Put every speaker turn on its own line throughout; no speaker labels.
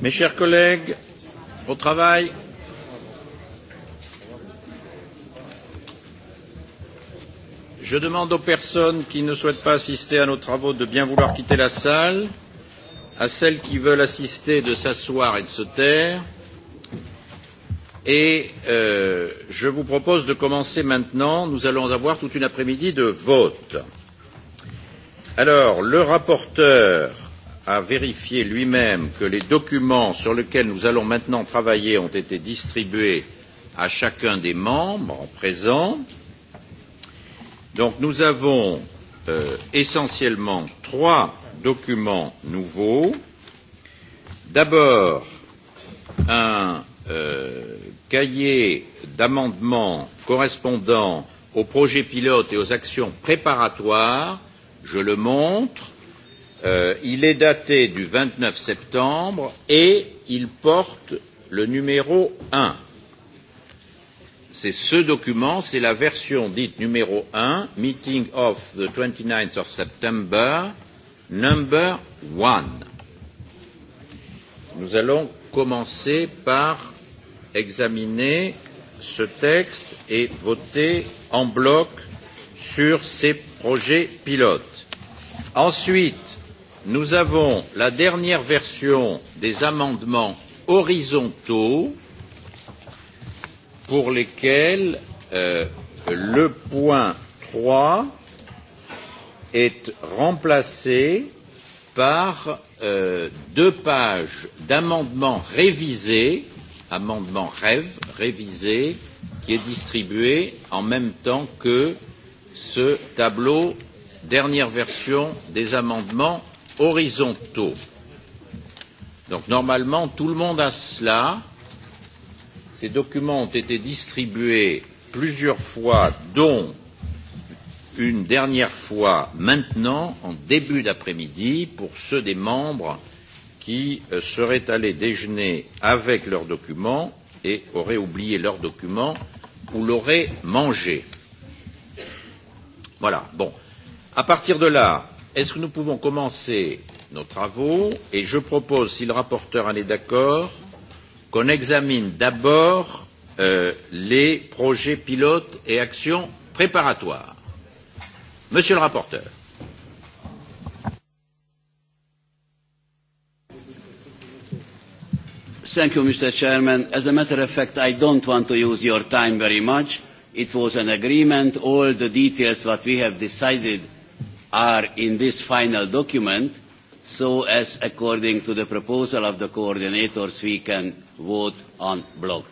Mes chers collègues, au travail. Je demande aux personnes qui ne souhaitent pas assister à nos travaux de bien vouloir quitter la salle, à celles qui veulent assister de s'asseoir et de se taire, et euh, je vous propose de commencer maintenant. Nous allons avoir toute une après-midi de vote. Alors, le rapporteur à vérifier lui-même que les documents sur lesquels nous allons maintenant travailler ont été distribués à chacun des membres en présent. Donc nous avons essentiellement trois documents nouveaux. D'abord, un cahier d'amendements correspondant aux projets pilotes et aux actions préparatoires. Je le montre il est daté du vingt neuf septembre et il porte le numéro un. C'est ce document, c'est la version dite numéro un, Meeting of the 29th of September, number one. Nous allons commencer par examiner ce texte et voter en bloc sur ces projets pilotes. Ensuite, nous avons la dernière version des amendements horizontaux pour lesquels le point trois est remplacé par deux pages d'amendements révisés, amendements rêves révisés, qui est distribué en même temps que ce tableau dernière version des amendements horizontaux. Donc normalement, tout le monde a cela. Ces documents ont été distribués plusieurs fois, dont une dernière fois maintenant, en début d'après-midi, pour ceux des membres qui seraient allés déjeuner avec leurs documents et auraient oublié leurs documents ou l'auraient mangé. Voilà. Bon. À partir de là, Est-ce que nous pouvons commencer nos travaux Et je propose, si le rapporteur en est d'accord, qu'on examine d'abord les projets pilotes et actions préparatoires. Monsieur le rapporteur.
Thank you, Mr. Chairman. As a matter of fact, I don't want to use your time very much. It was an agreement. All the details that we have decided are in this final document so as according to the proposal of the coordinators we can vote on block.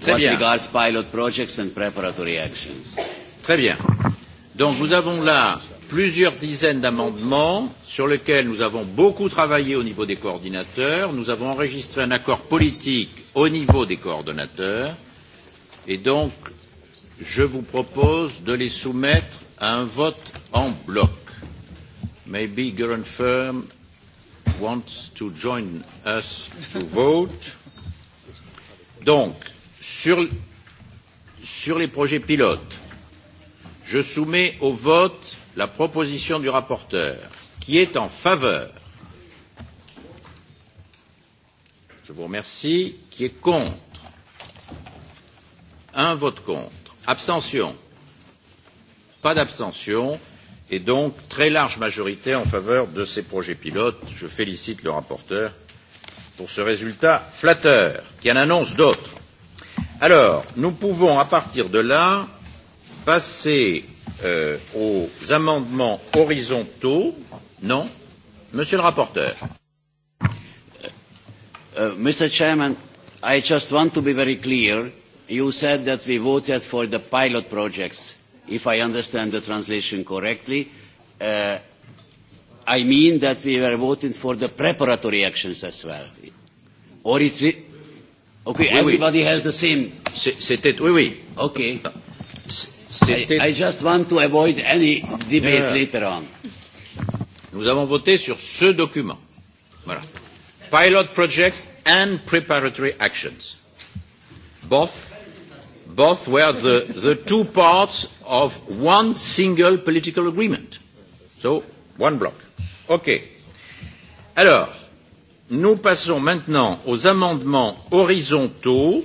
Très bien. regards pilot projects and preparatory actions. Très bien.
Donc nous avons là plusieurs dizaines d'amendements sur lesquels nous avons beaucoup travaillé au niveau des coordinateurs. Nous avons enregistré un accord politique au niveau des coordonnateurs. Et donc je vous propose de les soumettre à un vote en bloc. Maybe Göran Firm wants to join us to vote. Donc, sur, sur les projets pilotes, je soumets au vote la proposition du rapporteur qui est en faveur. Je vous remercie. Qui est contre Un vote contre. Abstention. Pas d'abstention et donc très large majorité en faveur de ces projets pilotes. Je félicite le rapporteur pour ce résultat flatteur qui en annonce d'autres. Alors, nous pouvons à partir de là passer euh, aux amendements horizontaux. Non Monsieur le
rapporteur. Uh, Mr. Chairman, I just want to be very clear you said that we voted for the pilot projects, if I understand the translation correctly. Uh, I mean that we were voting for the preparatory actions as well. Or is it... Okay, oui, everybody oui. has the same... C'était... Oui, oui. Okay. I, I just want to avoid any debate yeah. later on. Nous avons voté sur ce
document. Voilà. Pilot projects and preparatory actions. Both both were the, the two parts of one single political agreement. So, one block. OK. Alors, nous passons maintenant aux amendements horizontaux.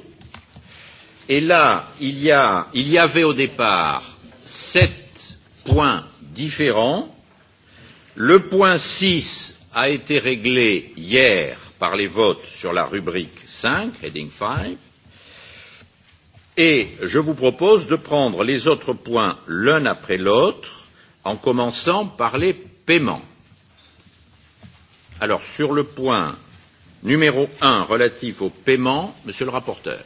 Et là, il y, a, il y avait au départ sept points différents. Le point six a été réglé hier par les votes sur la rubrique cinq, heading five et je vous propose de prendre les autres points l'un après l'autre, en commençant par les paiements. Alors, sur le point numéro un relatif aux paiements, Monsieur le rapporteur.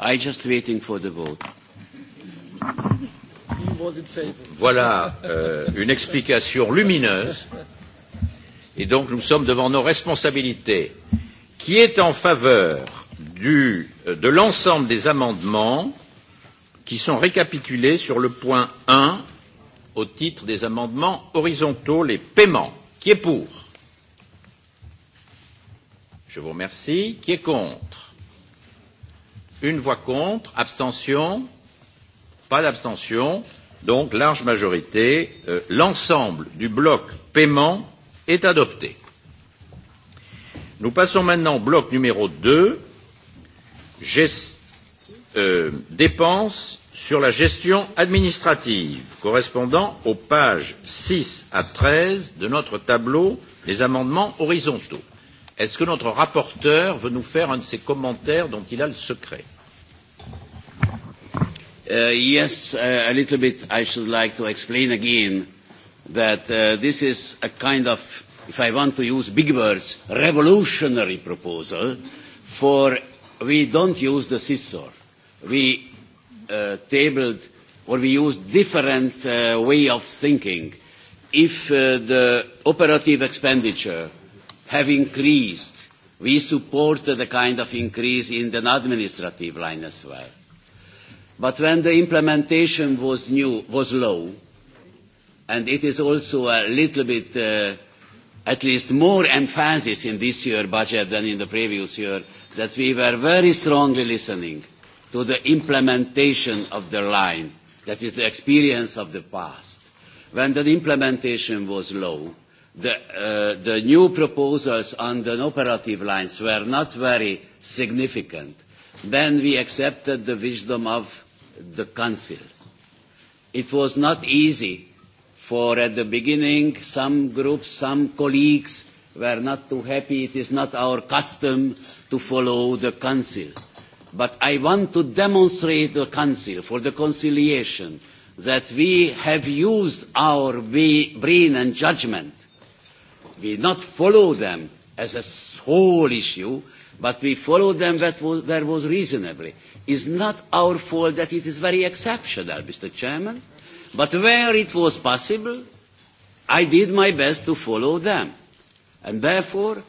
I just waiting for the vote. Voilà euh, une
explication lumineuse. Et donc nous sommes devant nos responsabilités qui est en faveur du, de l'ensemble des amendements qui sont récapitulés sur le point 1 au titre des amendements horizontaux, les paiements. Qui est pour Je vous remercie. Qui est contre Une voix contre. Abstention Pas d'abstention. Donc, large majorité, euh, l'ensemble du bloc paiement est adopté. Nous passons maintenant au bloc numéro 2, euh, dépenses sur la gestion administrative, correspondant aux pages 6 à 13 de notre tableau des amendements horizontaux. Est-ce que notre rapporteur veut nous faire un de ces commentaires dont il a le secret
uh, Yes, uh, a little bit. I should like to explain again that uh, this is a kind of if I want to use big words, revolutionary proposal for we don't use the scissor. We uh, tabled or we used different uh, way of thinking. If uh, the operative expenditure have increased, we supported a kind of increase in the administrative line as well. But when the implementation was new, was low, and it is also a little bit uh, at least more emphasis in this year's budget than in the previous year that we were very strongly listening to the implementation of the line, that is the experience of the past. When the implementation was low, the, uh, the new proposals on the operative lines were not very significant. Then we accepted the wisdom of the Council. It was not easy for at the beginning some groups, some colleagues were not too happy. It is not our custom to follow the Council. But I want to demonstrate the Council for the conciliation that we have used our brain and judgment. We not follow them as a whole issue, but we follow them that was, that was reasonably. It's not our fault that it is very exceptional, Mr. Chairman But where it was possible, I did my best to follow them. And therefore,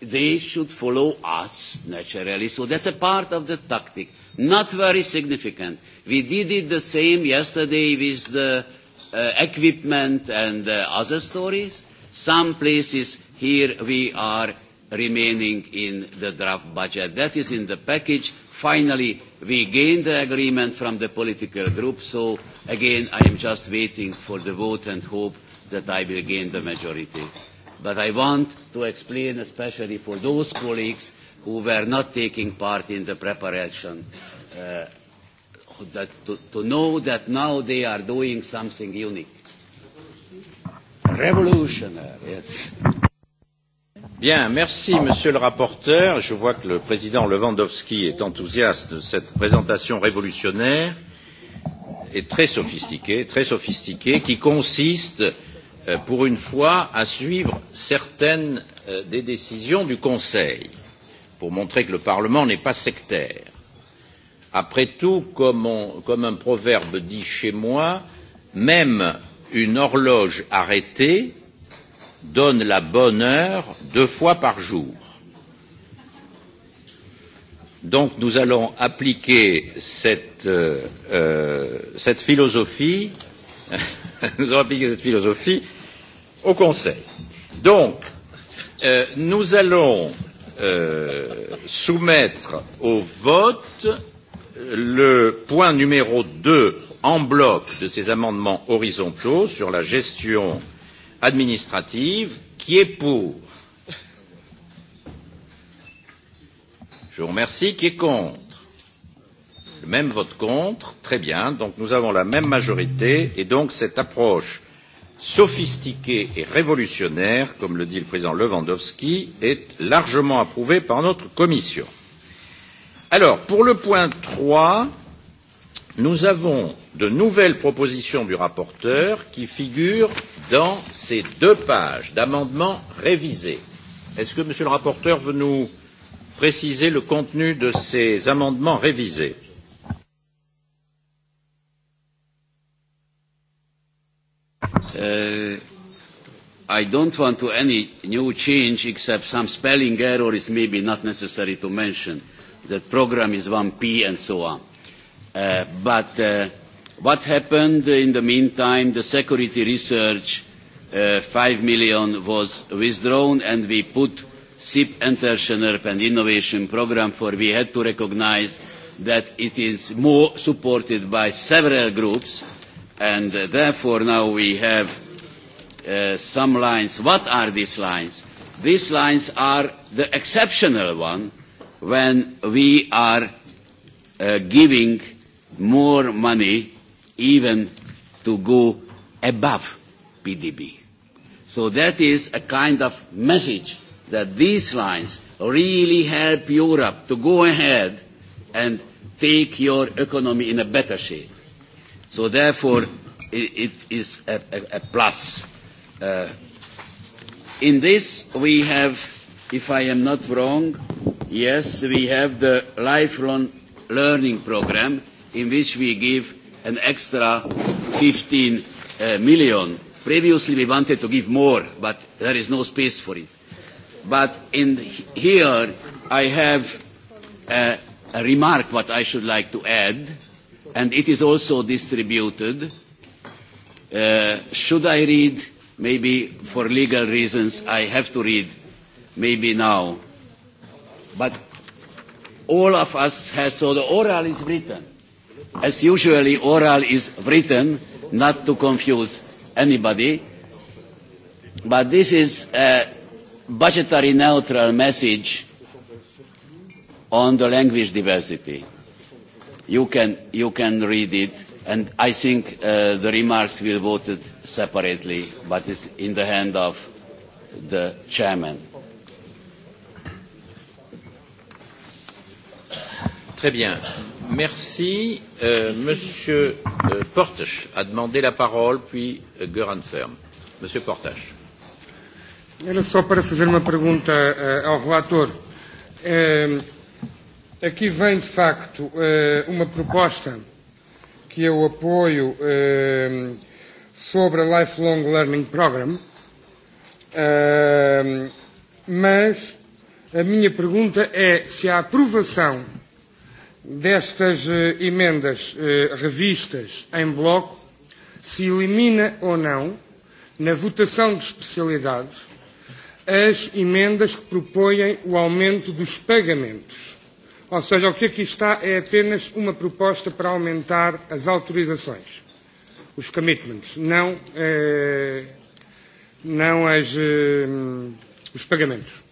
they should follow us naturally. So that's a part of the tactic. Not very significant. We did it the same yesterday with the uh, equipment and uh, other stories. Some places here we are remaining in the draft budget. That is in the package. Finally, we gained the agreement from the political group, so Again, I am just waiting for the vote and hope that I will gain the majority. But I want to explain, especially for those colleagues who were not taking part in the preparation, uh, that to, to know that now they are doing something unique. Revolutionary, yes.
Bien, merci Monsieur le rapporteur. Je vois que le président Lewandowski est enthousiaste de cette présentation révolutionnaire est très sophistiqué, très sophistiqué, qui consiste, pour une fois, à suivre certaines des décisions du Conseil, pour montrer que le Parlement n'est pas sectaire. Après tout, comme, un proverbe dit chez moi, même une horloge arrêtée donne la bonne heure deux fois par jour. Donc nous allons appliquer cette, euh, cette philosophie nous allons appliquer cette philosophie au Conseil. Donc euh, nous allons euh, soumettre au vote le point numéro 2 en bloc de ces amendements horizontaux sur la gestion administrative qui est pour Je vous remercie. Qui est contre Le même vote contre. Très bien. Donc nous avons la même majorité et donc cette approche sophistiquée et révolutionnaire, comme le dit le président Lewandowski, est largement approuvée par notre commission. Alors, pour le point 3, nous avons de nouvelles propositions du rapporteur qui figurent dans ces deux pages d'amendements révisés. Est-ce que, monsieur le rapporteur, veut nous préciser le contenu de ces amendements révisés.
Uh, I don't want to any new change except some spelling error is maybe not necessary to mention. The program is 1P and so on. Uh, but uh, what happened in the meantime, the security research, uh, 5 million was withdrawn and we put SIP Entrepreneurship and Innovation Programme, for we had to recognise that it is more supported by several groups, and therefore now we have some lines. What are these lines? These lines are the exceptional one when we are giving more money even to go above PDB. So that is a kind of message that these lines really help Europe to go ahead and take your economy in a better shape. So therefore, it is a, a, a plus. Uh, in this, we have, if I am not wrong, yes, we have the lifelong learning program in which we give an extra 15 uh, million. Previously, we wanted to give more, but there is no space for it. But in here, I have a, a remark what I should like to add, and it is also distributed. Uh, should I read? Maybe for legal reasons, I have to read. Maybe now, but all of us have so the oral is written. As usually, oral is written, not to confuse anybody. But this is. Uh, budgetary neutral message on the language diversity. You can, you can read it, and I think uh, the remarks will be voted separately, but it's in the hand of the chairman. Très bien. Merci.
Euh, Monsieur euh, Portage a demandé la parole, puis euh, Göran Ferm. Monsieur Portache.
Era só para fazer uma pergunta uh, ao relator. Uh, aqui vem, de facto, uh, uma proposta que eu apoio uh, sobre a Lifelong Learning Program, uh, mas a minha pergunta é se a aprovação destas uh, emendas uh, revistas em bloco se elimina ou não, na votação de especialidades, as emendas que propõem o aumento dos pagamentos. Ou seja, o que aqui está é apenas uma proposta para aumentar as autorizações, os commitments, não, eh, não as, eh, os pagamentos.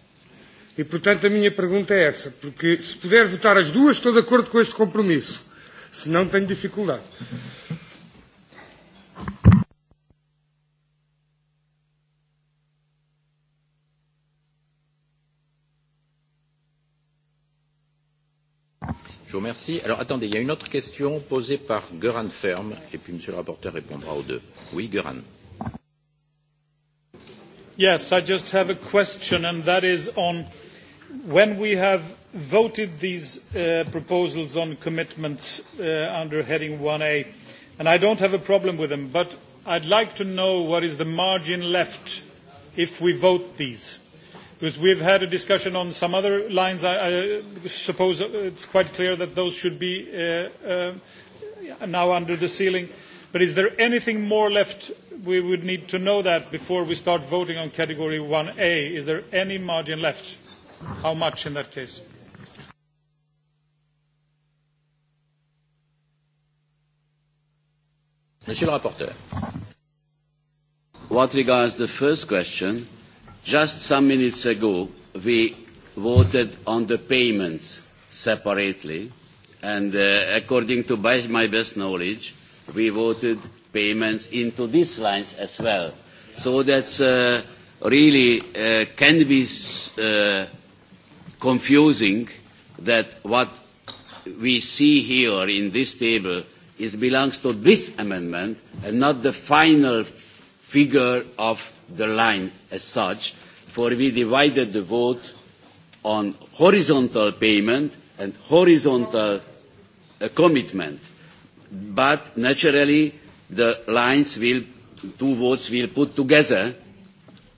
E, portanto, a minha pergunta é essa, porque se puder votar as duas, estou de acordo com este compromisso. Se não, tenho dificuldade.
Je vous remercie. Alors attendez, il y a une autre question posée par Göran Ferm, et puis Monsieur le rapporteur répondra aux deux. Oui, Göran.
Yes, I just have a question, and that is on when we have voted these proposals on commitments under heading one a and I don't have a problem with them, but I'd like to know what is the margin left if we vote these Because we've had a discussion on some other lines. I, I suppose it's quite clear that those should be now under the ceiling. But is there anything more left? We would need to know that before we start voting on category 1A. Is there any margin left? How much in that case?
Monsieur le rapporteur. What regards the first question, Just some minutes ago, we voted on the payments separately, and uh, according to by my best knowledge, we voted payments into these lines as well. So that's uh, really uh, can be uh, confusing that what we see here in this table is belongs to this amendment and not the final figure of the line as such, for we divided the vote on horizontal payment and horizontal commitment. But naturally, the lines will, two votes will put together,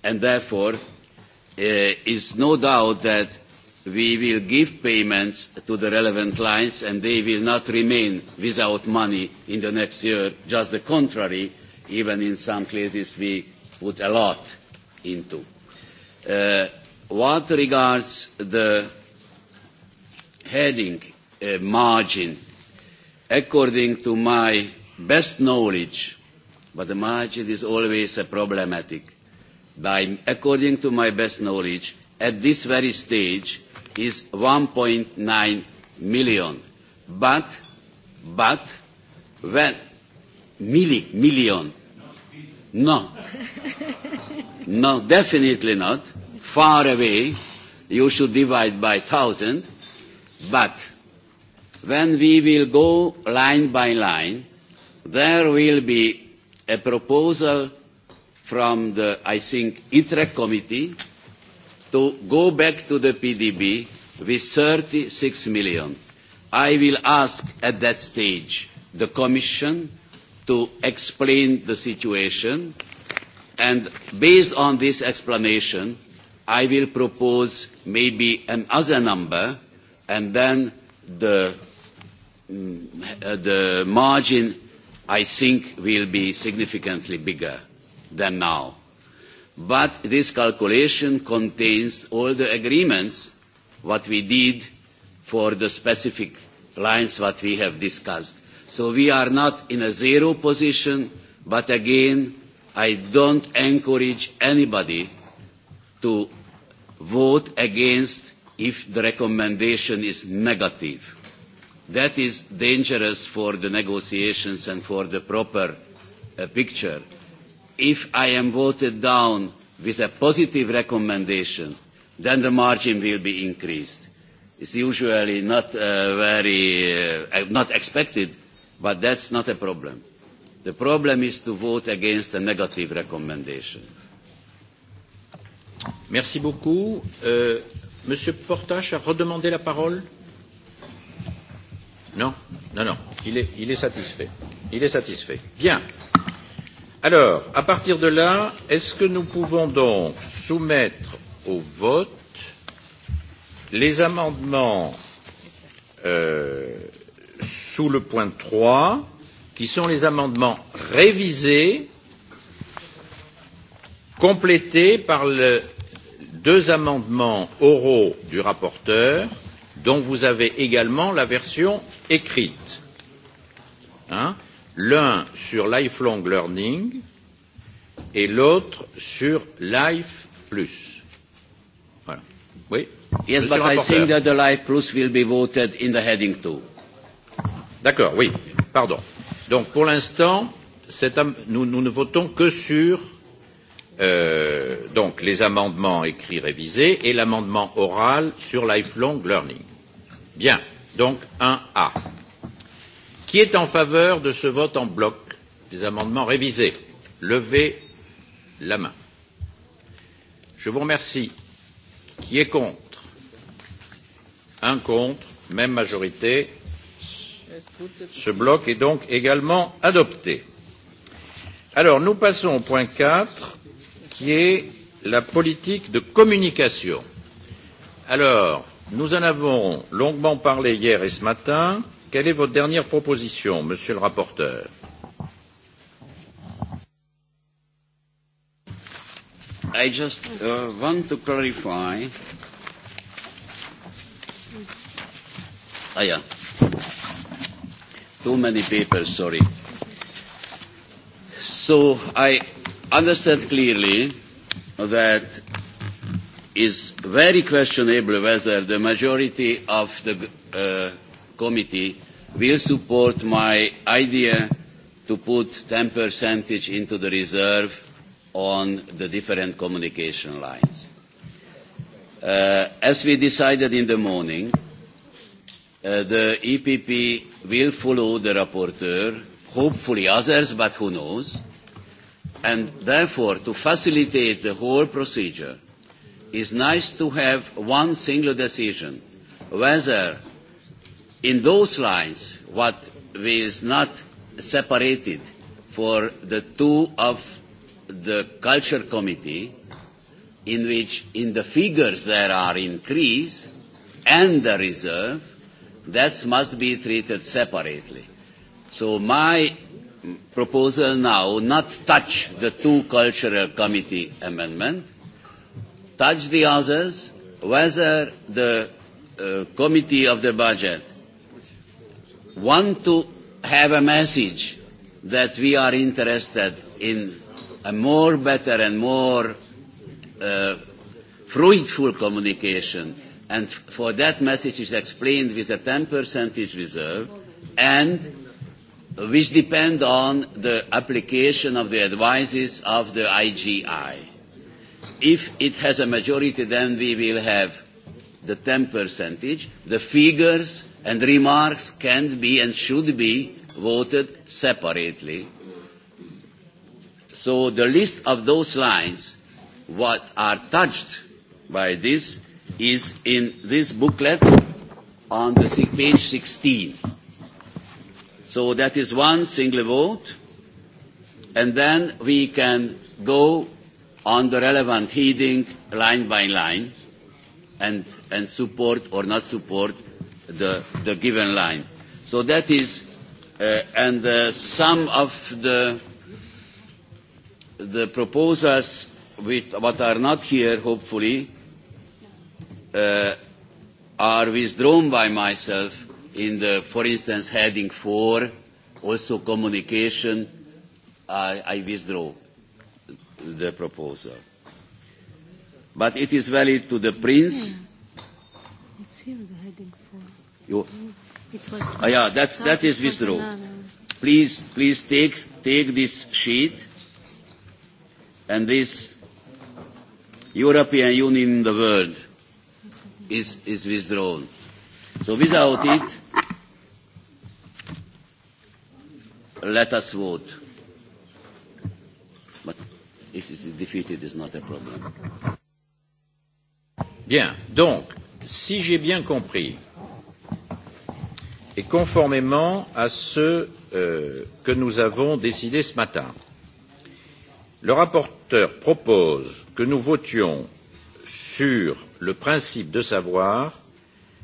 and therefore, uh, is no doubt that we will give payments to the relevant lines, and they will not remain without money in the next year. Just the contrary, Even in some cases, we put a lot into. Uh, what regards the heading uh, margin, according to my best knowledge, but the margin is always a problematic. By, according to my best knowledge, at this very stage is 1.9 million. But, but, when, milli, million, No. No, definitely not. Far away. You should divide by thousand. But when we will go line by line, there will be a proposal from the, I think, ITRE committee to go back to the PDB with 36 million. I will ask at that stage the Commission to explain the situation. And based on this explanation, I will propose maybe another number, and then the, the margin, I think, will be significantly bigger than now. But this calculation contains all the agreements what we did for the specific lines what we have discussed So we are not in a zero position, but again, I don't encourage anybody to vote against if the recommendation is negative. That is dangerous for the negotiations and for the proper uh, picture. If I am voted down with a positive recommendation, then the margin will be increased. It's usually not uh, very, uh, not expected, But that's not a problem. The problem is to vote against a negative recommendation. Merci
beaucoup. Euh, Monsieur Portache a redemandé la parole Non, non, non. Il est, il est satisfait. Il est satisfait. Bien. Alors, à partir de là, est-ce que nous pouvons donc soumettre au vote les amendements euh, sous le point 3, qui sont les amendements révisés, complétés par les deux amendements oraux du rapporteur, dont vous avez également la version écrite. Hein L'un sur lifelong learning et l'autre
sur life plus. Voilà. Oui. Yes, but I think that the life plus will be voted in the heading too. D'accord, oui,
pardon. Donc pour l'instant, nous, nous ne votons que sur euh, donc, les amendements écrits révisés et l'amendement oral sur lifelong learning. Bien, donc 1A. Qui est en faveur de ce vote en bloc des amendements révisés Levez la main. Je vous remercie. Qui est contre Un contre, même majorité. Ce bloc est donc également adopté. Alors, nous passons au point 4, qui est la politique de communication. Alors, nous en avons longuement parlé hier et ce matin. Quelle est votre dernière proposition,
monsieur le rapporteur I just uh, want to clarify. Ah, yeah. Too many papers, sorry. So I understand clearly that is very questionable whether the majority of the uh, committee will support my idea to put 10% into the reserve on the different communication lines. Uh, as we decided in the morning, the EPP will follow the rapporteur, hopefully others, but who knows. And therefore, to facilitate the whole procedure, it's nice to have one single decision, whether in those lines what is not separated for the two of the culture committee, in which in the figures there are increase and the reserve, that must be treated separately. So my proposal now not touch the two cultural committee amendment, touch the others, whether the uh, committee of the budget want to have a message that we are interested in a more better and more uh, fruitful communication And for that message is explained with a 10% reserve and which depend on the application of the advices of the IGI. If it has a majority, then we will have the 10 percentage. The figures and remarks can be and should be voted separately. So the list of those lines what are touched by this is in this booklet on the page 16. So that is one single vote, and then we can go on the relevant heading line by line and, and support or not support the, the given line. So that is, uh, and uh, some of the, the proposals which, what are not here, hopefully, uh, are withdrawn by myself in the, for instance, heading four, also communication, I, I withdraw the proposal. But it is valid to the prince. It's here, the heading Four. You, it was ah, yeah, that's, that is withdraw. Please, please take, take this sheet and this European Union in the world is, is withdrawn. So without it, let us vote. But if it is defeated, it's not a problem. Bien, donc,
si
j'ai bien compris, et conformément à ce que nous avons décidé ce matin, le rapporteur propose que nous votions sur le principe de savoir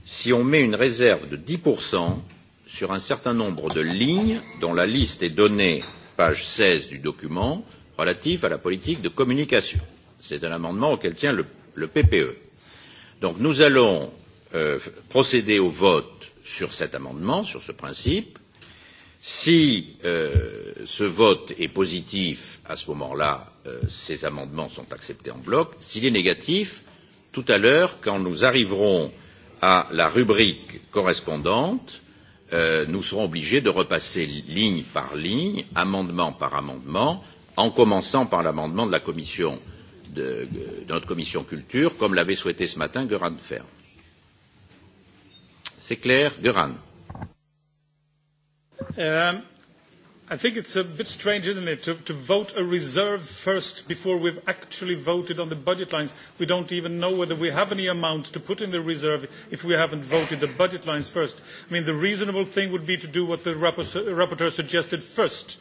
si on met une réserve de 10% sur un certain nombre de lignes dont la liste est donnée page 16 du document relatif à la politique de communication. C'est un amendement auquel tient le, le PPE. Donc nous allons euh, procéder au vote sur cet amendement, sur ce principe. Si euh, ce vote est positif, à ce moment-là, euh, ces amendements sont acceptés en bloc. S'il est négatif, tout à l'heure, quand nous arriverons à la rubrique correspondante, nous serons obligés de repasser ligne par ligne, amendement par amendement, en commençant par l'amendement de la commission de, notre commission culture, comme l'avait souhaité ce matin Göran Ferm. C'est clair, Göran.
I think it's a bit strange, isn't it, to, to vote a reserve first before we've actually voted on the budget lines. We don't even know whether we have any amount to put in the reserve if we haven't voted the budget lines first. I mean, the reasonable thing would be to do what the rapporteur suggested first.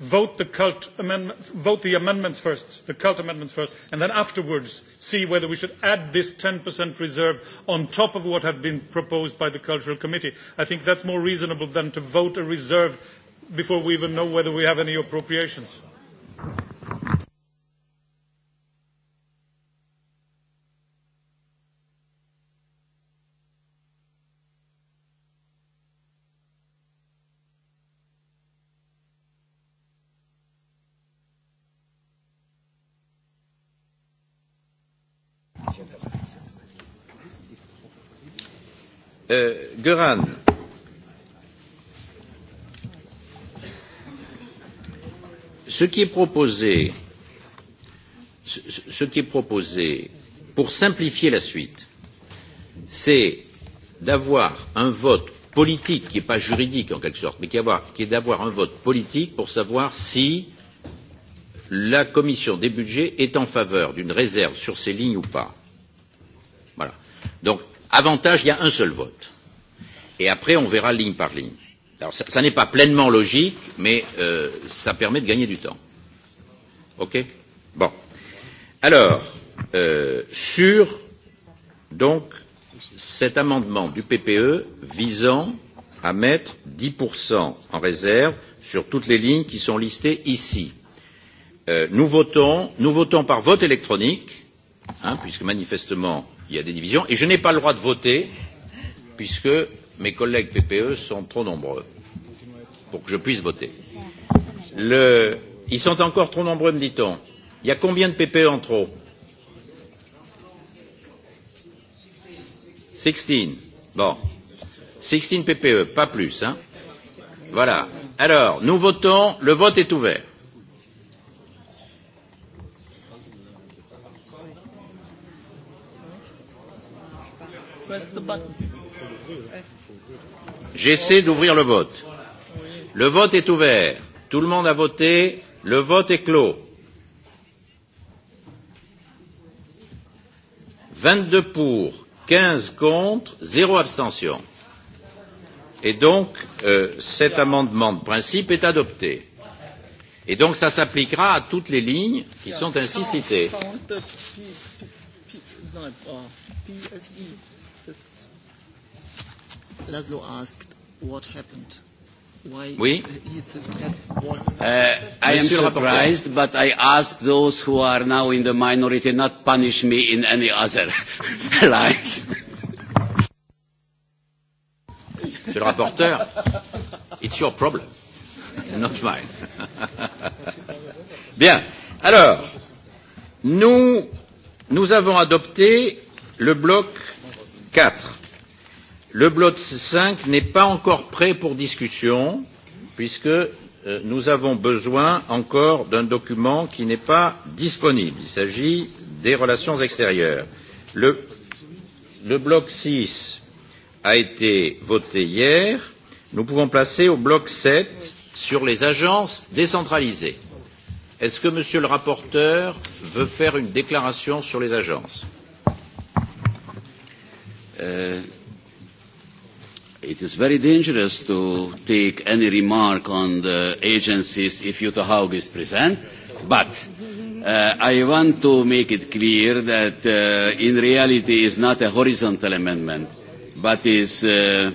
Vote the, cult amendment, vote the amendments first, the cult amendments first, and then afterwards see whether we should add this 10% reserve on top of what had been proposed by the Cultural Committee. I think that's more reasonable than to vote a reserve before we even know whether we have any appropriations.
Göran, ce qui est proposé, ce qui est proposé pour simplifier la suite, c'est d'avoir un vote politique qui n'est pas juridique en quelque sorte, mais qui est d'avoir un vote politique pour savoir si la commission des budgets est en faveur d'une réserve sur ces lignes ou pas. Voilà. Donc, avantage, il y a un seul vote. Et après, on verra ligne par ligne. Alors, ça, ça n'est pas pleinement logique, mais euh, ça permet de gagner du temps. OK Bon. Alors, euh, sur donc cet amendement du PPE visant à mettre 10% en réserve sur toutes les lignes qui sont listées ici. Euh, nous, votons, nous votons par vote électronique, hein, puisque manifestement il y a des divisions, et je n'ai pas le droit de voter, puisque mes collègues PPE sont trop nombreux pour que je puisse voter. Le... Ils sont encore trop nombreux, me dit-on. Il y a combien de PPE en trop 16. Bon. 16 PPE, pas plus. Hein voilà. Alors, nous votons. Le vote est ouvert.
Press the button.
J'essaie d'ouvrir le vote. Le vote est ouvert. Tout le monde a voté. Le vote est clos. 22 pour, 15 contre, 0 abstention. Et donc, euh, cet amendement de principe est adopté. Et donc, ça s'appliquera à toutes les lignes qui sont ainsi citées.
Laszlo asked what happened. Why oui.
Uh, I am surprised, but I ask those who are now in the minority not punish me in any other lines. Monsieur le rapporteur, it's your problem,
not mine. Bien. Alors, nous, nous avons adopté le bloc 4 Le bloc cinq n'est pas encore prêt pour discussion, puisque nous avons besoin encore d'un document qui n'est pas disponible. Il s'agit des relations extérieures. Le, le bloc six a été voté hier. Nous pouvons passer au bloc sept sur les agences décentralisées. Est-ce que Monsieur le rapporteur
veut faire une déclaration sur les agences euh, It is very dangerous to take any remark on the agencies if Jutta Haug is present, but uh, I want to make it clear that uh, in reality it is not a horizontal amendment, but is uh,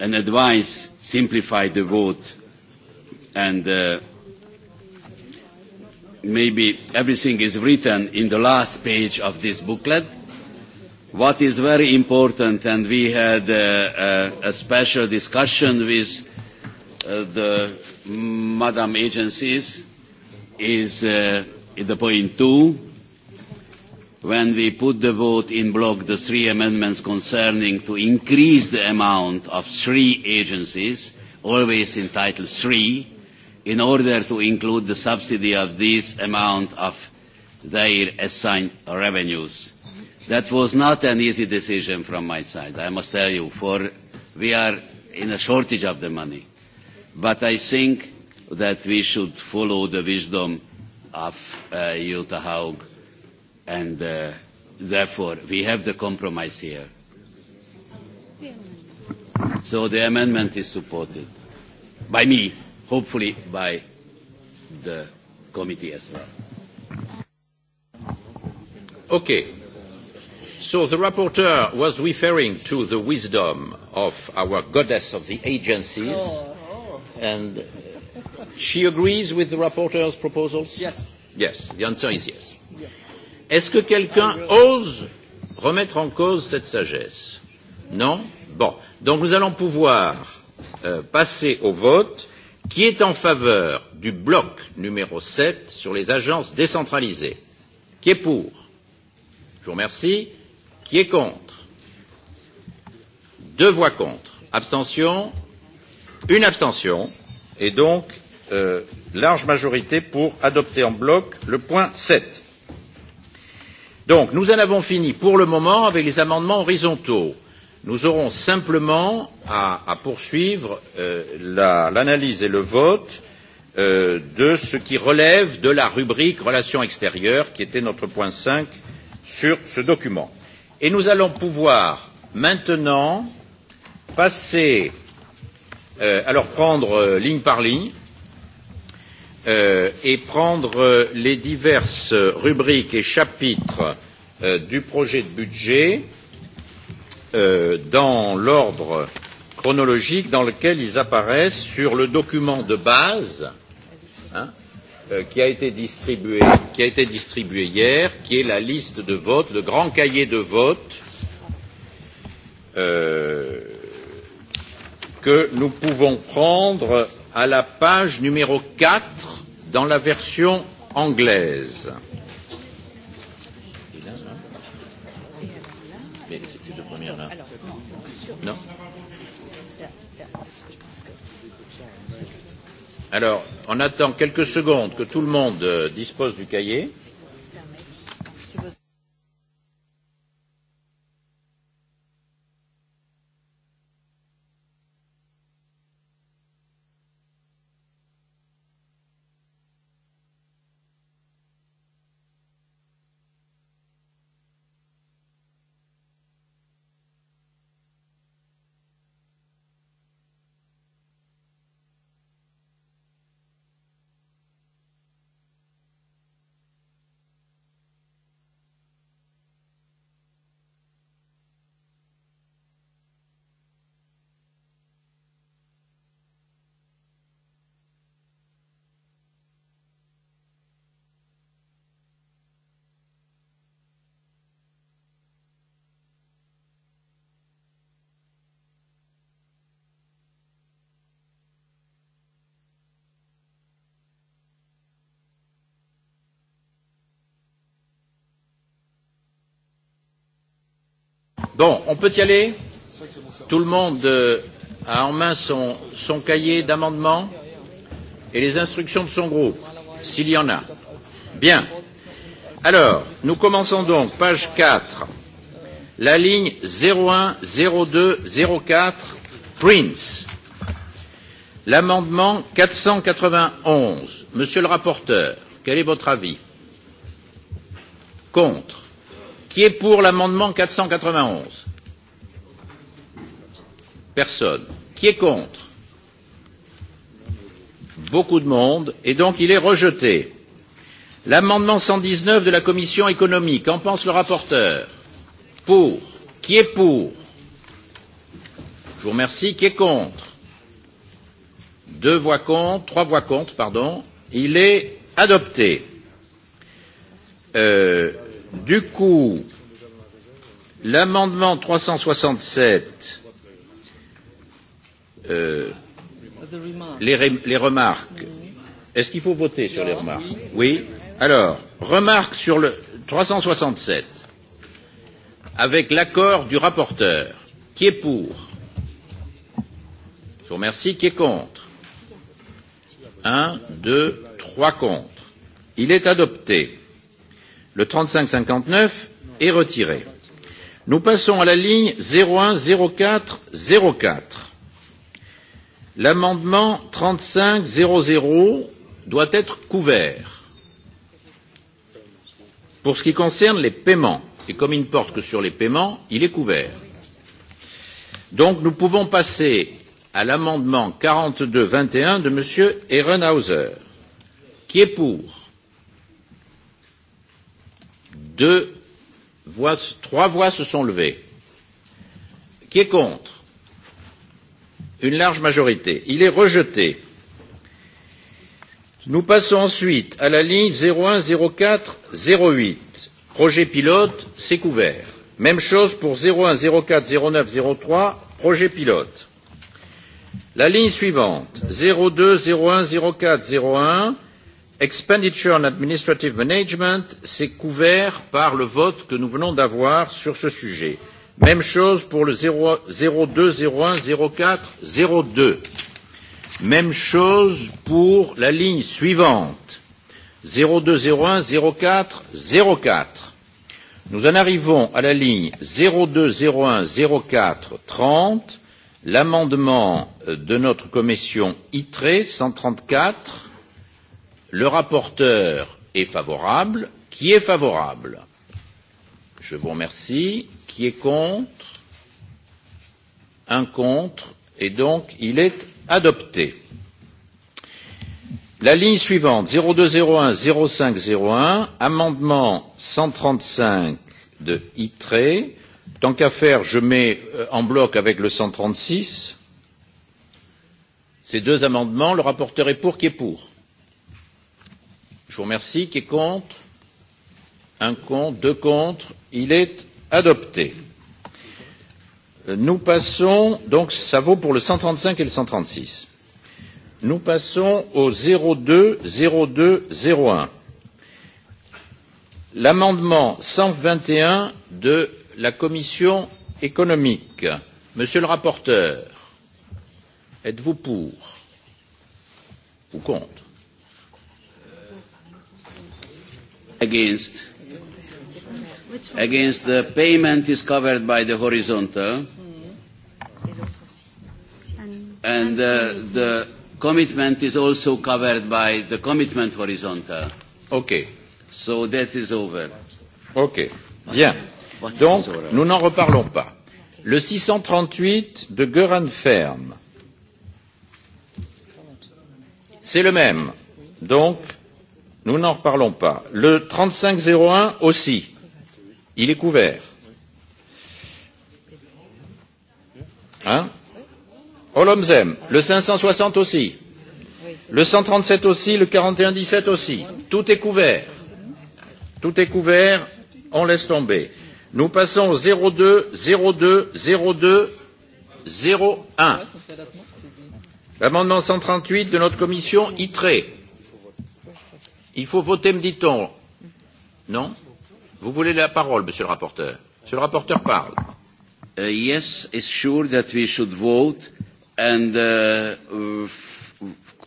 an advice, simplify the vote, and uh, maybe everything is written in the last page of this booklet, What is very important, and we had a, a, a special discussion with uh, the madam agencies, is uh, in the point two, when we put the vote in block the three amendments concerning to increase the amount of three agencies, always in Title three, in order to include the subsidy of this amount of their assigned revenues That was not an easy decision from my side, I must tell you, for we are in a shortage of the money. But I think that we should follow the wisdom of uh, Jutta Haug, and uh, therefore we have the compromise here. So the amendment is supported by me, hopefully by the committee as well. Okay. So the rapporteur was referring
to the wisdom of our goddess of the agencies, and she agrees with the rapporteur's proposals? Yes. Yes, the answer is yes. yes. Est-ce que quelqu'un ose remettre en cause cette sagesse Non Bon. Donc nous allons pouvoir euh, passer au vote qui est en faveur du bloc numéro 7 sur les agences décentralisées. Qui est pour Je vous remercie. Qui est contre Deux voix contre. Abstention Une abstention. Et donc, euh, large majorité pour adopter en bloc le point 7. Donc, nous en avons fini pour le moment avec les amendements horizontaux. Nous aurons simplement à, à poursuivre euh, l'analyse la, et le vote euh, de ce qui relève de la rubrique Relations extérieures, qui était notre point 5 sur ce document. Et nous allons pouvoir maintenant passer, euh, alors prendre euh, ligne par ligne, euh, et prendre euh, les diverses rubriques et chapitres euh, du projet de budget euh, dans l'ordre chronologique dans lequel ils apparaissent sur le document de base. Hein, qui a été distribué, qui a été distribué hier, qui est la liste de vote, le grand cahier de vote euh, que nous pouvons prendre à la page numéro 4 dans la version anglaise. Mais c'est deux premières là. Non. Alors, On attend quelques secondes que tout le monde dispose du cahier. Bon, on peut y aller Tout le monde a en main son, son cahier d'amendement et les instructions de son groupe, s'il y en a. Bien. Alors, nous commençons donc, page 4, la ligne 010204, Prince. L'amendement 491. Monsieur le rapporteur, quel est votre avis Contre Qui est pour l'amendement 491 Personne. Qui est contre Beaucoup de monde. Et donc il est rejeté. L'amendement 119 de la commission économique, qu'en pense le rapporteur Pour. Qui est pour Je vous remercie. Qui est contre Deux voix contre, trois voix contre, pardon. Il est adopté. Euh, Du coup, l'amendement 367, euh, les, les remarques. Est-ce qu'il faut voter sur les remarques Oui. Alors, remarque sur le 367, avec l'accord du rapporteur. Qui est pour Je vous remercie. Qui est contre Un, deux, trois contre. Il est adopté. Le trente cinq cinquante neuf est retiré. Nous passons à la ligne zéro un quatre quatre. L'amendement trente cinq zéro zéro doit être couvert pour ce qui concerne les paiements. Et comme il ne porte que sur les paiements, il est couvert. Donc nous pouvons passer à l'amendement quarante deux vingt et un de M. Ehrenhauser. Qui est pour Deux voix, trois voix se sont levées. Qui est contre Une large majorité. Il est rejeté. Nous passons ensuite à la ligne 010408. Projet pilote, c'est couvert. Même chose pour 010409 03, projet pilote. La ligne suivante, 02 expenditure on administrative management, c'est couvert par le vote que nous venons d'avoir sur ce sujet. Même chose pour le 02, 01, 04, 02. Même chose pour la ligne suivante. 02, 01, 04, 04. Nous en arrivons à la ligne 02, 01, 04, 30. L'amendement de notre commission ITRE 134 Le rapporteur est favorable. Qui est favorable Je vous remercie. Qui est contre Un contre. Et donc, il est adopté. La ligne suivante, 0201 0501, amendement 135 de ITRE. Tant qu'à faire, je mets en bloc avec le 136. Ces deux amendements, le rapporteur est pour, qui est pour Je vous remercie. Qui est contre Un contre, deux contre. Il est adopté. Nous passons, donc ça vaut pour le 135 et le 136. Nous passons au 02 02 01. L'amendement 121 de la Commission économique. Monsieur le rapporteur, êtes-vous pour
ou contre against against the payment is covered by the horizontal and uh, the commitment is also covered by the commitment horizontal. Okay. So that is over. Okay. Bien. Donc,
nous n'en reparlons pas. Le 638 de Göran Ferm. C'est le même. Donc, Nous n'en reparlons pas. Le trente cinq zéro un aussi. Il est couvert. Hein Holomzem. Le soixante aussi. Le cent trente sept aussi. Le quarante et un dix-sept aussi. Tout est couvert. Tout est couvert. On laisse tomber. Nous passons au zéro zéro deux zéro deux zéro un. L'amendement cent trente huit de notre commission ITRE. Il faut voter, me dit-on. Non
Vous voulez la parole, monsieur le rapporteur Monsieur le rapporteur parle. Uh, yes, it's sure that we should vote and uh,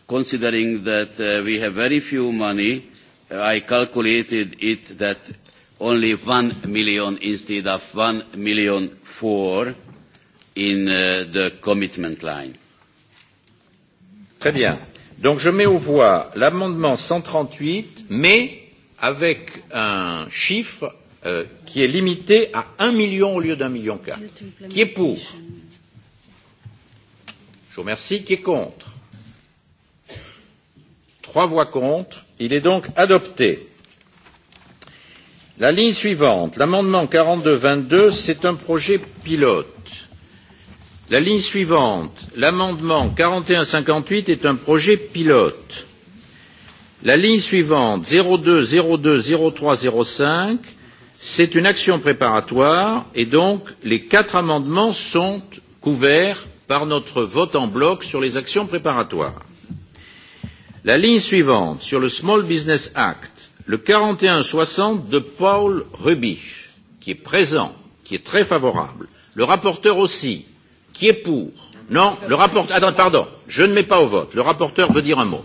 considering that uh, we have very few money, I calculated it that only one million instead of one million four in uh, the commitment line. Très bien.
Donc je mets aux voix l'amendement 138, mais avec un chiffre euh, qui est limité à 1 million au lieu d'un million quatre. Qui est pour Je vous remercie. Qui est contre Trois voix contre. Il est donc adopté. La ligne suivante, l'amendement 42-22, c'est un projet pilote La ligne suivante, l'amendement quarante et un cinquante huit est un projet pilote. La ligne suivante, zéro zéro zéro zéro deux deux trois cinq c'est une action préparatoire et donc les quatre amendements sont couverts par notre vote en bloc sur les actions préparatoires. La ligne suivante, sur le Small Business Act, le 4160 de Paul Rubig, qui est présent, qui est très favorable, le rapporteur aussi, Qui est pour Non, le rapporteur. Attends, pardon. Je ne mets pas au vote. Le rapporteur veut dire un
mot.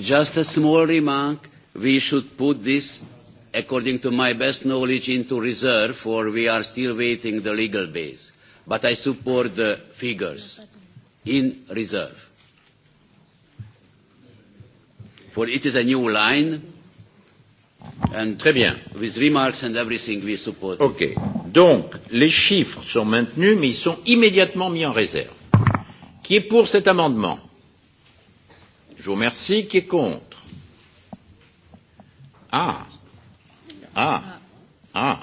Just a small remark. We should put this, according to my best knowledge, into reserve, for we are still waiting the legal base. But I support the figures in reserve. For it is a new line. And Très bien. With remarks and everything, we support. Okay. Donc, les chiffres sont maintenus, mais ils
sont immédiatement mis en réserve. Qui est pour cet amendement Je vous remercie. Qui est contre Ah Ah Ah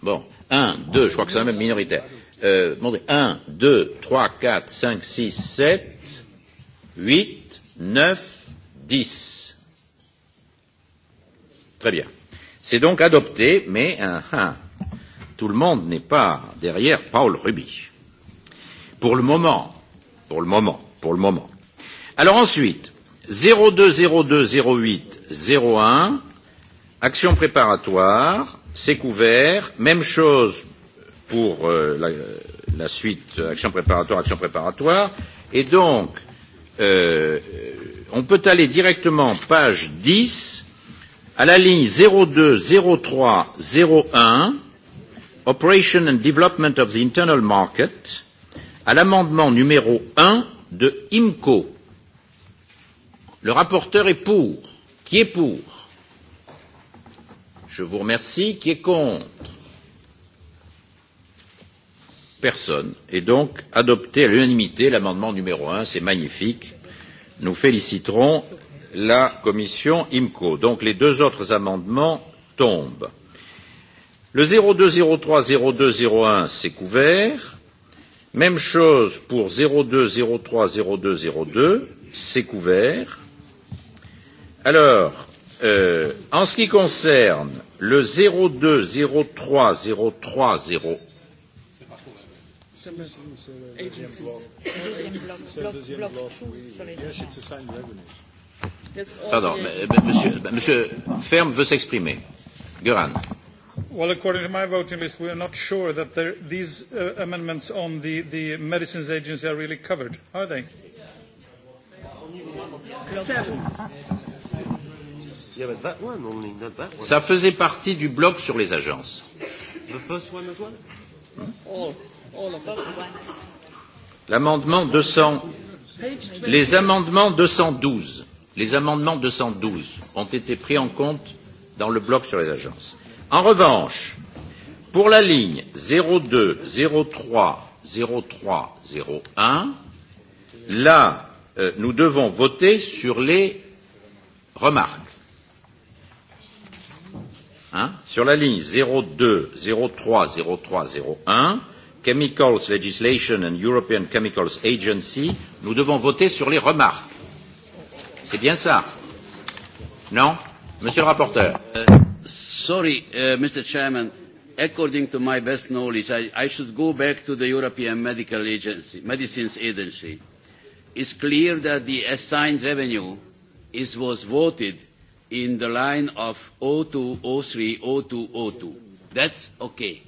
Bon. 1, 2, je crois que c'est même minoritaire. Un, 1, 2, 3, 4, 5, 6, 7, 8, 9, 10. Très bien. C'est donc adopté, mais un, un tout le monde n'est pas derrière Paul Ruby. Pour le moment, pour le moment, pour le moment. Alors ensuite, 0202 08 01, action préparatoire, c'est couvert. Même chose pour euh, la, la suite, action préparatoire, action préparatoire. Et donc, euh, on peut aller directement page 10 à la ligne 0203 01 Operation and Development of the Internal Market, à l'amendement numéro 1 de IMCO. Le rapporteur est pour. Qui est pour Je vous remercie. Qui est contre Personne. Et donc, adopté à l'unanimité l'amendement numéro 1, c'est magnifique. Nous féliciterons la commission IMCO. Donc, les deux autres amendements tombent. Le zéro zéro zéro deux zéro un, c'est couvert. Même chose pour zéro zéro zéro deux deux c'est couvert. Alors, euh, en ce qui concerne le zéro zéro zéro mais, trois trois zéro monsieur, monsieur Ferme veut s'exprimer. Göran.
Well, according to my voting list, we are not sure that there, these uh, amendments on the, the medicines agency are really covered, are they?
Ça faisait
partie du bloc sur les agences. L'amendement 200, les amendements 212, les amendements 212 ont été pris en compte dans le bloc sur les agences. En revanche, pour la ligne 02, 03, 03, 01, là, euh, nous devons voter sur les remarques. Hein sur la ligne 02, 03, 03, 01, Chemicals Legislation and European Chemicals Agency, nous devons voter sur les remarques. C'est
bien ça Non Monsieur
le rapporteur. Euh,
Sorry, uh, Mr. Chairman, according to my best knowledge, I, I should go back to the European Medical Agency, Medicines Agency. It's clear that the assigned revenue is, was voted in the line of 02, 03, 02, 02. That's okay.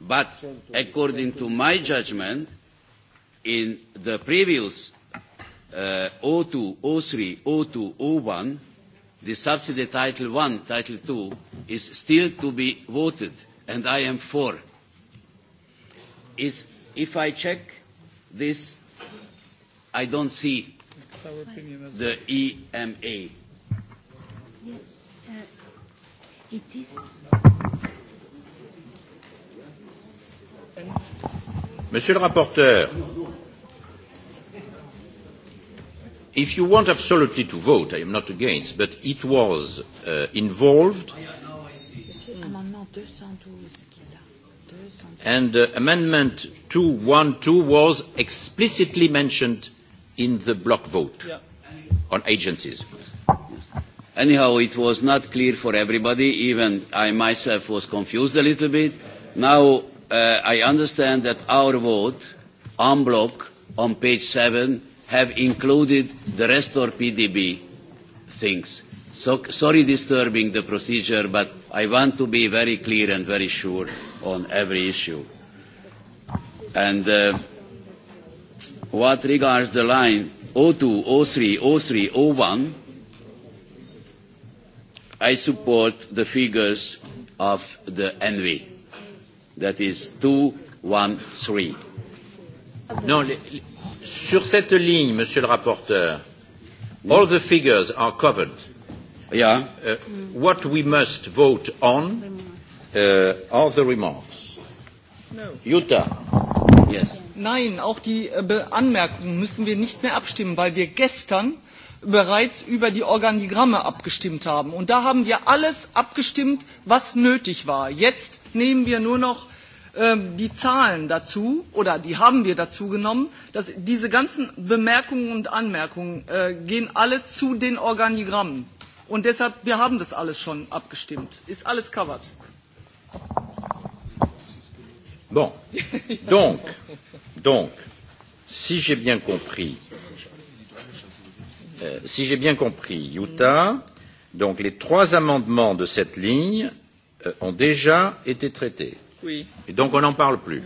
But according to my judgment, in the previous uh, 02, 03, 02, 01, the subsidy Title I, Title II is still to be voted, and I am for. Is, if I check this, I don't see the EMA. Yes, uh, it is.
Monsieur le rapporteur, if you want absolutely to vote, I am not against, but it was uh, involved. And uh, Amendment 212
was explicitly mentioned in the block vote on agencies. Anyhow, it was not clear for everybody. Even I myself was confused a little bit. Now uh, I understand that our vote en bloc on page 7 have included the Restore PDB things. So, sorry disturbing the procedure, but I want to be very clear and very sure on every issue. And uh, what regards the line 02, 03, 03, 01, I support the figures of the envy. That is 213.
No,
Sur cette ligne, monsieur le rapporteur, all the figures are covered. Yeah. Uh, what we must vote on uh, are the remarks. No. Jutta.
Yes. Nein, auch die Anmerkungen müssen wir nicht mehr abstimmen, weil wir gestern bereits über die Organigramme abgestimmt haben. Und da haben wir alles abgestimmt, was nötig war. Jetzt nehmen wir nur noch die Zahlen dazu oder die haben wir dazu genommen, dass diese ganzen Bemerkungen und Anmerkungen gehen alle zu den Organigrammen. Und deshalb, wir haben das alles schon abgestimmt. Ist alles covered.
Bon. Donc, donc si j'ai bien compris, si j'ai bien compris, Utah, donc les trois amendements de cette ligne ont déjà été traités. Oui. Et donc on n'en parle plus.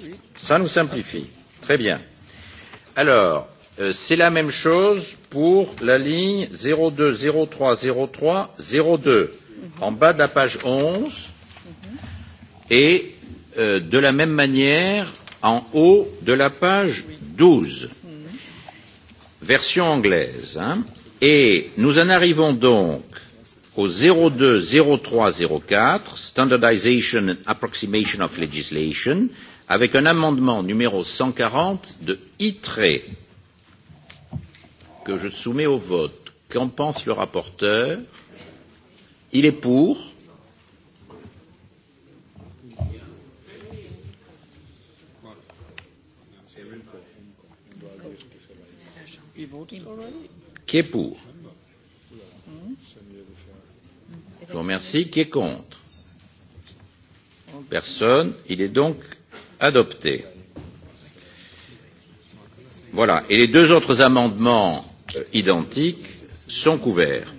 Oui. Ça nous simplifie. Très bien. Alors, euh, c'est la même chose pour la ligne 02 03 03 02, mm en bas de la page 11, mm et euh, de la même manière en haut de la page 12, mm version anglaise. Hein. Et nous en arrivons donc euh, au trois zéro quatre Standardization and Approximation of Legislation avec un amendement numéro 140 de ITRE que je soumets au vote. Qu'en pense le rapporteur Il est pour Qui est pour Je vous remercie. Qui est contre Personne. Il est donc adopté. Voilà. Et les deux autres amendements euh, identiques sont couverts.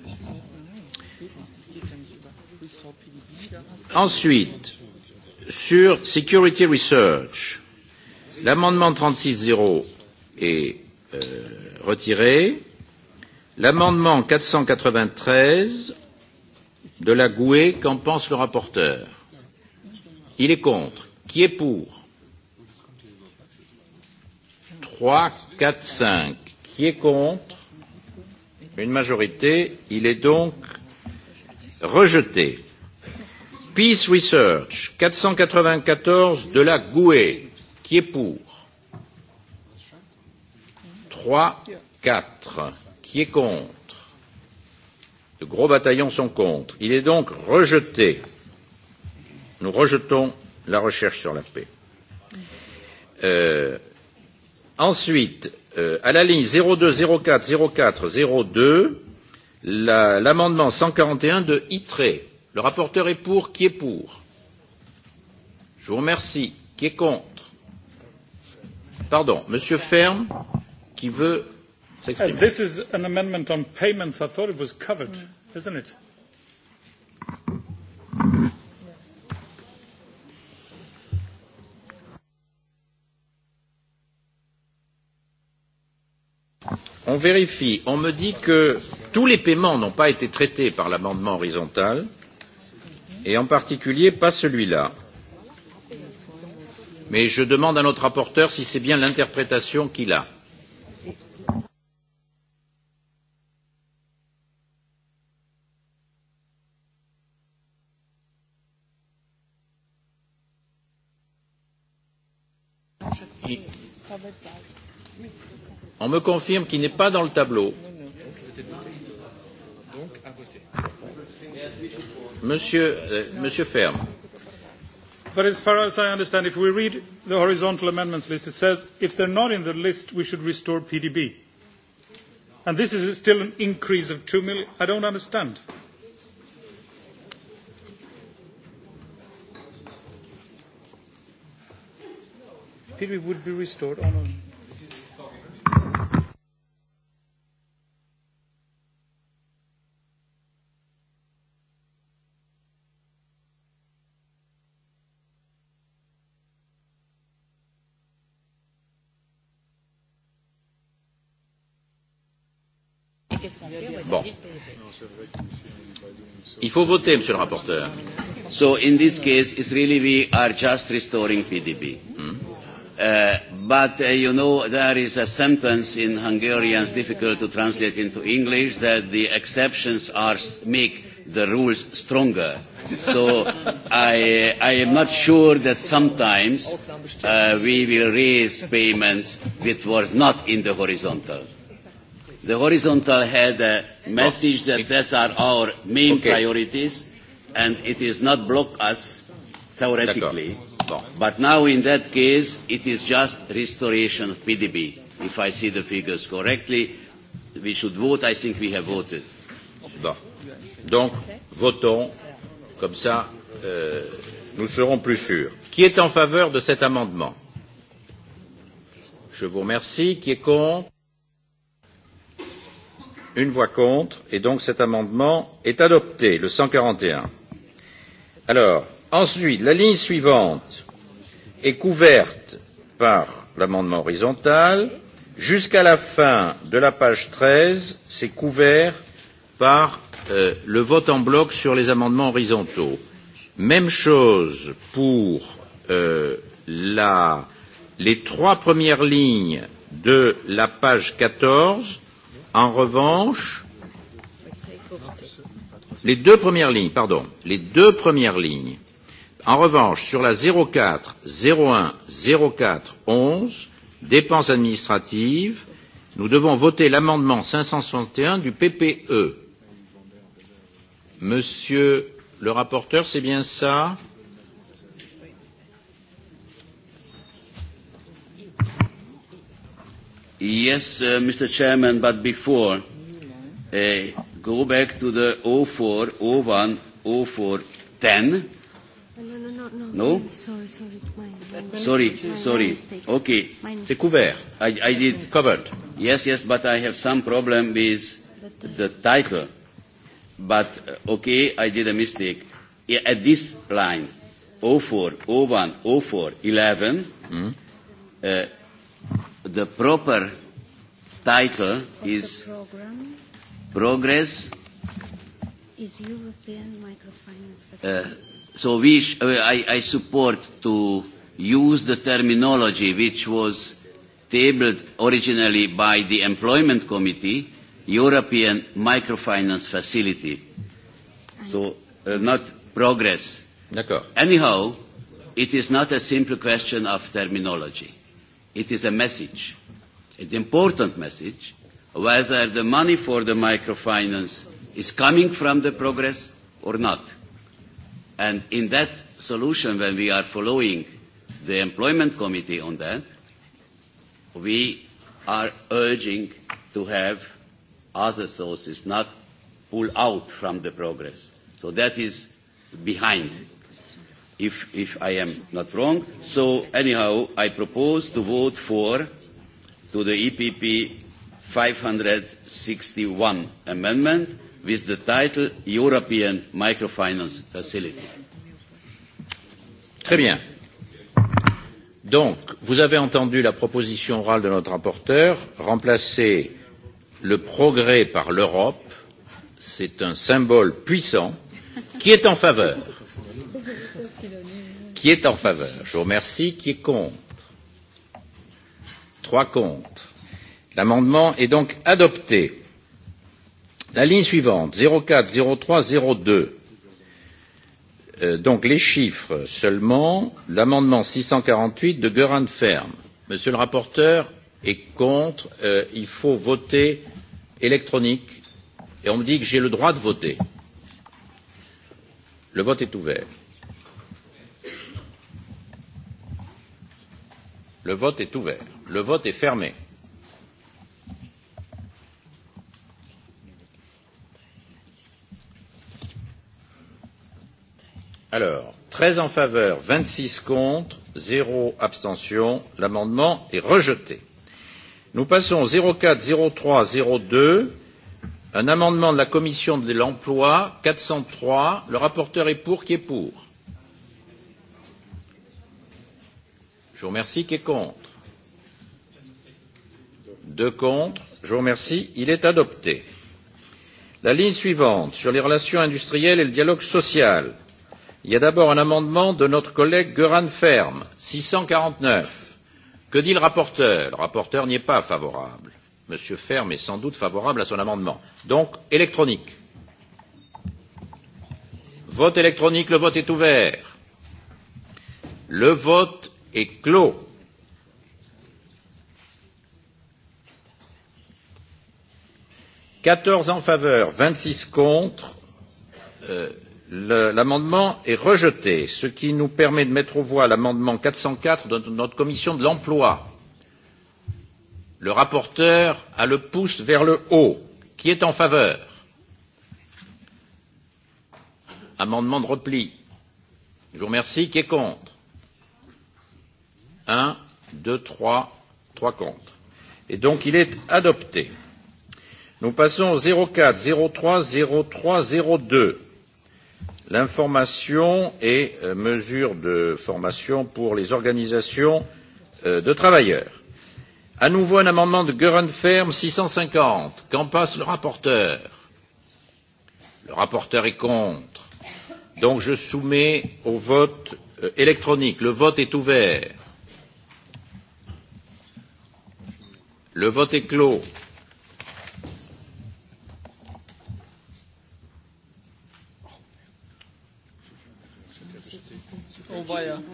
Ensuite, sur Security Research, l'amendement 36.0 est euh, retiré. L'amendement 493 de la GUE, qu'en pense le rapporteur Il est contre. Qui est pour 3, 4, 5. Qui est contre Une majorité. Il est donc rejeté. Peace Research, 494 de la GUE. Qui est pour 3, 4. Qui est contre de gros bataillons sont contre. Il est donc rejeté. Nous rejetons la recherche sur la paix. Euh, ensuite, euh, à la ligne 0204 04, 02, l'amendement la, 141 de ITRE. Le rapporteur est pour. Qui est pour Je vous remercie. Qui est contre Pardon, Monsieur Ferme, qui veut As this is an amendment on
payments, I thought it was covered, isn't
it? On vérifie. On me dit que tous les paiements n'ont pas été traités par l'amendement horizontal, et en particulier pas celui-là. Mais je demande à notre rapporteur si c'est bien l'interprétation qu'il a. On me confirme qu'il n'est pas dans le tableau.
Monsieur, euh, Monsieur
Ferme. But as far as I understand, if we read the horizontal amendments list, it says if they're not in the list, we should restore PDB. And this is still an increase of 2 million. I don't understand. period would be restored.
on
Bon. Il faut voter, Monsieur le rapporteur. So in this case, it's really we are just restoring PDB. Uh, but uh, you know there is a sentence in Hungarian difficult to translate into English that the exceptions are make the rules stronger. So I, I am not sure that sometimes uh, we will raise payments which were not in the horizontal. The horizontal had a message that these are our main okay. priorities and it is not block us theoretically. But now in that case, it is just restoration of PDB. If I see the figures correctly, we should vote. I think we have voted. Bon. Donc, votons. Comme ça,
euh, nous serons plus sûrs. Qui est en faveur de cet amendement Je vous remercie. Qui est contre Une voix contre. Et donc cet amendement est adopté, le 141. Alors, Ensuite, la ligne suivante est couverte par l'amendement horizontal. Jusqu'à la fin de la page treize, c'est couvert par euh, le vote en bloc sur les amendements horizontaux. Même chose pour euh, la, les trois premières lignes de la page 14. En revanche, les deux premières lignes, pardon, les deux premières lignes En revanche, sur la 04, 01, 04, 11, dépenses administratives, nous devons voter l'amendement 561 du PPE. Monsieur le rapporteur, c'est bien ça
Yes, uh, Mr. Chairman, but before, uh, go back to the 04, 01, 04, 10
No? Sorry, sorry, Sorry, sorry.
Okay, c'est couvert. I, I did covered. Yes, yes, but I have some problem with the title. But okay, I did a mistake. At this line, 04, 01, 04, 11, mm? uh, the proper title is Progress
is European
Microfinance Facility. Uh, So we sh- I, I support to use the terminology which was tabled originally by the Employment Committee, European Microfinance Facility. So uh, not progress. D'accord. Anyhow, it is not a simple question of terminology. It is a message. It's an important message whether the money for the microfinance is coming from the progress or not And in that solution, when we are following the employment committee on that, we are urging to have other sources not pull out from the progress. So that is behind, if, if I am not wrong. So anyhow, I propose to vote for to the EPP 561 amendment with the title European Microfinance Facility. Très bien. Donc, vous avez entendu la
proposition orale de notre rapporteur, remplacer le progrès par l'Europe, c'est un symbole puissant qui est en faveur. Qui est en faveur Je vous remercie. Qui est contre Trois contre. L'amendement est donc adopté. La ligne suivante, 04, 03, 02. Euh, donc les chiffres seulement. L'amendement 648 de Göran Ferme. Monsieur le rapporteur est contre. Euh, il faut voter électronique. Et on me dit que j'ai le droit de voter. Le vote est ouvert. Le vote est ouvert. Le vote est fermé. Alors, 13 en faveur, 26 contre, 0 abstention. L'amendement est rejeté. Nous passons 04, 03, 02. Un amendement de la commission de l'emploi, 403. Le rapporteur est pour, qui est pour Je vous remercie, qui est contre Deux contre. Je vous remercie, il est adopté. La ligne suivante, sur les relations industrielles et le dialogue social. Il y a d'abord un amendement de notre collègue Göran Ferm, six cent quarante neuf. Que dit le rapporteur Le rapporteur n'y est pas favorable. Monsieur Ferm est sans doute favorable à son amendement. Donc, électronique. Vote électronique, le vote est ouvert. Le vote est clos. Quatorze en faveur, vingt six contre. Euh, L'amendement est rejeté, ce qui nous permet de mettre aux voix l'amendement quatre cent quatre de notre commission de l'emploi. Le rapporteur a le pouce vers le haut. Qui est en faveur Amendement de repli. Je vous remercie. Qui est contre Un, deux, trois, trois contre. Et donc il est adopté. Nous passons au zéro quatre zéro trois, zéro deux l'information et mesures de formation pour les organisations de travailleurs. À nouveau un amendement de six cent 650. Qu'en passe le rapporteur Le rapporteur est contre. Donc je soumets au vote électronique. Le vote est ouvert. Le vote est clos.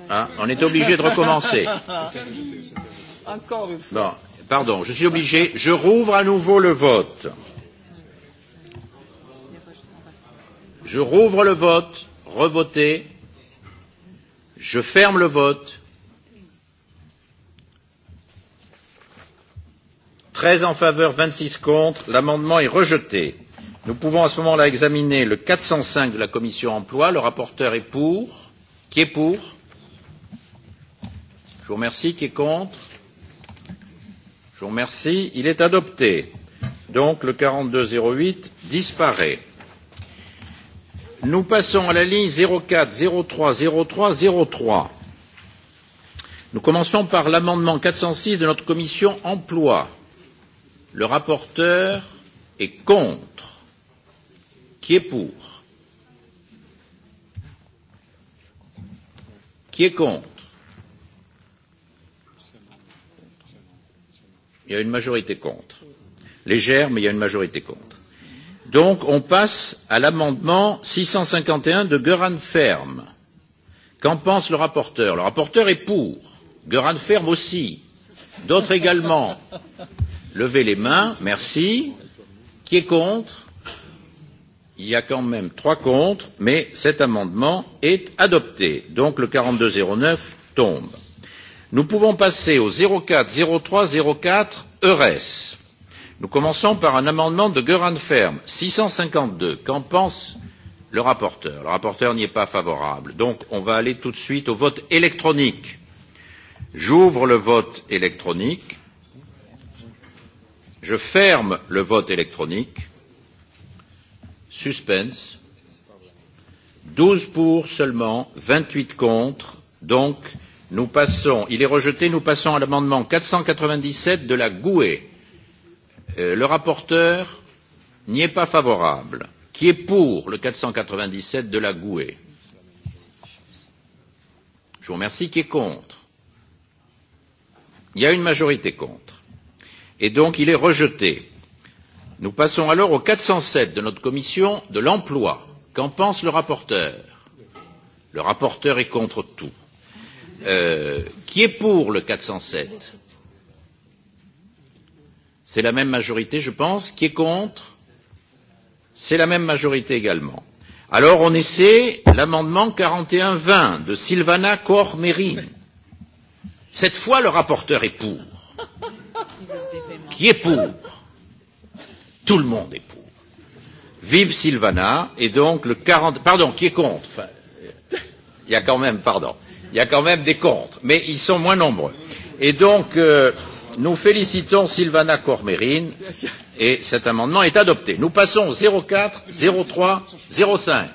Hein On est obligé de recommencer.
Bon,
pardon, je suis obligé. Je rouvre à nouveau le vote. Je rouvre le vote. Revoter. Je ferme le vote. 13 en faveur, 26 contre. L'amendement est rejeté. Nous pouvons à ce moment-là examiner le 405 de la commission emploi. Le rapporteur est pour. Qui est pour Je vous remercie. Qui est contre Je vous remercie. Il est adopté. Donc le 4208 disparaît. Nous passons à la ligne 04 03 03 trois. Nous commençons par l'amendement 406 de notre commission emploi. Le rapporteur est contre. Qui est pour Qui est contre Il y a une majorité contre. Légère, mais il y a une majorité contre. Donc, on passe à l'amendement 651 de Göran Ferm. Qu'en pense le rapporteur Le rapporteur est pour. Göran Ferm aussi. D'autres également. Levez les mains. Merci. Qui est contre Il y a quand même trois contre, mais cet amendement est adopté. Donc le 4209 tombe. Nous pouvons passer au 04 03 04 EURES. Nous commençons par un amendement de Göran Ferm, 652. Qu'en pense le rapporteur Le rapporteur n'y est pas favorable. Donc on va aller tout de suite au vote électronique. J'ouvre le vote électronique. Je ferme le vote électronique. Suspense. 12 pour seulement, 28 contre. Donc, nous passons, il est rejeté, nous passons à l'amendement 497 de la Gouée. Euh, le rapporteur n'y est pas favorable. Qui est pour le 497 de la Goué? Je vous remercie. Qui est contre Il y a une majorité contre. Et donc, il est rejeté. Nous passons alors au 407 de notre commission de l'emploi. Qu'en pense le rapporteur Le rapporteur est contre tout. Euh, qui est pour le 407 C'est la même majorité, je pense. Qui est contre C'est la même majorité également. Alors on essaie l'amendement 41-20 de Sylvana Cormery. Cette fois, le rapporteur est pour. Qui est pour Tout le monde est pour. Vive Sylvana, et donc le 40... Pardon, qui est contre enfin, Il y a quand même, pardon, il y a quand même des contre, mais ils sont moins nombreux. Et donc, euh, nous félicitons Sylvana Cormérine, et cet amendement est adopté. Nous passons au 04, 03, 05.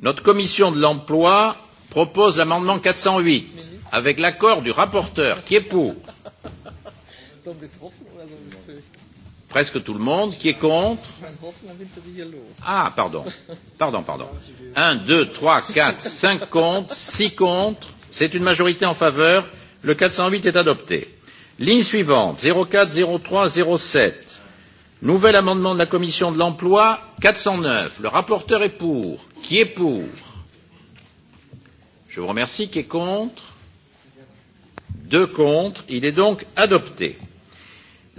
Notre commission de l'emploi propose l'amendement 408 avec l'accord du rapporteur. Qui est pour presque tout le monde, qui est contre Ah, pardon, pardon, pardon. 1, 2, 3, 4, 5 contre, 6 contre, c'est une majorité en faveur, le 408 est adopté. Ligne suivante, 040307. nouvel amendement de la commission de l'emploi, 409, le rapporteur est pour, qui est pour Je vous remercie, qui est contre Deux contre, il est donc adopté.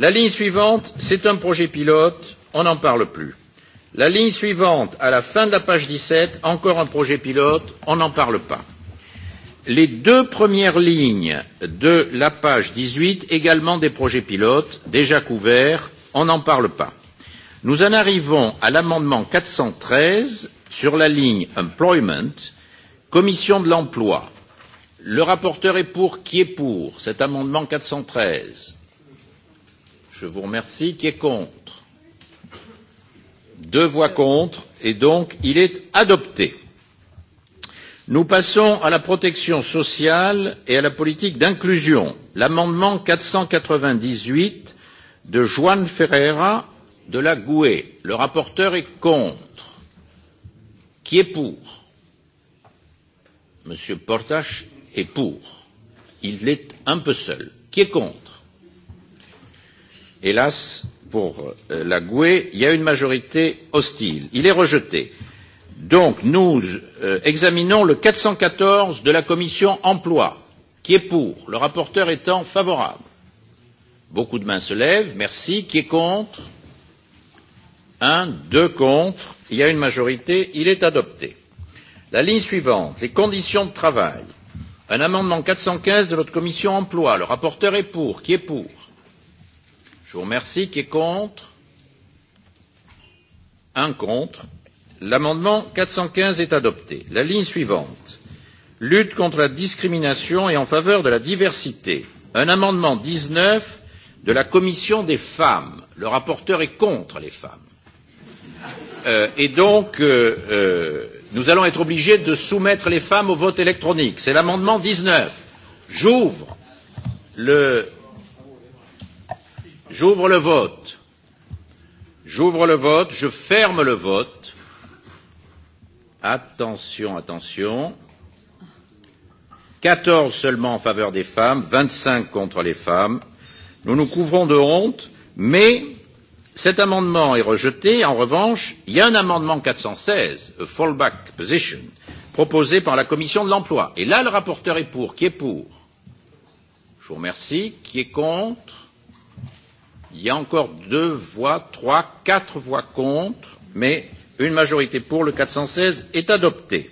La ligne suivante, c'est un projet pilote, on n'en parle plus. La ligne suivante, à la fin de la page 17, encore un projet pilote, on n'en parle pas. Les deux premières lignes de la page 18, également des projets pilotes, déjà couverts, on n'en parle pas. Nous en arrivons à l'amendement 413 sur la ligne Employment, Commission de l'emploi. Le rapporteur est pour, qui est pour cet amendement 413 Je vous remercie. Qui est contre Deux voix contre, et donc il est adopté. Nous passons à la protection sociale et à la politique d'inclusion. L'amendement 498 de Juan Ferreira de la GUE. Le rapporteur est contre. Qui est pour Monsieur Portache est pour. Il est un peu seul. Qui est contre Hélas, pour la GUE, il y a une majorité hostile. Il est rejeté. Donc nous examinons le quatre cent quatorze de la commission emploi, qui est pour, le rapporteur étant favorable. Beaucoup de mains se lèvent, merci. Qui est contre Un, deux contre, il y a une majorité, il est adopté. La ligne suivante, les conditions de travail. Un amendement quatre cent quinze de notre commission emploi, le rapporteur est pour, qui est pour Je vous remercie. Qui est contre Un contre. L'amendement 415 est adopté. La ligne suivante. Lutte contre la discrimination et en faveur de la diversité. Un amendement 19 de la Commission des femmes. Le rapporteur est contre les femmes. Euh, et donc, euh, euh, nous allons être obligés de soumettre les femmes au vote électronique. C'est l'amendement 19. J'ouvre le J'ouvre le vote. J'ouvre le vote. Je ferme le vote. Attention, attention. 14 seulement en faveur des femmes, 25 contre les femmes. Nous nous couvrons de honte, mais cet amendement est rejeté. En revanche, il y a un amendement 416, a fallback position, proposé par la commission de l'emploi. Et là, le rapporteur est pour. Qui est pour Je vous remercie. Qui est contre Il y a encore deux voix, trois, quatre voix contre, mais une majorité pour le 416 est adopté.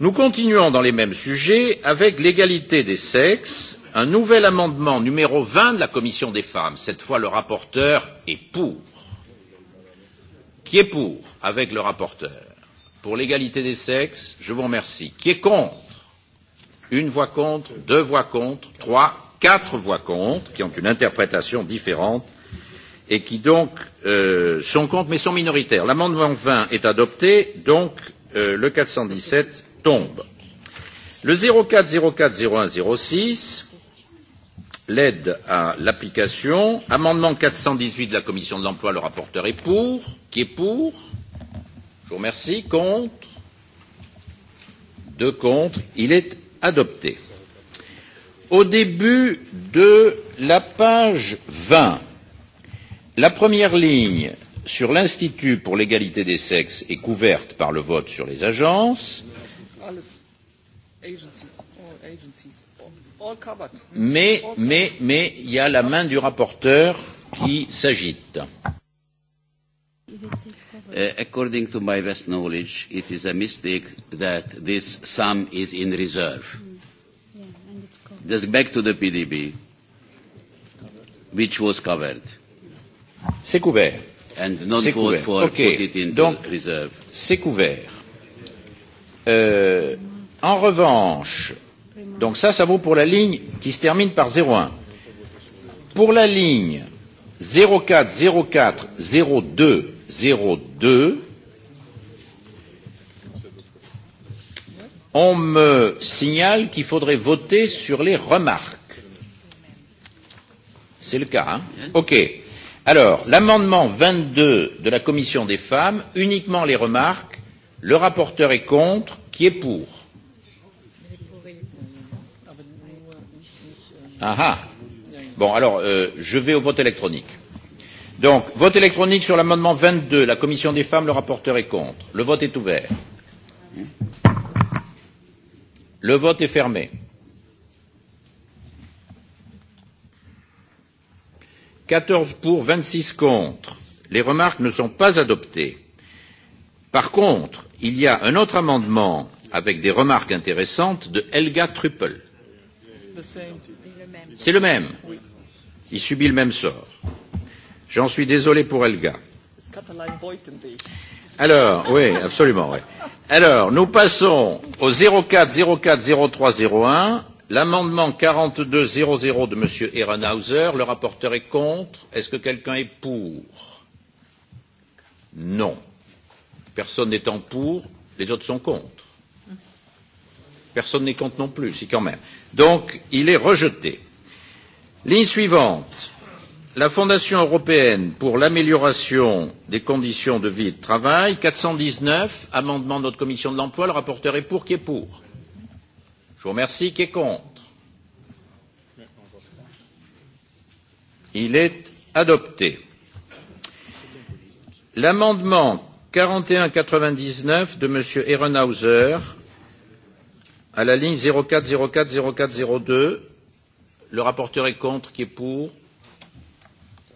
Nous continuons dans les mêmes sujets avec l'égalité des sexes, un nouvel amendement numéro 20 de la commission des femmes. Cette fois, le rapporteur est pour. Qui est pour avec le rapporteur Pour l'égalité des sexes, je vous remercie. Qui est contre Une voix contre, deux voix contre, trois quatre voix contre, qui ont une interprétation différente et qui donc euh, sont contre mais sont minoritaires. L'amendement 20 est adopté, donc euh, le 417 tombe. Le 04040106, l'aide à l'application, amendement 418 de la commission de l'emploi, le rapporteur est pour, qui est pour Je vous remercie, contre Deux contre, il est adopté au début de la page vingt la première ligne sur l'institut pour l'égalité des sexes est couverte par le vote sur les agences
mais
mais mais il y a la main du rapporteur qui s'agite Uh, according to my best knowledge, it is a mistake that this sum is in reserve Mm. Just back to the PDB, which was covered. C'est couvert. And not vote for okay. put it in Donc, the reserve. C'est couvert.
Euh, en revanche, donc ça, ça vaut pour la ligne qui se termine par 01. Pour la ligne 0,4, 0,4, 0,2, 0,2, on me signale qu'il faudrait voter sur les remarques. C'est le cas, hein Ok. Alors, l'amendement 22 de la Commission des femmes, uniquement les remarques. Le rapporteur est contre. Qui est pour Ah ah Bon, alors, euh, je vais au vote électronique. Donc, vote électronique sur l'amendement 22. La Commission des femmes, le rapporteur est contre. Le vote est ouvert. Le vote est fermé. Quatorze pour, vingt six contre. Les remarques ne sont pas adoptées. Par contre, il y a un autre amendement avec des remarques intéressantes de Helga Truppel. C'est le même. Il subit le même sort. J'en suis désolé pour Helga. Alors, oui, absolument, oui. Alors, nous passons au 04 l'amendement 4200 de Monsieur Ehrenhauser. Le rapporteur est contre. Est-ce que quelqu'un est pour Non. Personne n'étant pour, les autres sont contre. Personne n'est contre non plus, si quand même. Donc, il est rejeté. Ligne suivante la Fondation européenne pour l'amélioration des conditions de vie et de travail, quatre cent dix neuf, amendement de notre commission de l'emploi, le rapporteur est pour, qui est pour Je vous remercie, qui est contre Il est adopté. L'amendement quarante et un quatre-vingt-dix neuf de Monsieur Ehrenhauser à la ligne zéro quatre zéro quatre quatre zéro deux. Le rapporteur est contre, qui est pour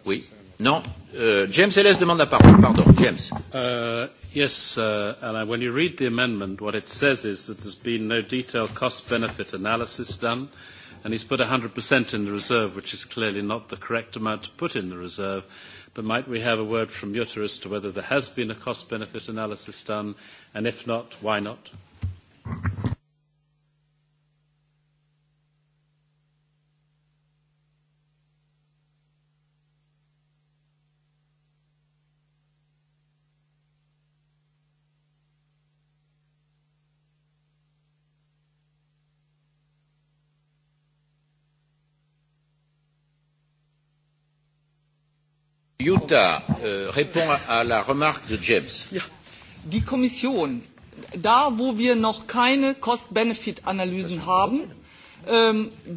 Oui. Non. Uh, James Ellis demande la parole. Pardon, James. Uh, yes, uh, Alain, when you read the amendment, what it says
is that there's been no detailed cost-benefit analysis done, and he's put 100% in the reserve, which is clearly not the correct amount to put in the reserve. But might we have a word from Jutta as to whether there has been a cost-benefit analysis done, and if not, why not?
Jutta, répond à la remarque de James.
Ja. Die Kommission, da wo wir noch keine Cost-Benefit-Analysen haben,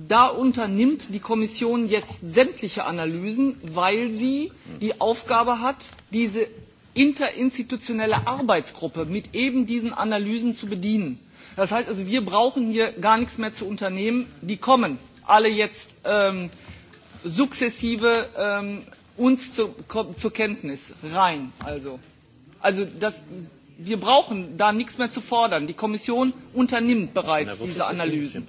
da unternimmt die Kommission jetzt sämtliche Analysen, weil sie die Aufgabe hat, diese interinstitutionelle Arbeitsgruppe mit eben diesen Analysen zu bedienen. Das heißt also, wir brauchen hier gar nichts mehr zu unternehmen. Die kommen alle jetzt sukzessive uns zu, zur Kenntnis rein. Also, also das, wir brauchen da nichts mehr zu fordern. Die Kommission unternimmt bereits diese Analysen.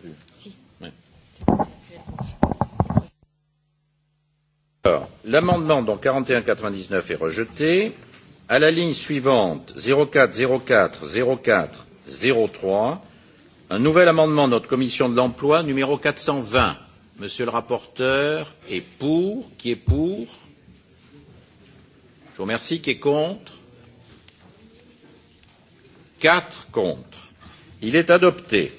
L'amendement quatre-vingt-dix 4199 est rejeté. À la ligne suivante, 0404 04 03, un nouvel amendement de notre commission de l'emploi numéro 420. Monsieur le rapporteur est pour, qui est pour Je vous remercie. Qui est contre Quatre contre. Il est adopté.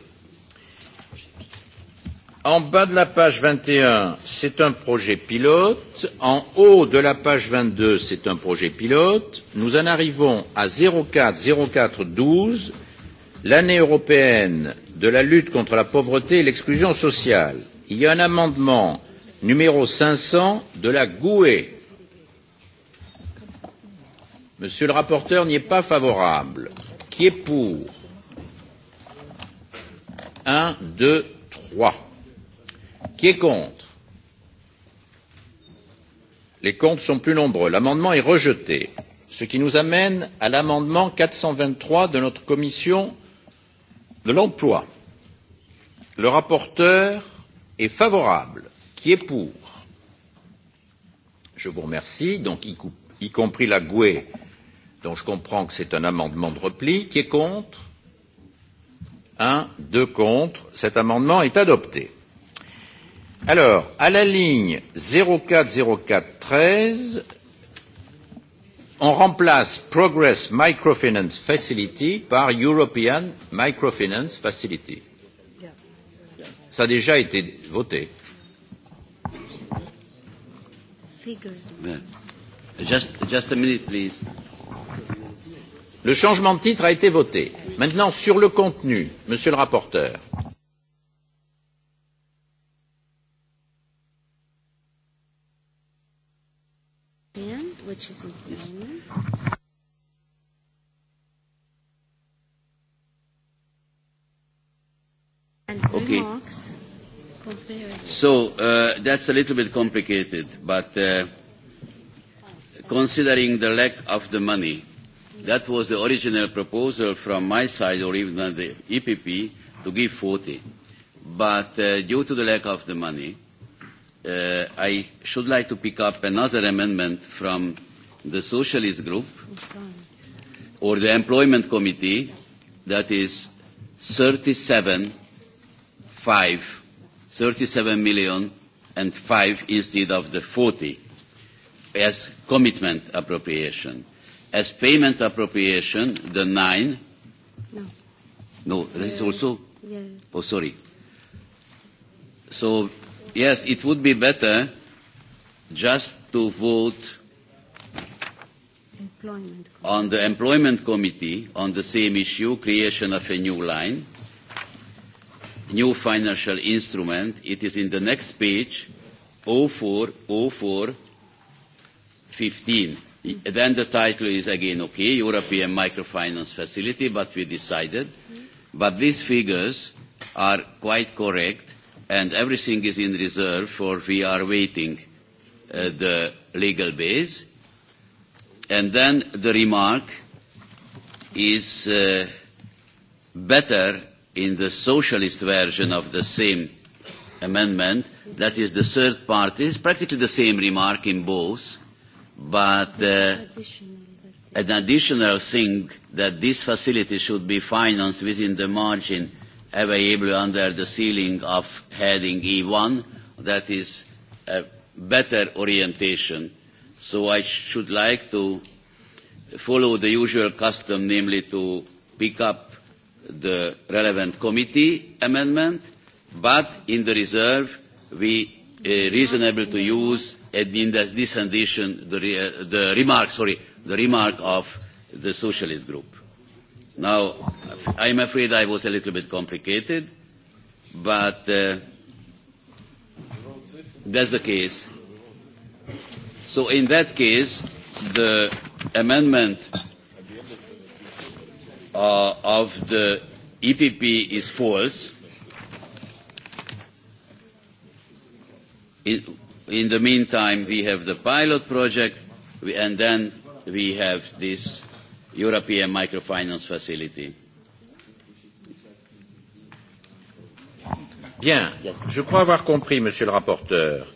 En bas de la page vingt et un, c'est un projet pilote. En haut de la page vingt deux, c'est un projet pilote. Nous en arrivons à zéro zéro quatre douze l'année européenne de la lutte contre la pauvreté et l'exclusion sociale. Il y a un amendement numéro cinq cents de la GUE Monsieur le rapporteur n'y est pas favorable. Qui est pour Un, deux, trois. Qui est contre Les comptes sont plus nombreux. L'amendement est rejeté. Ce qui nous amène à l'amendement 423 de notre commission de l'emploi. Le rapporteur est favorable. Qui est pour Je vous remercie. Donc, y compris la GUE dont je comprends que c'est un amendement de repli, qui est contre Un, deux contre. Cet amendement est adopté. Alors, à la ligne 040413, on remplace Progress Microfinance Facility par European Microfinance Facility. Ça a déjà été voté. Just, just a minute, please. Le changement de titre a été voté. Maintenant, sur le contenu, monsieur le rapporteur.
Okay. So uh, that's a little bit complicated, but uh, considering the lack of the money. That was the original proposal from my side or even the EPP to give 40. But uh, due to the lack of the money, uh, I should like to pick up another amendment from the Socialist Group or the Employment Committee that is 37, 5, 37 million and 5 instead of the 40 as commitment appropriation. As payment appropriation, the nine. No. No, is also. Yeah. Oh, sorry. So, yes, it would be better just to vote
employment
on the employment committee on the same issue, creation of a new line, new financial instrument. It is in the next page, 0404 15. Then the title is again okay, European Microfinance Facility, but we decided. But these figures are quite correct, and everything is in reserve for we are waiting uh, the legal base. And then the remark is uh, better in the socialist version of the same amendment, that is the third part, is practically the same remark in both, but uh, an additional thing that this facility should be financed within the margin available under the ceiling of heading E1, that is a better orientation. So I should like to follow the usual custom, namely to pick up the relevant committee amendment, but in the reserve we are reasonable to use and in this addition, the, re, the remark, sorry, the remark of the socialist group. Now, I'm afraid I was a little bit complicated, but uh, that's the case. So in that case, the amendment uh, of the EPP is false. It, In the meantime, we have the pilot project, and then we have this European microfinance facility. Bien, je crois avoir compris, monsieur le rapporteur.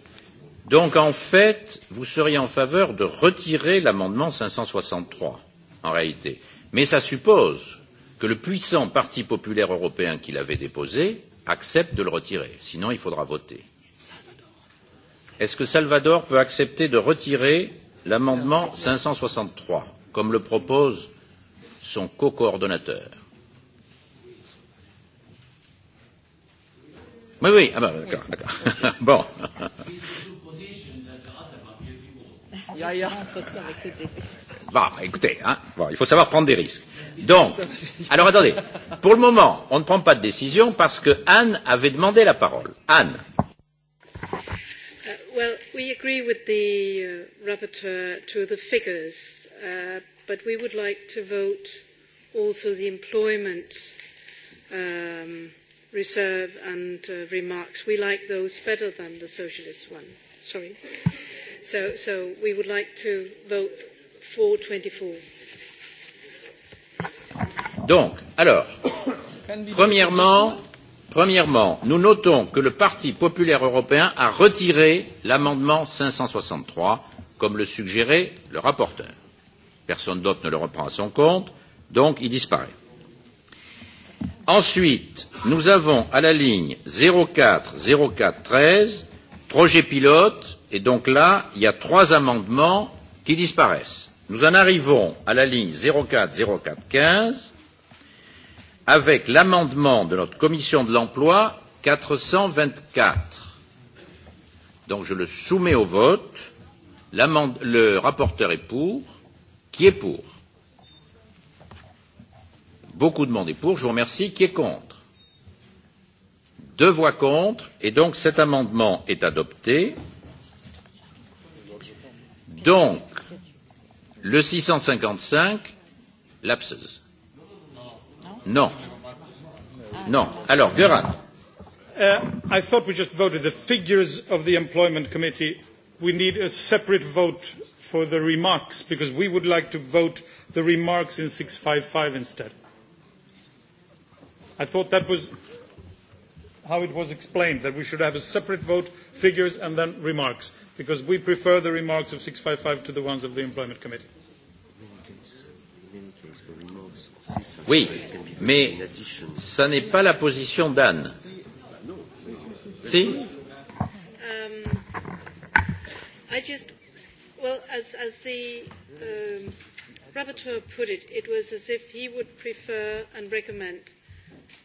Donc, en fait, vous seriez en faveur de retirer l'amendement 563, en réalité. Mais ça suppose que le puissant Parti populaire européen qui l'avait déposé accepte de le retirer. Sinon, il faudra voter. Est-ce que Salvador peut accepter de retirer l'amendement cinq cent soixante trois, comme le propose son co-coordonnateur Oui, oui, ah ben, d'accord, d'accord. Bon. Bah, écoutez, hein, bon, il faut savoir prendre des risques. Donc, alors attendez, pour le moment, on ne prend pas de décision parce que Anne avait demandé la parole. Anne.
Well, we agree with the rapporteur to the figures, but we would like to vote also the employment reserve and remarks. We like those better than the socialist one. Sorry. So, so we would like to vote for 24.
Donc, alors, premièrement, Premièrement, nous notons que le Parti populaire européen a retiré l'amendement cinq cent soixante trois, comme le suggérait le rapporteur. Personne d'autre ne le reprend à son compte, donc il disparaît. Ensuite, nous avons à la ligne zéro zéro quatre quatre treize, projet pilote, et donc là, il y a trois amendements qui disparaissent. Nous en arrivons à la ligne zéro zéro quatre quatre quinze avec l'amendement de notre commission de l'emploi quatre cent vingt quatre. Donc je le soumets au vote. Le rapporteur est pour. Qui est pour Beaucoup de monde est pour. Je vous remercie. Qui est contre Deux voix contre. Et donc cet amendement est adopté. Donc le six cent cinquante cinq lapses. No. No. Alors, Göran.
Uh, I thought we just voted the figures of the Employment Committee. We need a separate vote for the remarks because we would like to vote the remarks in 655 instead. I thought that was how it was explained, that we should have a separate vote, figures and then remarks, because we prefer the remarks of 655 to the ones of the Employment Committee.
Oui, Mais ce n'est pas la position d'Anne. Si
I just, well, as, as the rapporteur put it, it was as if he would prefer and recommend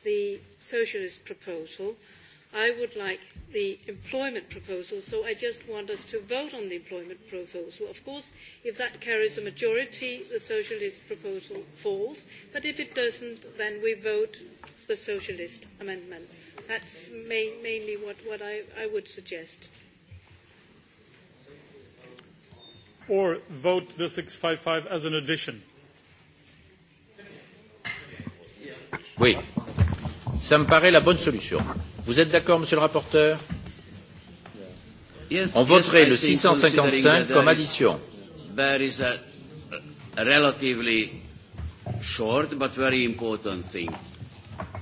the socialist proposal I would like the employment proposal, so I just want us to vote on the employment proposal. Of course, if that carries a majority, the socialist proposal falls, but if it doesn't, then we vote the socialist amendment. That's ma- mainly what, what I, I would suggest.
Or vote the 655 as
an addition. Oui. Ça me paraît la bonne solution. Vous êtes d'accord, monsieur le rapporteur On voterait le 655 comme addition.
There is a relatively short but very important thing.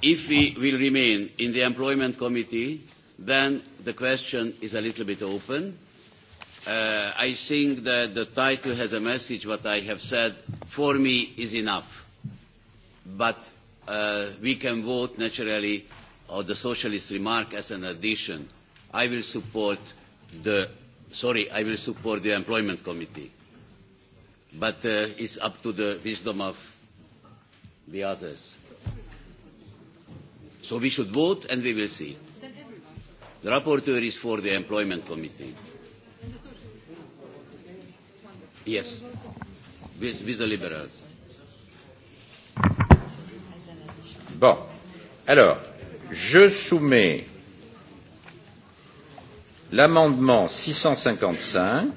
If we will remain in the employment committee, then the question is a little bit open. Uh, I think that the title has a message, what I have said, for me is enough. But uh, we can vote naturally on the socialist remark as an addition. I will support the, sorry, I will support the employment committee. But uh, it's up to the wisdom of the others. So we should vote and we will see. The rapporteur is for the employment committee. Yes, with, with the liberals.
Bon.
Alors, je soumets l'amendement 655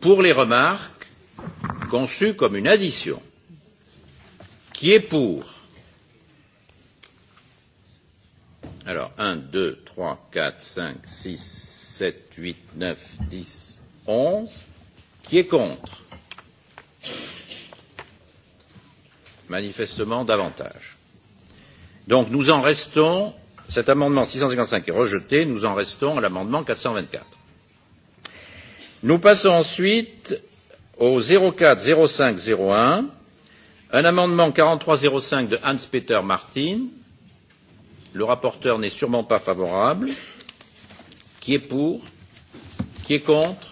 pour les remarques conçues comme une addition. Qui est pour Alors, 1, 2, 3, 4, 5, 6, 7, 8, 9, 10, 11. Qui est contre manifestement davantage. Donc nous en restons cet amendement six cent cinquante cinq est rejeté, nous en restons à l'amendement quatre cent vingt quatre. Nous passons ensuite au zéro quatre zéro cinq un, un amendement quarante trois zéro cinq de Hans Peter Martin, le rapporteur n'est sûrement pas favorable, qui est pour, qui est contre,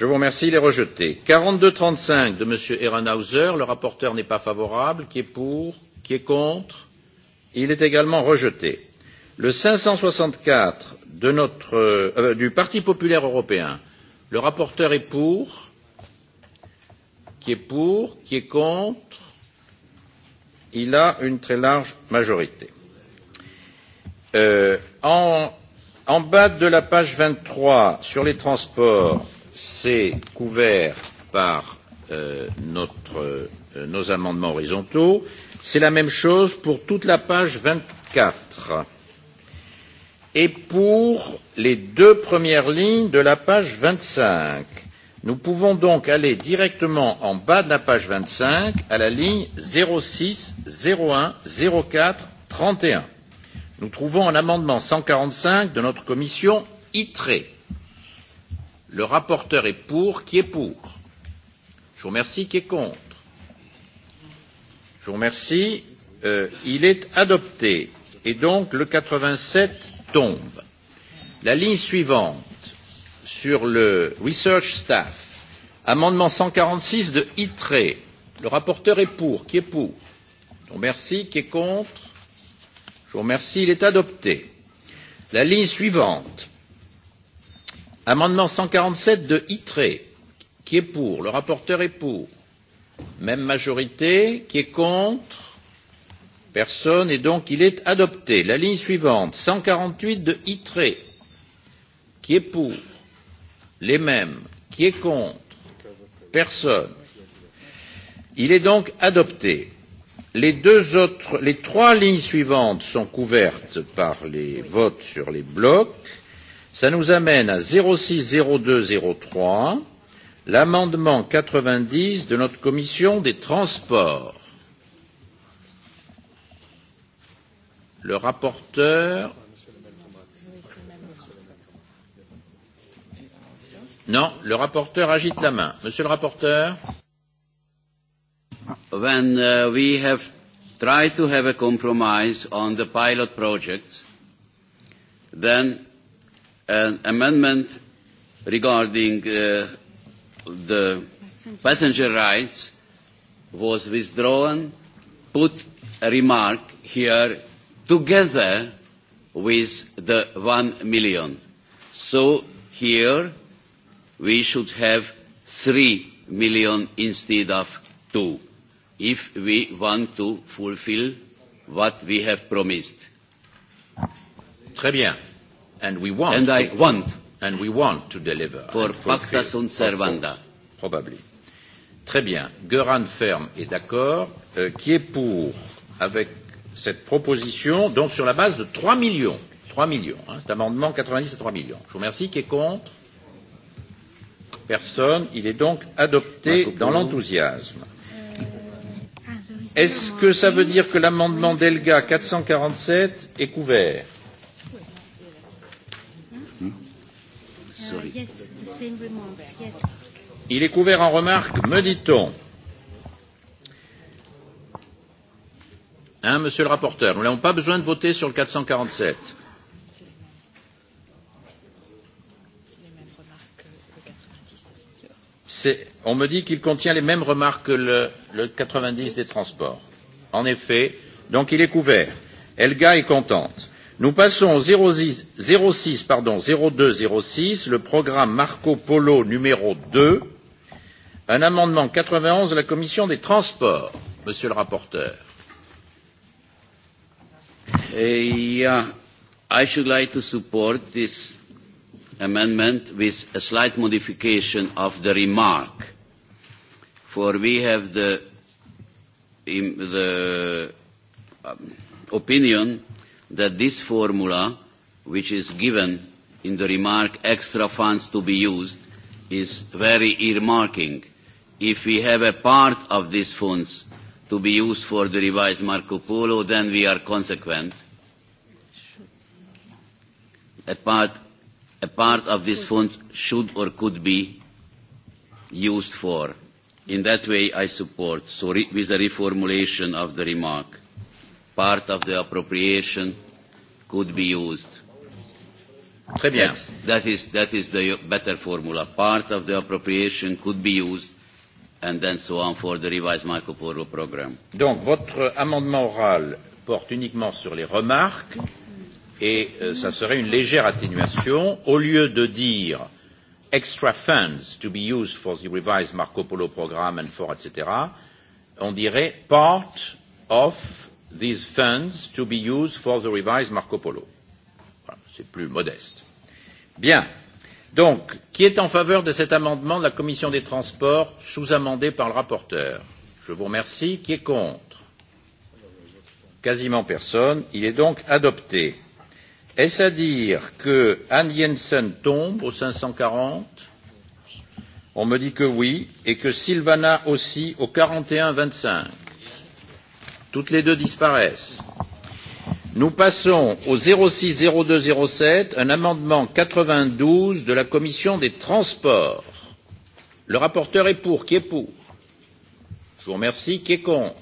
Je vous remercie, il est rejeté. 42-35 de M. Ehrenhauser, le rapporteur n'est pas favorable. Qui est pour Qui est contre Il est également rejeté. Le 564 de notre, euh, du Parti populaire européen, le rapporteur est pour. Qui est pour Qui est contre Il a une très large majorité. Euh, en, en bas de la page 23, sur les transports, c'est couvert par notre, nos amendements horizontaux. C'est la même chose pour toute la page vingt quatre et pour les deux premières lignes de la page vingt cinq. Nous pouvons donc aller directement en bas de la page vingt cinq à la ligne zéro six zéro un zéro quatre trente et un. Nous trouvons un amendement cent quarante cinq de notre commission ITRE Le rapporteur est pour. Qui est pour Je vous remercie. Qui est contre Je vous remercie. Euh, il est adopté. Et donc le 87 tombe. La ligne suivante sur le Research Staff, amendement 146 de ITRE. Le rapporteur est pour. Qui est pour Je vous remercie. Qui est contre Je vous remercie. Il est adopté. La ligne suivante Amendement cent quarante sept de ITRE, qui est pour, le rapporteur est pour. Même majorité, qui est contre, personne, et donc il est adopté. La ligne suivante, cent quarante huit de ITRE, qui est pour, les mêmes, qui est contre, personne. Il est donc adopté. Les deux autres, les trois lignes suivantes sont couvertes par les votes sur les blocs Ça nous amène à zéro zéro deux zéro trois, l'amendement quatre-vingt-dix de notre commission des transports. Le rapporteur.
Non, le rapporteur agite la main. Monsieur le rapporteur. When uh, we have tried to have a compromise on the pilot projects, then an amendment regarding uh, the passenger rights was withdrawn, put a remark here together with the one million. So here we should have three million instead of two if we want to fulfill what we have promised. Très bien. And we want. And I want. And we want to
deliver. For pacta sunt servanda. Probably. Très bien. Göran Ferm est d'accord. Euh, qui est pour avec cette proposition, donc sur la base de 3 millions 3 millions. Hein, cet amendement 90 à 3 millions. Je vous remercie. Qui est contre Personne. Il est donc adopté dans l'enthousiasme. Est-ce que ça veut dire que l'amendement Delga 447 est couvert sorry. Il est couvert en remarques, me dit-on. Hein, monsieur le rapporteur, nous n'avons pas besoin de voter sur le 447. On me dit qu'il contient les mêmes remarques que le, le 90 des transports. En effet, donc il est couvert. Elga est contente. Nous passons au zéro six zéro deux zéro six, le programme Marco Polo numéro deux, un amendement quatre vingt onze de la commission des
transports. Monsieur le rapporteur. Yeah, I should like to support this amendment with a slight modification of the remark, for we have the, the um, opinion that this formula, which is given in the remark extra funds to be used, is very earmarking. If we have a part of these funds to be used for the revised Marco Polo, then we are consequent. A part, a part of this fund should or could be used for. In that way, I support, so re with the reformulation of the remark part of the appropriation could be used. Très bien. Yes, That is, that is the better formula. Part of the appropriation could be used and then so on for the revised Marco Polo program.
Donc votre amendement oral porte uniquement sur les remarques et euh, ça serait une légère atténuation. Au lieu de dire extra funds to be used for the revised Marco Polo program and for etc., on dirait part of these funds to be used for the revised Marco Polo. Voilà, c'est plus modeste. Bien. Donc, qui est en faveur de cet amendement de la Commission des transports, sous-amendé par le rapporteur Je vous remercie. Qui est contre Quasiment personne. Il est donc adopté. Est-ce à dire que Anne Jensen tombe au 540 On me dit que oui, et que Sylvana aussi au 41-25. Toutes les deux disparaissent. Nous passons au 060207, un amendement 92 de la commission des transports. Le rapporteur est pour. Qui est pour Je vous remercie. Qui est contre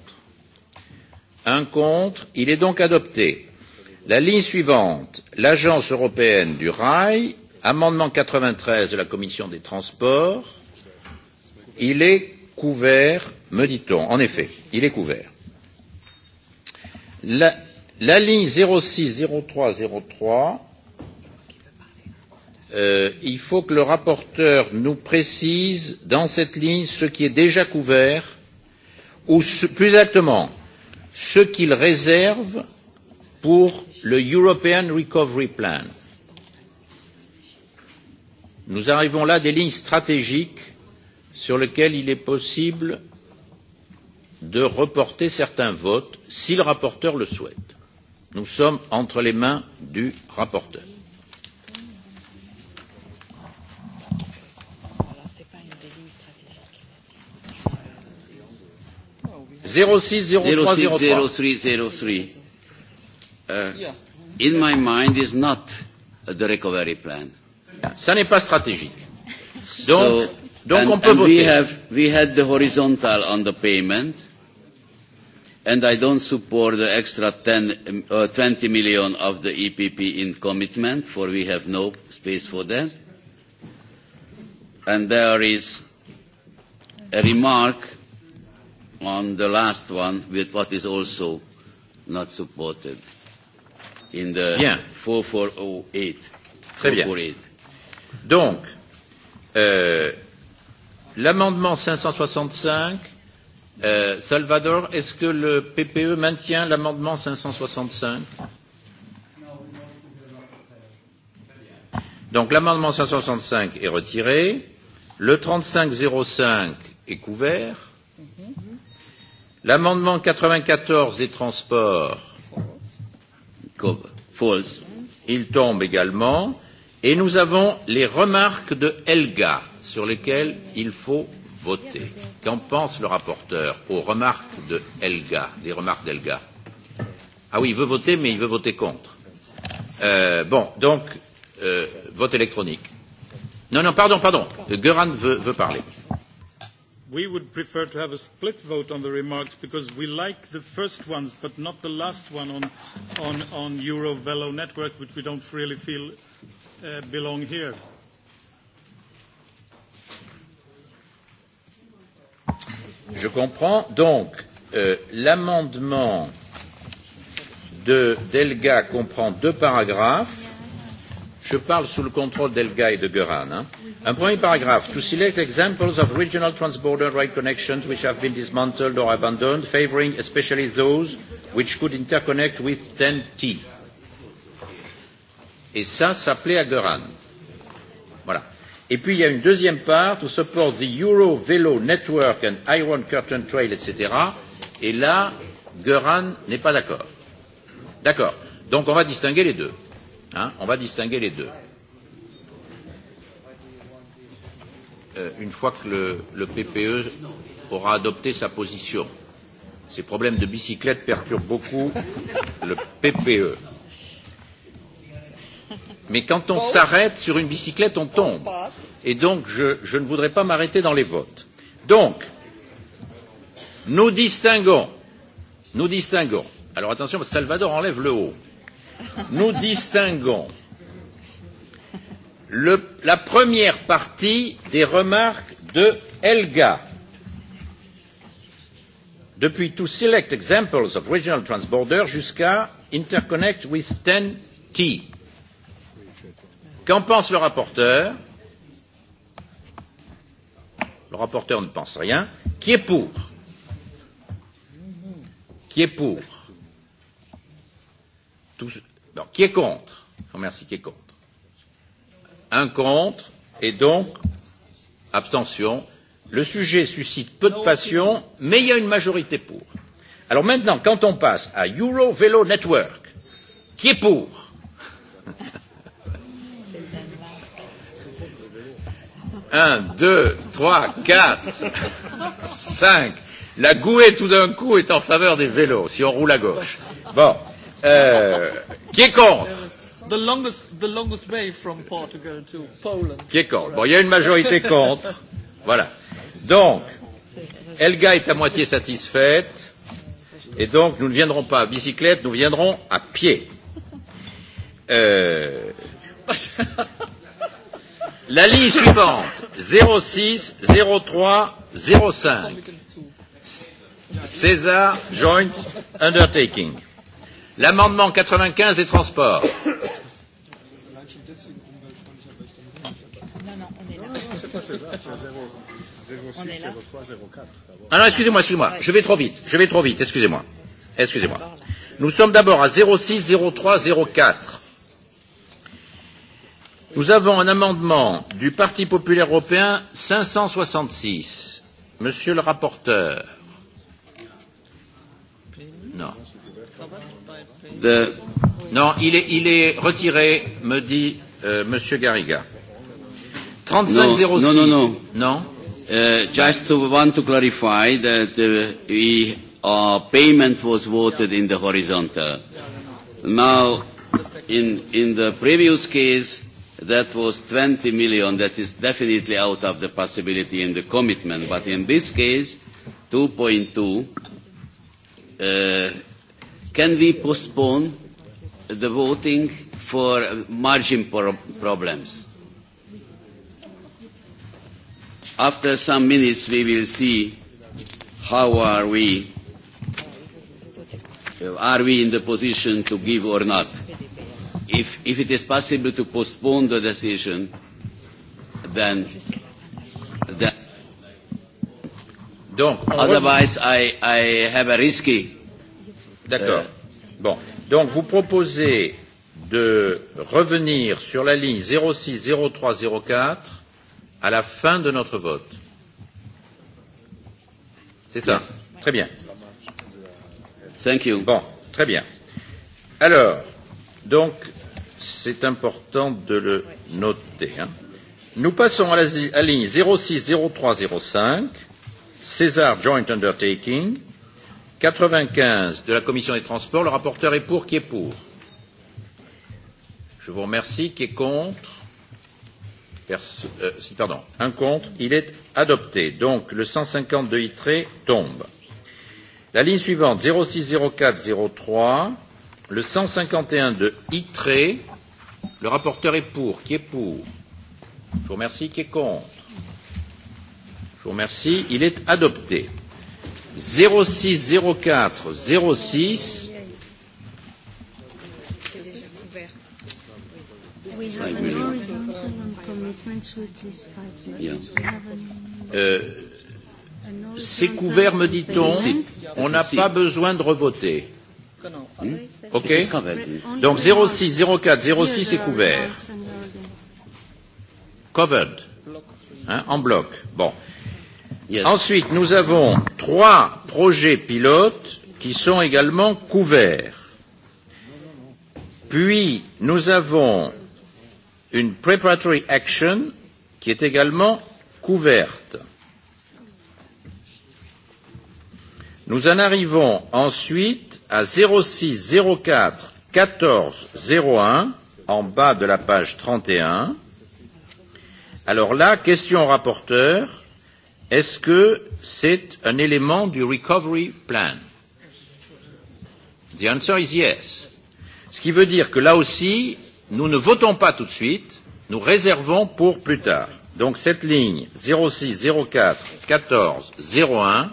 Un contre. Il est donc adopté. La ligne suivante, l'Agence européenne du rail, amendement 93 de la commission des transports. Il est couvert, me dit-on. En effet, il est couvert. La, la ligne 060303, euh, il faut que le rapporteur nous précise dans cette ligne ce qui est déjà couvert, ou ce, plus exactement, ce qu'il réserve pour le European Recovery Plan. Nous arrivons là à des lignes stratégiques sur lesquelles il est possible de reporter certains votes si le rapporteur le souhaite. Nous sommes entre les mains du rapporteur.
Zero six zero zero three zero three.
In
my mind, is not the recovery plan. Ça n'est pas stratégique. Donc, so,
Donc and, on peut and voter. We, have,
we had the horizontal on the payment, and I don't support the extra 10, uh, 20 million of the EPP in commitment, for we have no space for that. And there is a remark on the last one with what is also not supported in the Bien. 4408. Très bien.
Donc, euh, L'amendement 565, euh, Salvador, est-ce que le PPE maintient l'amendement 565 Donc l'amendement 565 est retiré. Le 3505 est couvert. L'amendement 94 des transports, false, il tombe également. Et nous avons les remarques de Helga sur lesquels il faut voter. Qu'en pense le rapporteur aux remarques de Helga, des remarques d'Elga? Ah oui, il veut voter, mais il veut voter contre. Euh, bon, donc, euh, vote électronique. Non, non, pardon, pardon. Göran veut, veut parler.
We would prefer to have a split vote on the remarks because we like the first ones, but not the last one on, on, on Eurovelo network, which we don't really feel uh, belong here.
Je comprends. Donc, euh, l'amendement de Delga comprend deux paragraphes. Je parle sous le contrôle d'Elga et de Göran. Hein. Un premier paragraphe. To select examples of regional transborder rail connections which have been dismantled or abandoned, favoring especially those which could interconnect with TEN-T. Et ça, ça plaît à Göran. Euh, Et puis il y a une deuxième part, to support the Euro Velo Network and Iron Curtain Trail, etc. Et là, Göran n'est pas d'accord. D'accord. Donc on va distinguer les deux. Hein on va distinguer les deux. Euh, une fois que le, le PPE aura adopté sa position. Ces problèmes de bicyclette perturbent beaucoup le PPE. Mais quand on s'arrête sur une bicyclette, on tombe. Et donc, je, je ne voudrais pas m'arrêter dans les votes. Donc, nous distinguons, nous distinguons, alors attention, parce que Salvador enlève le haut, nous distinguons le, la première partie des remarques de Helga. Depuis To Select Examples of Regional Transborder jusqu'à Interconnect with 10T. Qu'en pense le rapporteur Le rapporteur ne pense rien. Qui est pour Qui est pour Tout, non, Qui est contre Je vous remercie. Qui est contre Un contre et donc abstention. Le sujet suscite peu de passion, mais il y a une majorité pour. Alors maintenant, quand on passe à Euro Vélo Network, qui est pour 1, 2, 3, 4, 5. La gouée, tout d'un coup, est en faveur des vélos, si on roule à gauche. Bon. Euh, qui est contre
The longest, the longest way from Portugal to Poland.
Qui est contre Bon, il y a une majorité contre. Voilà. Donc, Elga est à moitié satisfaite. Et donc, nous ne viendrons pas à bicyclette, nous viendrons à pied. Euh... La ligne suivante, 06, 03, 05. César Joint Undertaking. L'amendement 95 des transports.
Ah non, excusez-moi, excusez-moi. Je vais trop
vite. Je vais trop vite. Excusez-moi. Excusez-moi. Nous sommes d'abord à 06, 03, 04. Nous avons un amendement du Parti populaire européen 566. Monsieur le rapporteur.
Non. De...
Non, il est, il est retiré, me dit euh, Monsieur Garriga.
3506. Non, non, non. Non. non. Uh, just to want to clarify that uh, we, our payment was voted in the horizontal. Now, in, in the previous case, that was 20 million. That is definitely out of the possibility in the commitment. But in this case, 2.2, uh, can we postpone the voting for margin pro problems? After some minutes, we will see how are we, are we in the position to give or not if if it is possible to postpone the decision, then then Donc, otherwise I I have a risky. D'accord.
Bon, donc vous proposez de revenir sur la ligne trois zéro quatre à la fin de notre vote. C'est ça. Yes. Très bien. Thank you. Bon, très bien. Alors, donc, C'est important de le noter. Hein. Nous passons à la, à ligne 060305, César Joint Undertaking, 95 de la Commission des Transports. Le rapporteur est pour, qui est pour Je vous remercie. Qui est contre Perso euh, si, pardon, un contre, il est adopté. Donc le 150 de ITRE tombe. La ligne suivante, 060403, le 151 de ITRE, Le rapporteur est pour. Qui est pour Je vous remercie. Qui est contre Je vous remercie. Il est adopté. 04 06.
Euh, c'est couvert, me dit-on. On n'a pas
besoin de revoter. Ok Donc 06, 04, 06 est couvert. Covered. Hein, en bloc. Bon. Ensuite, nous avons trois projets pilotes qui sont également couverts. Puis, nous avons une preparatory action qui est également couverte. Nous en arrivons ensuite à zéro six quatre quatorze 14 un, en bas de la page trente et un. Alors là, question au rapporteur, est-ce que c'est un élément du recovery plan The answer is yes. Ce qui veut dire que là aussi, nous ne votons pas tout de suite, nous réservons pour plus tard. Donc cette ligne 06 04 14 un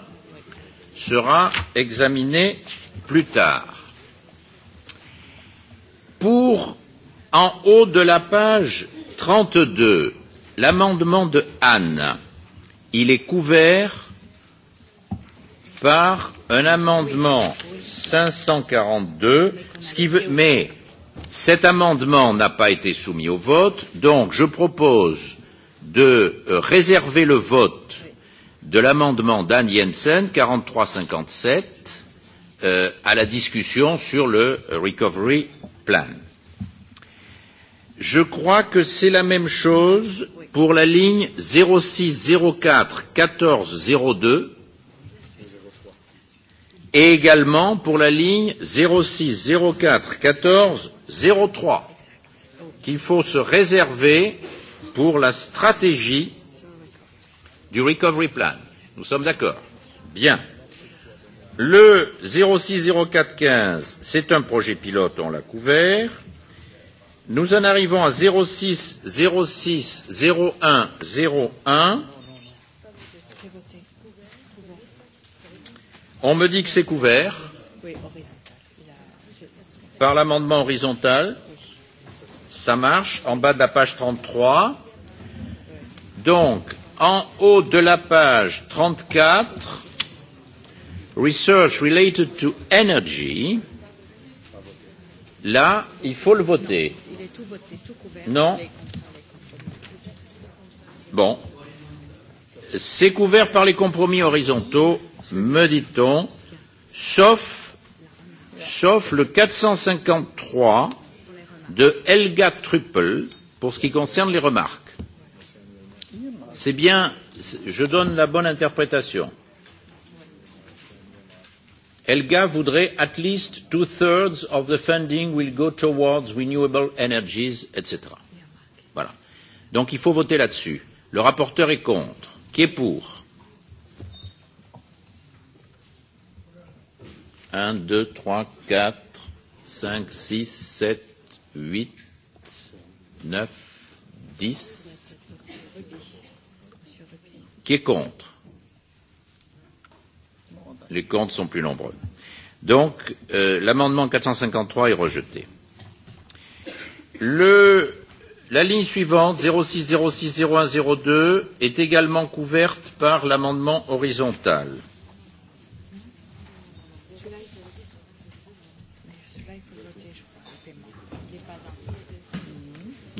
sera examiné plus tard. Pour en haut de la page 32, l'amendement de Anne, il est couvert par un amendement 542, ce qui veut, mais cet amendement n'a pas été soumis au vote, donc je propose de réserver le vote de l'amendement d'Anne Jensen, cinquante euh, à la discussion sur le Recovery Plan. Je crois que c'est la même chose pour la ligne 0604 1402 et également pour la ligne 0604 14 trois qu'il faut se réserver pour la stratégie du recovery plan. Nous sommes d'accord. Bien. Le 060415, c'est un projet pilote, on l'a couvert. Nous en arrivons à 06 06 On me dit que c'est couvert par l'amendement horizontal. Ça marche en bas de la page 33. Donc, en haut de la page 34, Research related to energy, là, il faut le voter.
il est tout voté, tout couvert. Non
Bon. C'est couvert par les compromis horizontaux, me dit-on, sauf, sauf le 453 de Helga Truppel pour ce qui concerne les remarques. C'est bien, je donne la bonne interprétation. Elga voudrait at least two-thirds of the funding will go towards renewable energies, etc. Voilà. Donc il faut voter là-dessus. Le rapporteur est contre. Qui est pour Un, deux, trois, quatre, cinq, six, sept, huit, neuf, dix. Qui est contre Les contre sont plus nombreux. Donc, euh, l'amendement 453 est rejeté. Le, la ligne suivante, 06060102, est également couverte par l'amendement horizontal.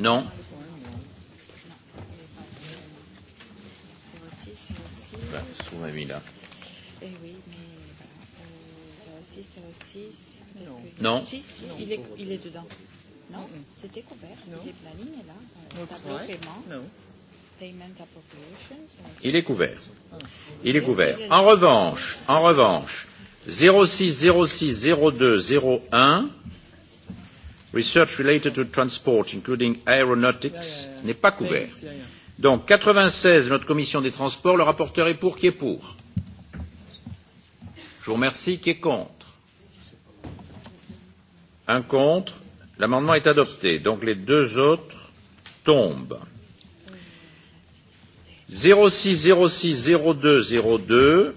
Non mon avis, là. Eh oui, mais
Euh, 06, 06. Non. Que... non. Si, non
il est, il est
dedans. Non, mm -hmm. c'était couvert. Non. Il est la ligne est là. Tableau paiement. Non. Il est couvert. Il est couvert. En
revanche, en revanche, 06 06 02 01 Research related to transport, including aeronautics, n'est pas couvert. Donc 96, notre commission des transports, le rapporteur est pour, qui est pour Je vous remercie, qui est contre Un contre, l'amendement est adopté. Donc les deux autres tombent. 06 06 02 02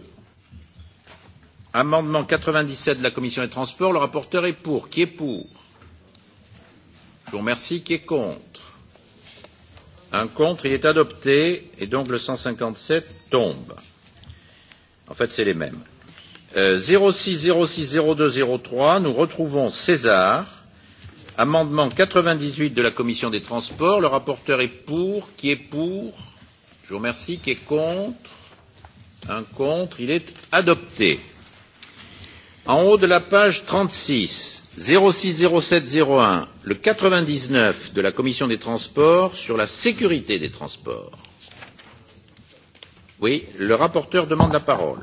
Amendement 97 de la Commission des Transports. Le rapporteur est pour. Qui est pour Je vous remercie. Qui est contre Un contre, il est adopté, et donc le 157 tombe. En fait, c'est les mêmes. Euh, 06, 06, 02, 03, nous retrouvons César. Amendement 98 de la Commission des Transports. Le rapporteur est pour. Qui est pour Je vous remercie. Qui est contre Un contre. Il est adopté. En haut de la page 36, 060701, le 99 de la Commission des transports sur la sécurité des transports.
Oui, le rapporteur demande la parole.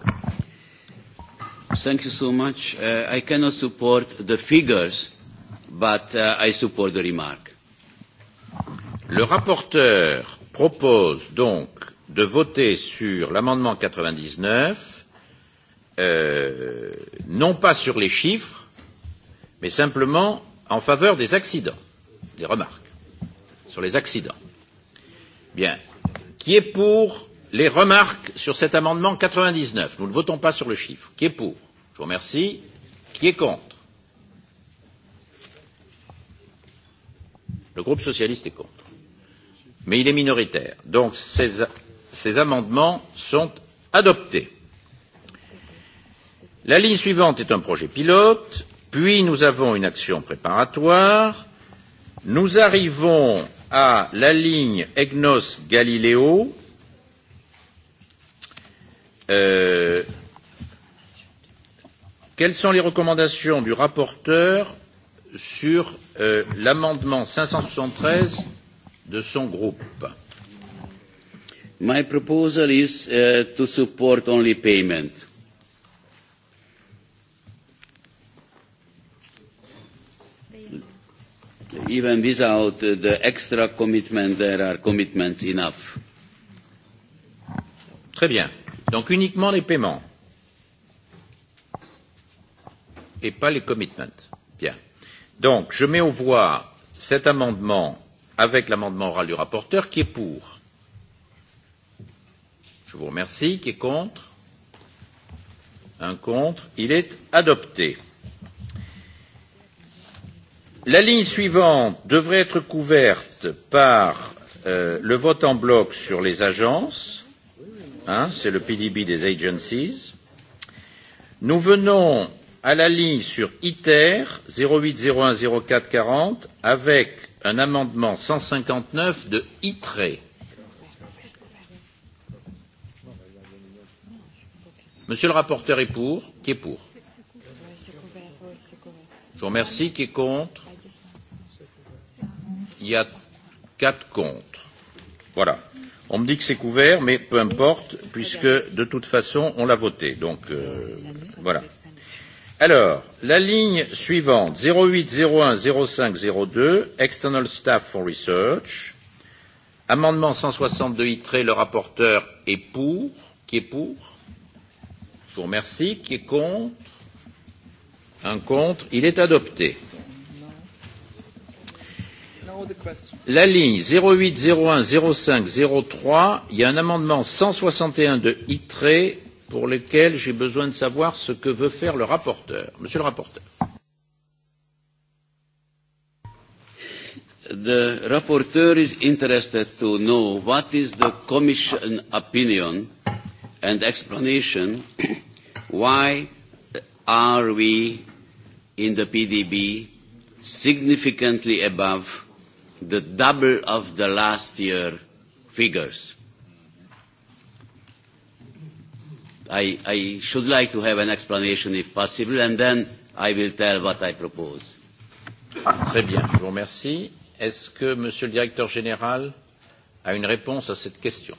Thank you so much. Uh, I cannot support the figures, but uh, I support the remark. Le rapporteur propose donc
de voter sur l'amendement 99 non pas sur les chiffres, mais simplement en faveur des accidents, des remarques sur les accidents. Bien. Qui est pour les remarques sur cet amendement 99 Nous ne votons pas sur le chiffre. Qui est pour Je vous remercie. Qui est contre Le groupe socialiste est contre. Mais il est minoritaire. Donc ces, ces amendements sont adoptés. La ligne suivante est un projet pilote, puis nous avons une action préparatoire, nous arrivons à la ligne EGNOS Galileo, euh, quelles sont les recommandations du rapporteur sur euh, l'amendement 573
de son groupe My proposal is uh, to support only payment even without the extra commitment, there are commitments enough. Très bien. Donc uniquement les paiements
et pas les commitments. Bien. Donc je mets aux voix cet amendement avec l'amendement oral du rapporteur qui est pour. Je vous remercie. Qui est contre Un contre. Il est adopté. La ligne suivante devrait être couverte par le vote en bloc sur les agences. C'est le PDB des agencies. Nous venons à la ligne sur ITER 08010440 avec un amendement 159 de ITRE. Monsieur le rapporteur est pour. Qui est pour
Je vous
remercie. Qui est contre il y a quatre contre. Voilà. On me dit que c'est couvert, mais peu importe, puisque de toute façon, on l'a voté. Donc, euh, voilà. Alors, la ligne suivante, 08, 01, 05, 02, External Staff for Research. Amendement 162 ITRE, le rapporteur est pour. Qui est pour Je vous remercie. Qui est contre Un contre. Il est adopté. La ligne 08010503, il y a un amendement 161 de ITRE pour lequel j'ai besoin de savoir ce que veut faire le rapporteur. Monsieur le rapporteur.
The rapporteur is interested to know what is the Commission opinion and explanation why are we in the PDB significantly above the double of the last year figures. I, I should like to have an explanation if possible, and then I will tell what I propose. Très bien, je vous remercie.
Est-ce que Monsieur le Directeur Général a une réponse à cette question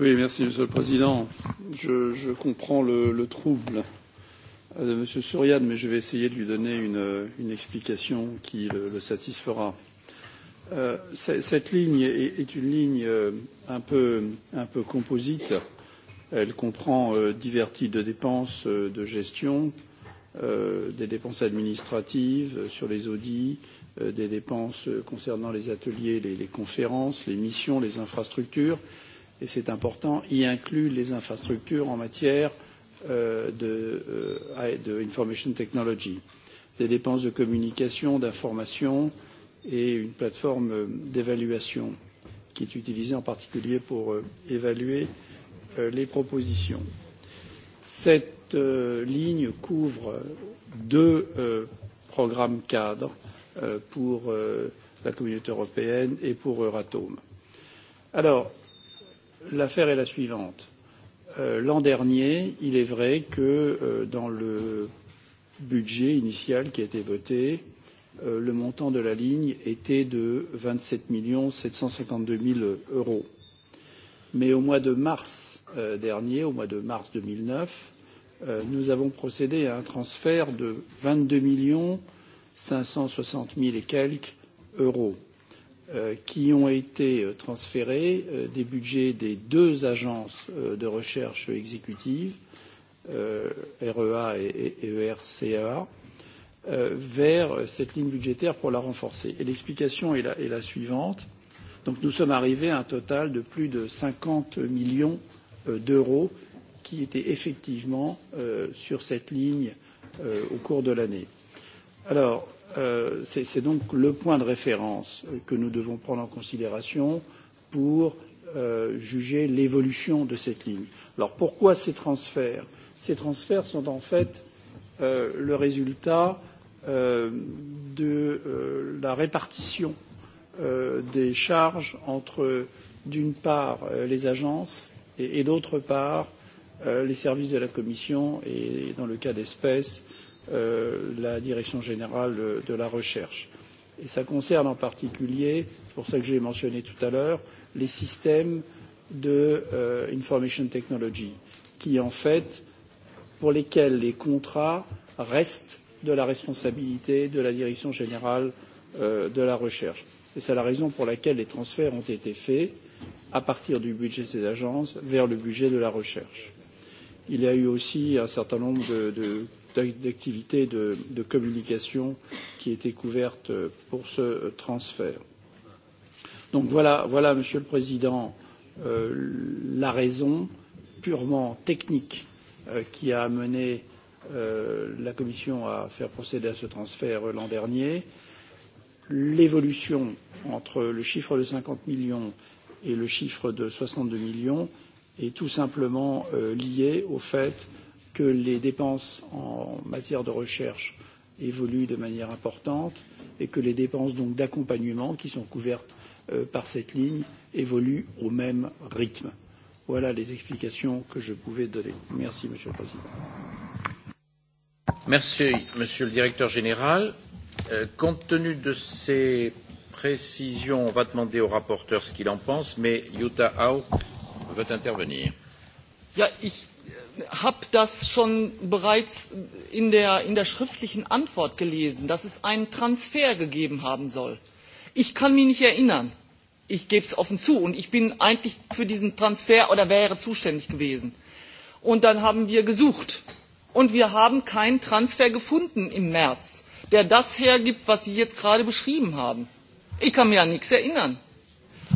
Oui, merci Monsieur le Président. Je, je comprends le, le trouble de M. Souriane, mais je vais essayer de lui donner une, une explication qui le, le satisfera. Euh, cette ligne est, est une ligne un peu, un peu composite. Elle comprend euh, divers types de dépenses euh, de gestion, euh, des dépenses administratives euh, sur les audits, euh, des dépenses concernant les ateliers, les, les conférences, les missions, les infrastructures. Et c'est important, y inclut les infrastructures en matière de, information technology, des dépenses de communication, d'information et une plateforme d'évaluation qui est utilisée en particulier pour évaluer les propositions. Cette ligne couvre deux programmes cadres pour la communauté européenne et pour Euratom. Alors, l'affaire est la suivante l'an dernier, il est vrai que dans le budget initial qui a été voté, le montant de la ligne était de vingt sept sept cent cinquante deux 000 euros. Mais au mois de mars dernier, au mois de mars deux mille neuf, nous avons procédé à un transfert de vingt deux cinq cent soixante 000 et quelques euros qui ont été transférés des budgets des deux agences de recherche exécutive, REA et ERCA, vers cette ligne budgétaire pour la renforcer. Et l'explication est la, suivante. Donc nous sommes arrivés à un total de plus de cinquante millions d'euros qui étaient effectivement sur cette ligne au cours de l'année. Alors, c'est donc le point de référence que nous devons prendre en considération pour juger l'évolution de cette ligne. Alors pourquoi ces transferts Ces transferts sont en fait le résultat de la répartition des charges entre, d'une part, les agences et, d'autre part, les services de la Commission et, dans le cas d'espèce, la direction générale de la recherche. Et ça concerne en particulier, c'est pour ça que j'ai mentionné tout à l'heure, les systèmes de information technology, qui en fait, pour lesquels les contrats restent de la responsabilité de la direction générale de la recherche. Et c'est la raison pour laquelle les transferts ont été faits à partir du budget de ces agences vers le budget de la recherche. Il y a eu aussi un certain nombre de, d'activité de, de communication qui était couverte pour ce transfert. Donc voilà, voilà Monsieur le Président, euh, la raison purement technique euh, qui a amené euh, la Commission à faire procéder à ce transfert l'an dernier. L'évolution entre le chiffre de 50 millions et le chiffre de 62 millions est tout simplement euh, liée au fait euh, que les dépenses en matière de recherche évoluent de manière importante et que les dépenses d'accompagnement qui sont couvertes par cette ligne évoluent au même rythme. Voilà les explications que je pouvais donner. Merci, Monsieur le Président.
Merci, Monsieur le Directeur général. compte tenu de ces précisions, on va demander au rapporteur ce qu'il en pense,
mais Jutta Haug veut intervenir. Ja, ich habe das schon bereits in der, schriftlichen Antwort gelesen, dass es einen Transfer gegeben haben soll. Ich kann mich nicht erinnern. Ich gebe es offen zu. Und ich bin eigentlich für diesen Transfer oder wäre zuständig gewesen. Und dann haben wir gesucht. Und wir haben keinen Transfer gefunden im März, der das hergibt, was Sie jetzt gerade beschrieben haben. Ich kann mir an nichts erinnern.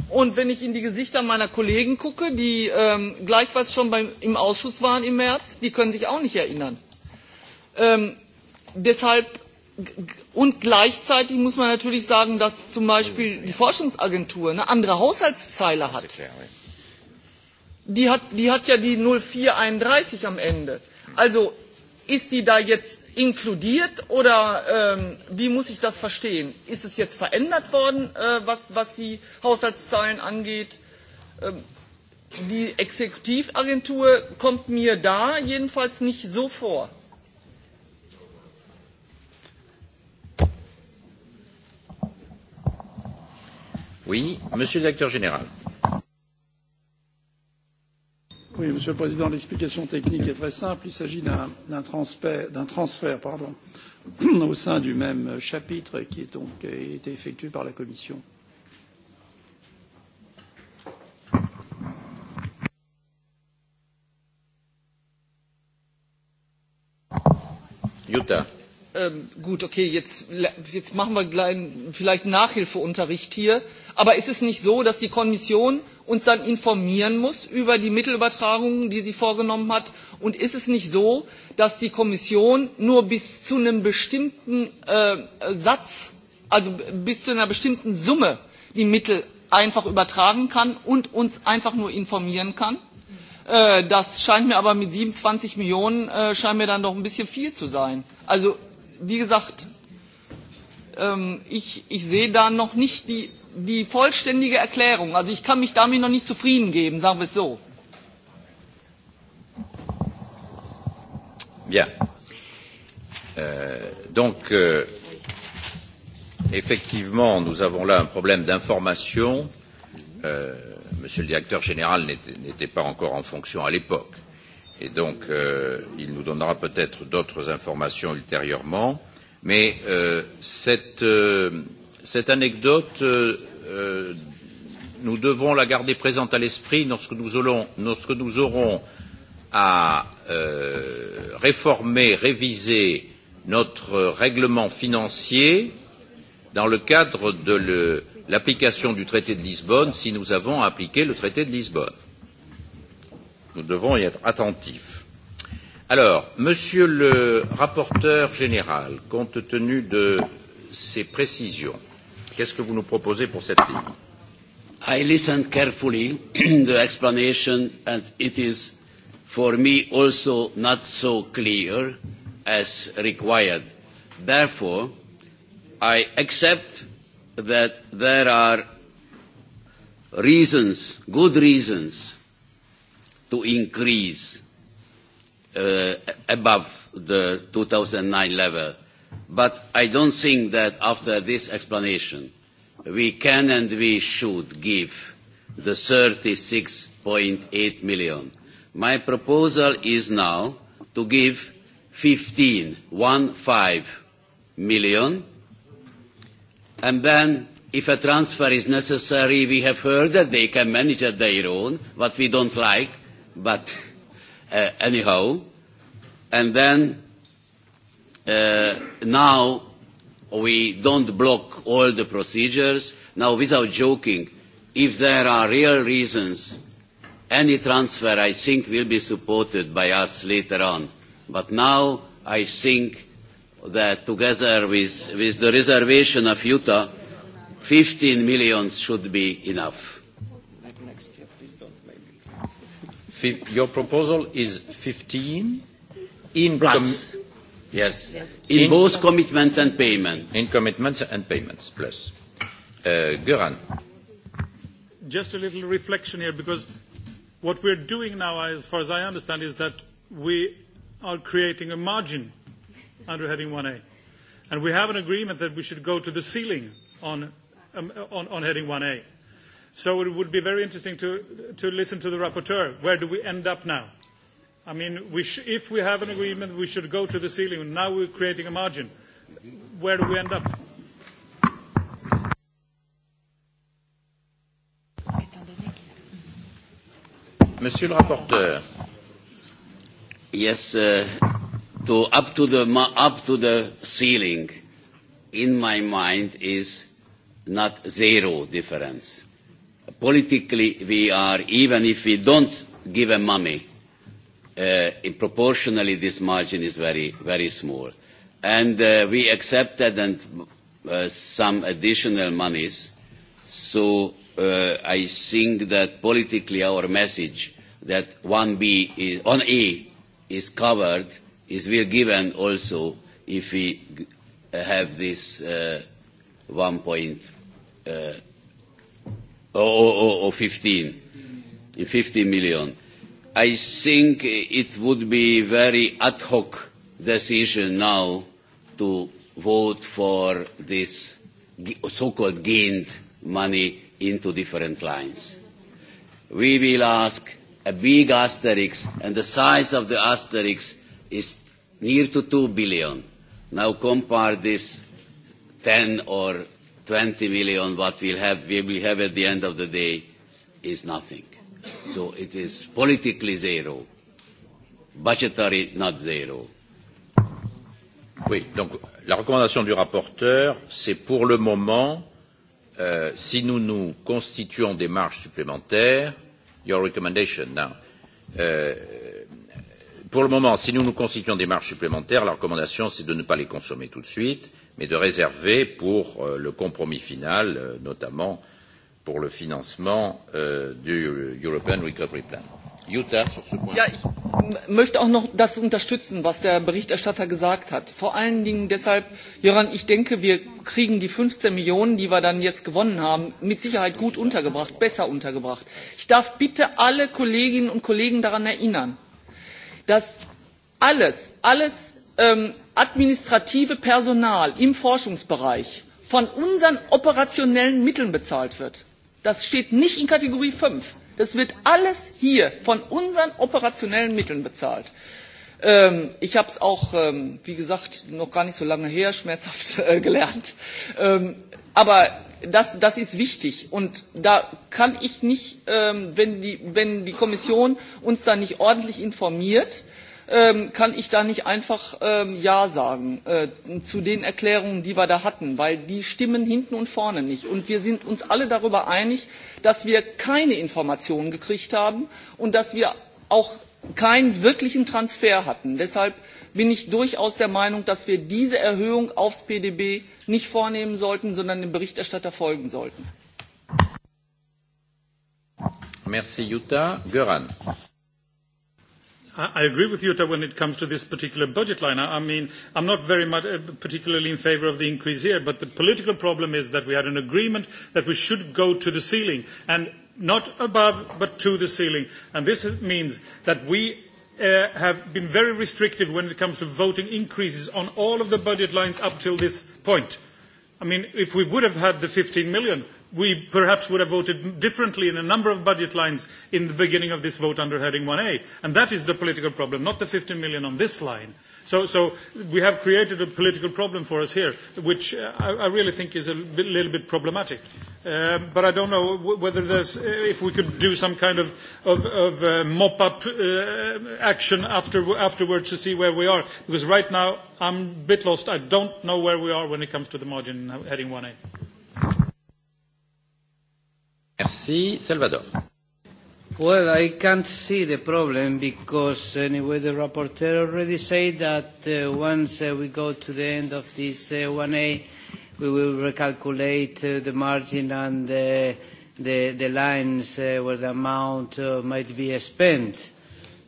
Und wenn ich in die Gesichter meiner Kollegen gucke, die ähm, gleichfalls schon beim, im Ausschuss waren im März, die können sich auch nicht erinnern. Ähm, deshalb und gleichzeitig muss man natürlich sagen, dass zum Beispiel die Forschungsagentur eine andere Haushaltszeile hat. Die hat, die hat ja die 0431 am Ende. Also ist die da jetzt inkludiert oder wie muss ich das verstehen? Ist es jetzt verändert worden, was, die Haushaltszahlen angeht? die Exekutivagentur kommt mir da jedenfalls nicht so vor.
Oui, Monsieur le Directeur
Oui, Monsieur le Président, l'explication technique est très simple. Il s'agit d'un transfert, au sein du même chapitre qui est donc été effectué par la Commission.
Jutta.
gut, okay, jetzt, jetzt machen wir vielleicht Nachhilfeunterricht hier. Aber ist es nicht so, dass die Kommission uns dann informieren muss über die Mittelübertragungen, die sie vorgenommen hat? Und ist es nicht so, dass die Kommission nur bis zu einem bestimmten Satz, also bis zu einer bestimmten Summe die Mittel einfach übertragen kann und uns einfach nur informieren kann? Das scheint mir aber mit 27 Millionen scheint mir dann doch ein bisschen viel zu sein. Also wie gesagt, ich, sehe da noch nicht die die vollständige Erklärung. Also ich kann mich damit noch nicht zufrieden geben, sagen wir es so.
Bien. Euh, donc, euh, effectivement, nous avons là un problème d'information. Euh, Monsieur le directeur général n'était pas encore en fonction à l'époque. Et donc, euh, il nous donnera peut-être d'autres informations ultérieurement. Mais euh, cette. Euh, cette anecdote, nous devons la garder présente à l'esprit lorsque nous aurons, à réformer, réviser notre règlement financier dans le cadre de l'application du traité de Lisbonne si nous avons à appliquer le traité de Lisbonne. Nous devons y être attentifs. Alors, monsieur le rapporteur général, compte tenu de
ces précisions, Qu'est-ce que vous nous proposez pour cette ligne I listened carefully the explanation and it is for me also not so clear as required. Therefore, I accept that there are reasons, good reasons, to increase above the 2009 level But I don't think that after this explanation, we can and we should give the 36.8 million. My proposal is now to give 15.15 million, and then if a transfer is necessary, we have heard that they can manage at their own, what we don't like, but uh, anyhow, and then now we don't block all the procedures. Now, without joking, if there are real reasons, any transfer, I think, will be supported by us later on. But now I think that together with, with the reservation of Utah, 15 million should be enough. Your proposal is 15 in plus Yes. In, in both commitment and payment. In commitments
and payments, plus. Uh, Göran.
Just a little reflection here, because what we're doing now, as far as I understand, is that we are creating a margin under heading 1A. And we have an agreement that we should go to the ceiling on, um, on, on heading 1A. So it would be very interesting to, to listen to the rapporteur. Where do we end up now? I mean, we sh- if we have an agreement, we should go to the ceiling. Now we're creating a margin. Where do we end up?
Monsieur le rapporteur. Yes, to up to the up to the ceiling, in my mind is not zero difference. Politically, we are even if we don't give a money in proportionally this margin is very, very small. And we accepted and some additional monies. So I think that politically our message that 1B is, 1A is covered is well given also if we have this uh, 1 point uh, or 15, 15 million I think it would be very ad hoc decision now to vote for this so-called gained money into different lines. We will ask a big asterisk, and the size of the asterisk is near to 2 billion. Now compare this 10 or 20 million, what we'll have, we will have at the end of the day is nothing. So it is politically zero, budgetary not zero. Oui, donc la recommandation du rapporteur,
c'est pour le moment, euh, si nous nous constituons des marges supplémentaires, your recommendation now, euh, pour le moment, si nous nous constituons des marges supplémentaires, la recommandation, c'est de ne pas les consommer tout de suite, mais de réserver pour le compromis final, notamment pour le financement du European Recovery Plan. Jutta, sur ce
point. ich möchte auch noch das unterstützen, was der Berichterstatter gesagt hat. Vor allen Dingen deshalb, Jöran, ich denke, wir kriegen die 15 Millionen, die wir dann jetzt gewonnen haben, mit Sicherheit gut untergebracht, besser untergebracht. Ich darf bitte alle Kolleginnen und Kollegen daran erinnern, dass alles, alles administrative Personal im Forschungsbereich von unseren operationellen Mitteln bezahlt wird. Das steht nicht in Kategorie fünf. Das wird alles hier von unseren operationellen Mitteln bezahlt. ich habe es auch, wie gesagt, noch gar nicht so lange her schmerzhaft gelernt. aber das, das ist wichtig. Und da kann ich nicht, wenn, die, wenn die Kommission uns da nicht ordentlich informiert, kann ich da nicht einfach ja sagen zu den erklärungen die wir da hatten weil die stimmen hinten und vorne nicht. und wir sind uns alle darüber einig dass wir keine informationen gekriegt haben und dass wir auch keinen wirklichen transfer hatten. deshalb bin ich durchaus der meinung dass wir diese erhöhung aufs pdb nicht vornehmen sollten sondern dem berichterstatter folgen sollten.
I agree with Jutta when it
comes to this particular budget line. I mean, I'm not very much particularly in favour of the increase here, but the political problem is that we had an agreement that we should go to the ceiling, and not above, but to the ceiling. And this means that we have been very restrictive when it comes to voting increases on all of the budget lines up till this point. I mean, if we would have had the fifteen million, we perhaps would have voted differently in a number of budget lines in the beginning of this vote under heading 1A. And that is the political problem, not the 15 million on this line. So, so we have created a political problem for us here, which uh, I, I really think is a bit, little bit problematic. Um but I don't know whether there's, if we could do some kind of, of, of uh, mop-up uh, action after, afterwards to see where we are. Because right now, I'm a bit lost. I don't know where we are when it comes to the margin
heading 1A. Merci. Salvador. Well, I can't see the problem because anyway the rapporteur already said that uh, once uh, we go to the end of this uh, 1A, we will recalculate uh, the margin and the, the, the lines uh, where the amount uh, might be spent.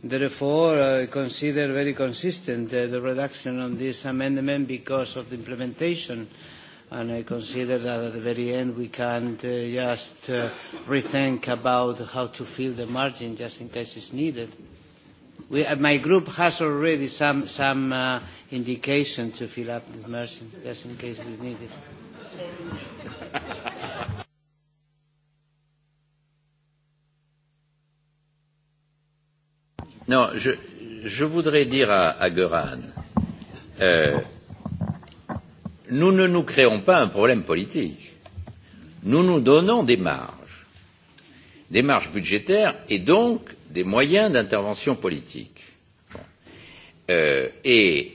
Therefore, I consider very consistent uh, the reduction on this amendment because of the implementation and I consider that at the very end we can uh, just uh, rethink about how to fill the margin just in case it's needed. We, uh, my group has already some, some uh, indication to fill up the margin just in case we need it.
No, je, je voudrais dire à, à Göran, euh, nous ne nous créons pas un problème politique. Nous nous donnons des marges, des marges budgétaires et donc des moyens d'intervention politique. et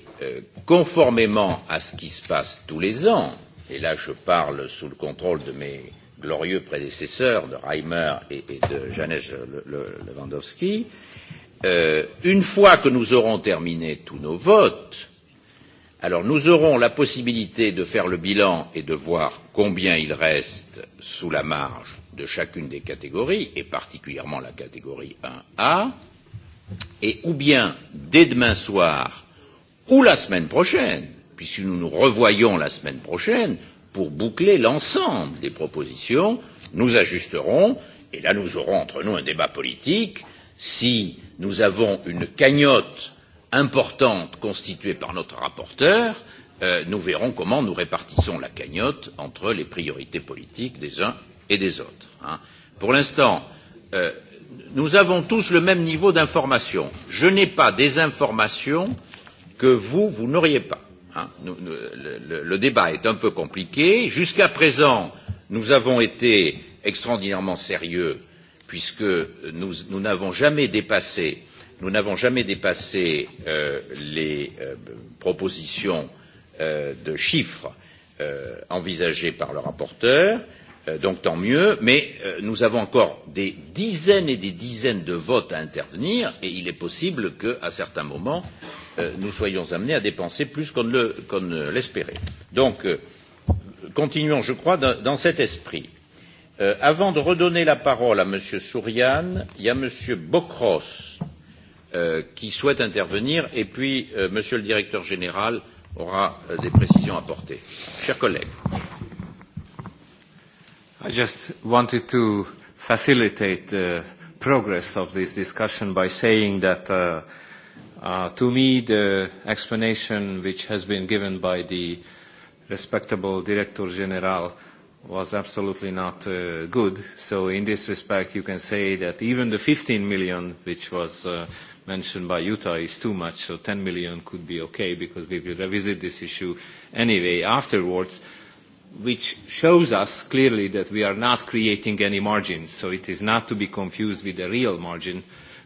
conformément à ce qui se passe tous les ans, et là je parle sous le contrôle de mes glorieux prédécesseurs, de Reimer et, de Janesh Lewandowski, une fois que nous aurons terminé tous nos votes, Alors nous aurons la possibilité de faire le bilan et de voir combien il reste sous la marge de chacune des catégories, et particulièrement la catégorie 1A, et ou bien dès demain soir ou la semaine prochaine, puisque nous nous revoyons la semaine prochaine, pour boucler l'ensemble des propositions, nous ajusterons, et là nous aurons entre nous un débat politique, si nous avons une cagnotte importante constituée par notre rapporteur, nous verrons comment nous répartissons la cagnotte entre les priorités politiques des uns et des autres. Pour l'instant, nous avons tous le même niveau d'information. Je n'ai pas des informations que vous, vous n'auriez pas. le, débat est un peu compliqué. Jusqu'à présent, nous avons été extraordinairement sérieux puisque nous n'avons jamais dépassé nous n'avons jamais dépassé les propositions de chiffres envisagées par le rapporteur, donc tant mieux, mais nous avons encore des dizaines et des dizaines de votes à intervenir et il est possible qu'à certains moments, nous soyons amenés à dépenser plus qu'on ne l'espérait. Donc, continuons, je crois, dans cet esprit. avant de redonner la parole à M. Souriane, il y a M. Bocros qui souhaitent intervenir et puis Monsieur le Directeur général aura des précisions à apporter. Chers collègues. I just wanted to facilitate the progress of this discussion by saying that uh, uh, to me the explanation which has been given by the respectable Director General was absolutely not uh, good. So in this respect, you can say that even the 15 million, which was uh, mentioned by Utah is too much, so 10 million could be okay because we will revisit this issue anyway afterwards, which shows us clearly that we are not creating any margin. So it is not to be
confused with the real margin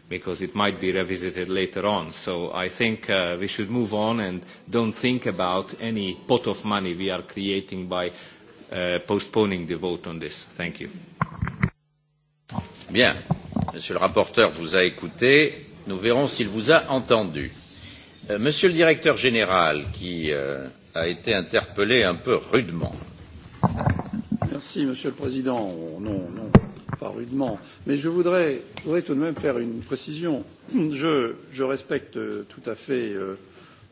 because it might be revisited later on. So I think
we should move on and don't think about any pot of money we are creating by postponing the vote on this. Thank you. Bien. Monsieur le rapporteur vous a écouté Nous verrons s'il vous a entendu. Monsieur le directeur général, qui a été interpellé un peu rudement.
Merci, Monsieur le Président. Non, non, pas rudement. Mais je voudrais, tout de même faire une précision. Je, je respecte tout à fait le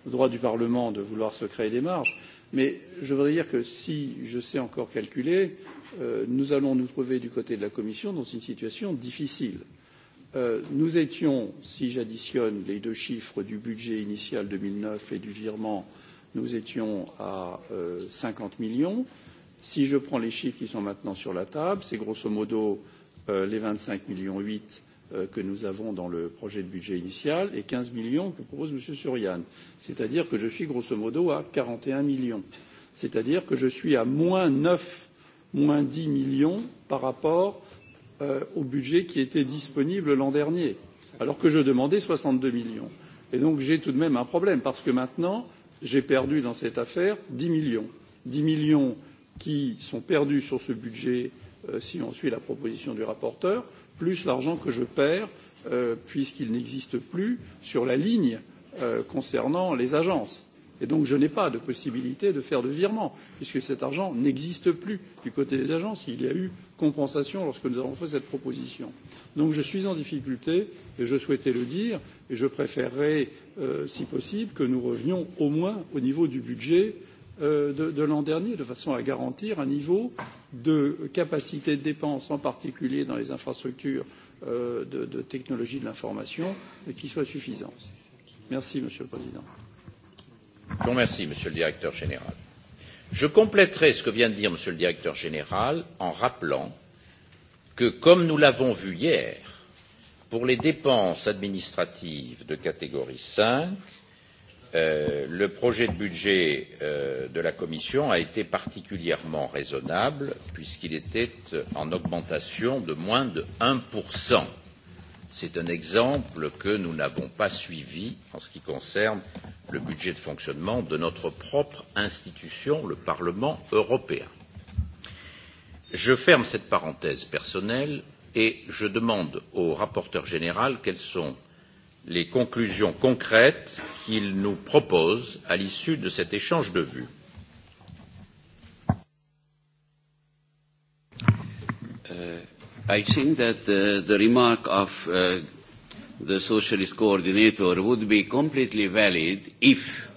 droit du Parlement de vouloir se créer des marges, mais je voudrais dire que si je sais encore calculer, nous allons nous trouver du côté de la Commission dans une situation difficile nous étions, si j'additionne les deux chiffres du budget initial 2009 et du virement, nous étions à cinquante millions. Si je prends les chiffres qui sont maintenant sur la table, c'est grosso modo les vingt cinq millions huit que nous avons dans le projet de budget initial et quinze millions que propose M. Suriane, C'est-à-dire que je suis grosso modo à quarante et un millions. C'est-à-dire que je suis à moins neuf, moins dix millions par rapport au budget qui était disponible l'an dernier, alors que je demandais soixante deux millions. Et donc j'ai tout de même un problème parce que maintenant j'ai perdu dans cette affaire dix millions. dix millions qui sont perdus sur ce budget si on suit la proposition du rapporteur, plus l'argent que je perds puisqu'il n'existe plus sur la ligne concernant les agences Et donc je n'ai pas de possibilité de faire de virement, puisque cet argent n'existe plus du côté des agences. Il y a eu compensation lorsque nous avons fait cette proposition. Donc je suis en difficulté, et je souhaitais le dire, et je préférerais, si possible, que nous revenions au moins au niveau du budget de, l'an dernier, de façon à garantir un niveau de capacité de dépense, en particulier dans les infrastructures de, technologie de l'information, qui soit suffisant. Merci, Monsieur le Président.
Je vous remercie, Monsieur le Directeur général. Je compléterai ce que vient de dire Monsieur le Directeur général en rappelant que, comme nous l'avons vu hier, pour les dépenses administratives de catégorie cinq, le projet de budget de la Commission a été particulièrement raisonnable puisqu'il était en augmentation de moins de un C'est un exemple que nous n'avons pas suivi en ce qui concerne le budget de fonctionnement de notre propre institution, le Parlement européen. Je ferme cette parenthèse personnelle et je demande au rapporteur général quelles sont les conclusions concrètes qu'il nous propose à l'issue de cet échange de vues.
I think that uh, the remark of uh, the socialist coordinator would be completely valid if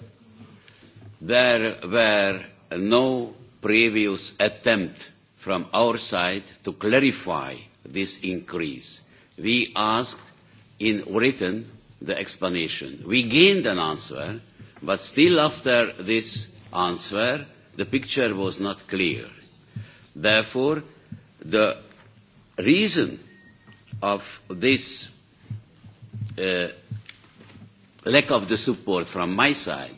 there were no previous attempt from our side to clarify this increase. We asked in written the explanation. We gained an answer, but still after this answer, the picture was not clear. Therefore, the reason of this uh, lack of the support from my side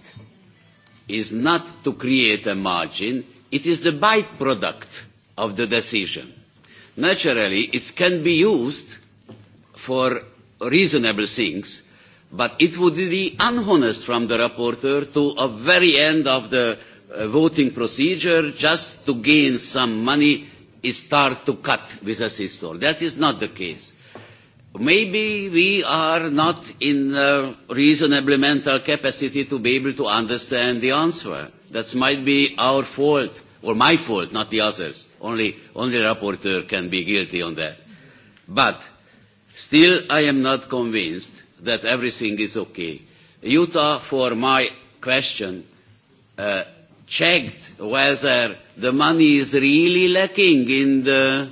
is not to create a margin, it is the byproduct of the decision. Naturally, it can be used for reasonable things, but it would be unhonest from the rapporteur to the very end of the voting procedure just to gain some money start to cut with a scissor. That is not the case. Maybe we are not in a reasonable mental capacity to be able to understand the answer. That might be our fault, or my fault, not the others. Only, only the rapporteur can be guilty on that. But still I am not convinced that everything is okay. Utah, for my question, uh, checked whether the money is really lacking in the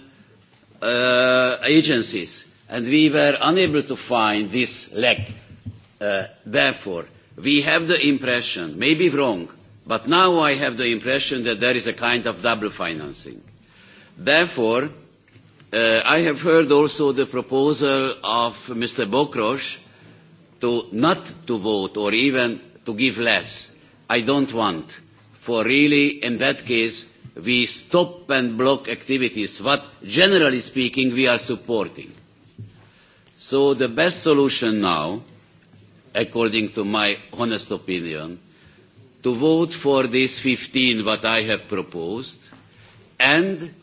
uh, agencies, and we were unable to find this lack. Uh, therefore, we have the impression, maybe wrong, but now I have the impression that there is a kind of double financing. Therefore, uh, I have heard also the proposal of Mr. Bokrosh to not to vote or even to give less. I don't want for really, in that case, we stop and block activities, what, generally speaking, we are supporting. So the best solution now, according to my honest opinion, to vote for these 15 what I have proposed, and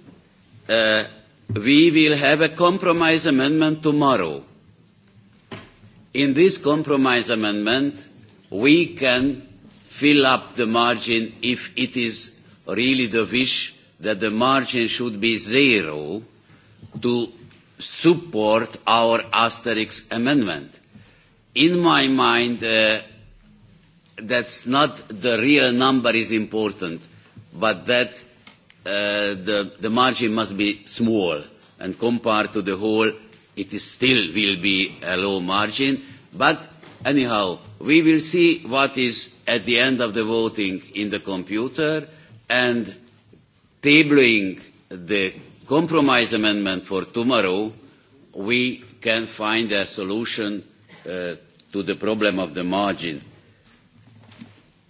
uh, we will have a compromise amendment tomorrow. In this compromise amendment, we can fill up the margin if it is really the wish that the margin should be zero to support our Asterix amendment. In my mind, uh, that's not the real number is important, but that uh, the, the margin must be small. And compared to the whole, it is still will be a low margin. But anyhow, we will see what is at the end of the voting in the computer and tabling the compromise amendment for tomorrow, we can find a solution uh, to the problem of the margin.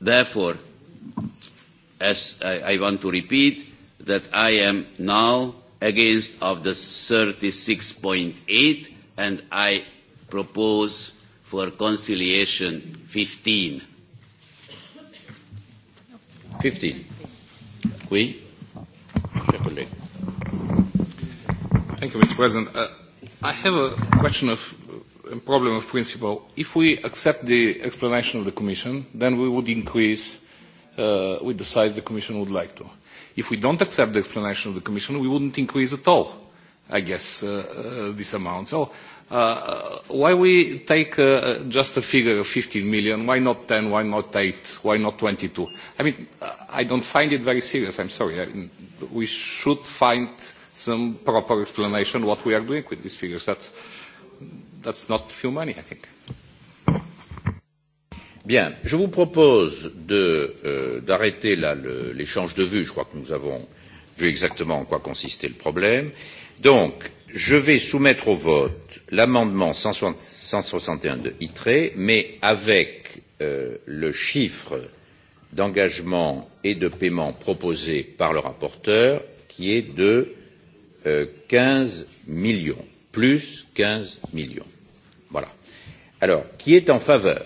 Therefore, as I, I want to repeat, that I am now against of the 36.8 and I propose for conciliation 15. 15. Oui,
cher collègue. Thank you, Mr. President. Uh, I have a
question of a problem of principle. If we accept the explanation of the Commission, then we would increase uh, with the size the Commission would like to. If we don't accept the explanation of the Commission, we wouldn't increase at all, I guess, uh, uh, this amount. So Uh, why we take uh, just a figure of 15 million? Why not 10? Why not 8? Why not 22? I mean, I don't find it very serious. I'm sorry. I mean, we should find some proper explanation what we are doing with these figures. That's, that's not few money, I think.
Bien, je vous propose d'arrêter là l'échange de vues. Je crois que nous avons vu exactement en quoi consistait le problème. Donc, je vais soumettre au vote l'amendement cent soixante et un de ITRE, mais avec le chiffre d'engagement et de paiement proposé par le rapporteur, qui est de quinze millions, plus quinze millions. Voilà. Alors, qui est en faveur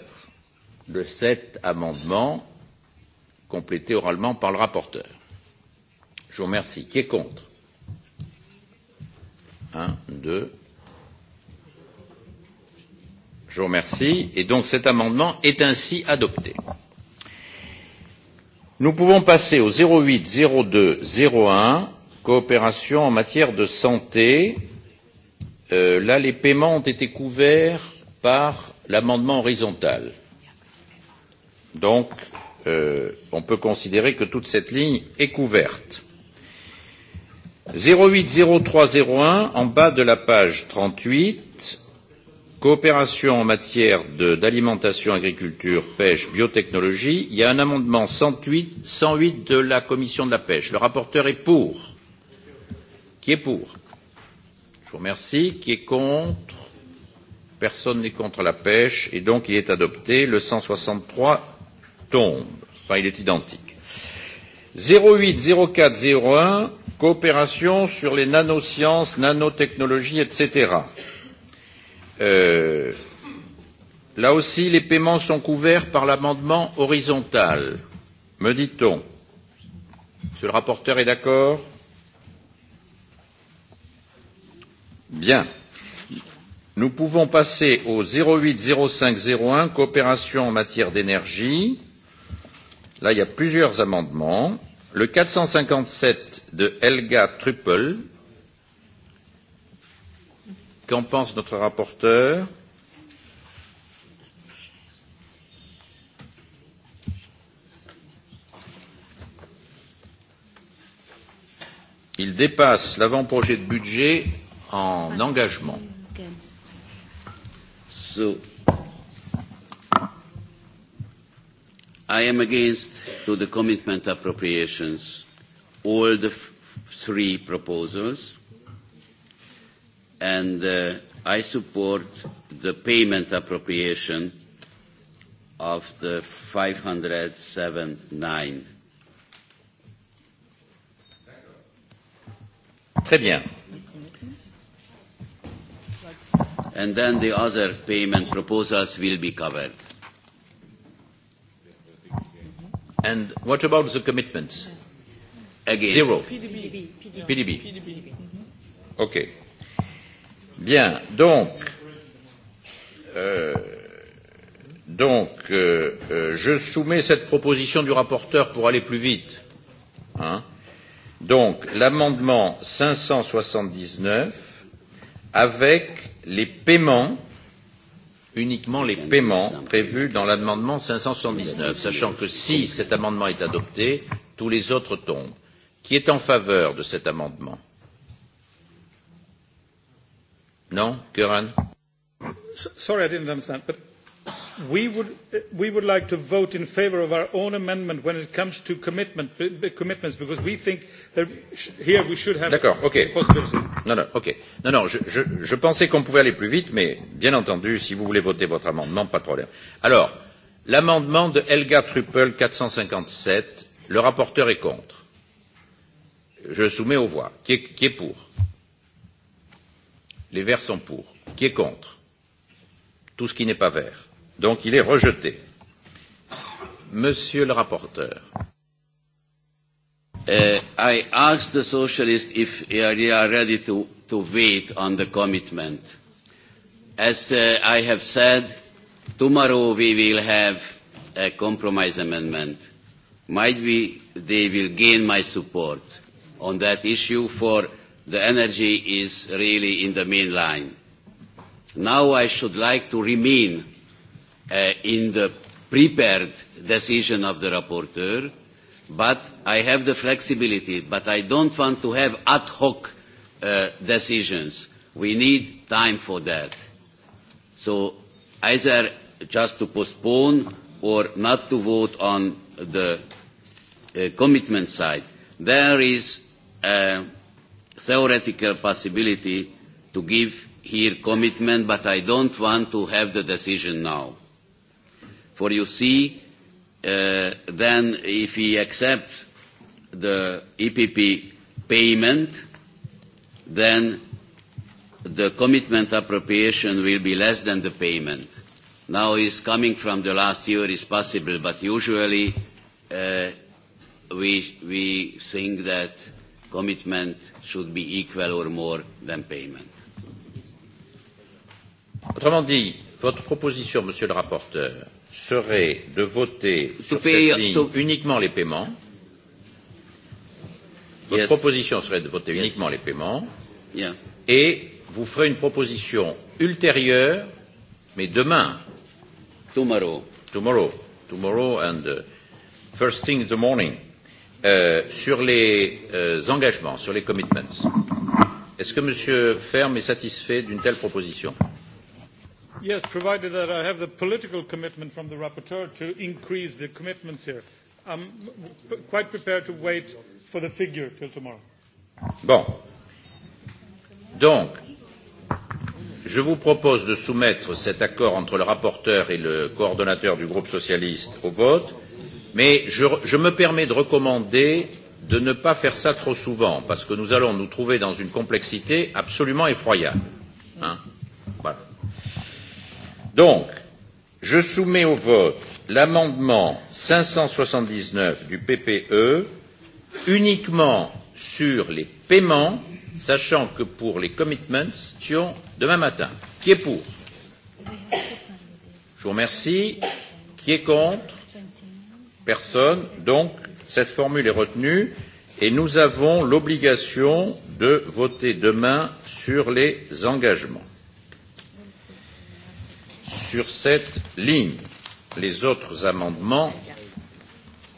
de cet amendement complété oralement par le rapporteur Je vous remercie. Qui est contre Un, deux. Je vous remercie. Et donc cet amendement est ainsi adopté. Nous pouvons passer au zéro zéro deux, zéro un coopération en matière de santé. là, les paiements ont été couverts par l'amendement horizontal. Donc, on peut considérer que toute cette ligne est couverte. 080301 en bas de la page 38, coopération en matière d'alimentation, agriculture, pêche, biotechnologie. Il y a un amendement 108, 108 de la commission de la pêche. Le rapporteur est pour. Qui est pour Je vous remercie. Qui est contre Personne n'est contre la pêche et donc il est adopté. Le 163 tombe. Enfin, il est identique. 080401 coopération sur les nanosciences, nanotechnologies, etc. là aussi, les paiements sont couverts par l'amendement horizontal, me dit-on. Monsieur le rapporteur est d'accord Bien. Nous pouvons passer au zéro zéro cinq zéro un coopération en matière d'énergie. Là, il y a plusieurs amendements. Le quatre cent cinquante sept de Helga Truppel. Qu'en pense notre rapporteur Il dépasse l'avant-projet de budget en engagement.
So I am against to the commitment appropriations, all the three proposals, and uh, I support the payment appropriation of the 507.9. Très bien. And then the other payment proposals will be covered. And what about the commitments? Against. Zero.
PDB.
PDB. OK. Bien. Donc, euh, donc euh, je soumets cette proposition du rapporteur pour aller plus vite. Hein donc, l'amendement 579 avec les paiements uniquement les paiements prévus dans l'amendement cinq cent soixante-dix neuf, sachant que si cet amendement est adopté, tous les autres tombent. Qui est en faveur de cet amendement Non
Sorry, I didn't understand, but we would like to vote in favour of our own amendment when it comes to commitments because we think that
here we should have Non, non, ok. Non, non, je, je, je pensais qu'on pouvait aller plus vite, mais bien entendu, si vous voulez voter votre amendement, pas de problème. Alors, l'amendement de Helga Truppel 457, le rapporteur est contre. Je le soumets aux voix. Qui est, qui est pour Les verts sont pour. Qui est contre Tout ce qui n'est pas vert. Donc il est rejeté.
Monsieur le rapporteur. Uh, I ask the socialists if they are ready to, to wait on the commitment. As uh, I have said, tomorrow we will have a compromise amendment. Might be they will gain my support on that issue for the energy is really in the main line. Now I should like to remain in the prepared decision of the rapporteur, but I have the flexibility, but I don't want to have ad hoc decisions. We need time for that. So either just to postpone or not to vote on the commitment side. There is a theoretical possibility to give here commitment, but I don't want to have the decision now. For you see, uh, then if we accept the EPP payment, then the commitment appropriation will be less than the payment. Now is coming from the last year is possible, but usually uh, we, we think that commitment should be equal or more than payment. Autrement dit, votre proposition, monsieur le rapporteur, serait de voter
sur cette ligne uniquement les paiements. Votre proposition serait de voter uniquement les paiements. Et vous ferez une proposition ultérieure, mais demain. Tomorrow. Tomorrow. Tomorrow and first thing in the morning. Euh, sur les euh, engagements, sur les commitments. Est-ce que M. Ferme est satisfait d'une telle proposition
Yes, provided that I have the political commitment from the rapporteur to increase the commitments here. I'm quite prepared to wait for the figure till tomorrow.
Bon. Donc, je vous propose de soumettre cet accord entre le rapporteur et le coordonnateur du groupe socialiste au vote, mais je, je me permets de recommander de ne pas faire ça trop souvent, parce que nous allons nous trouver dans une complexité absolument effroyable. Hein Donc, je soumets au vote l'amendement cinq cent soixante dix neuf du PPE uniquement sur les paiements, sachant que pour les commitments, nous demain matin. Qui est pour Je vous remercie. Qui est contre Personne. Donc, cette formule est retenue et nous avons l'obligation de voter demain sur les engagements sur cette ligne. Les autres amendements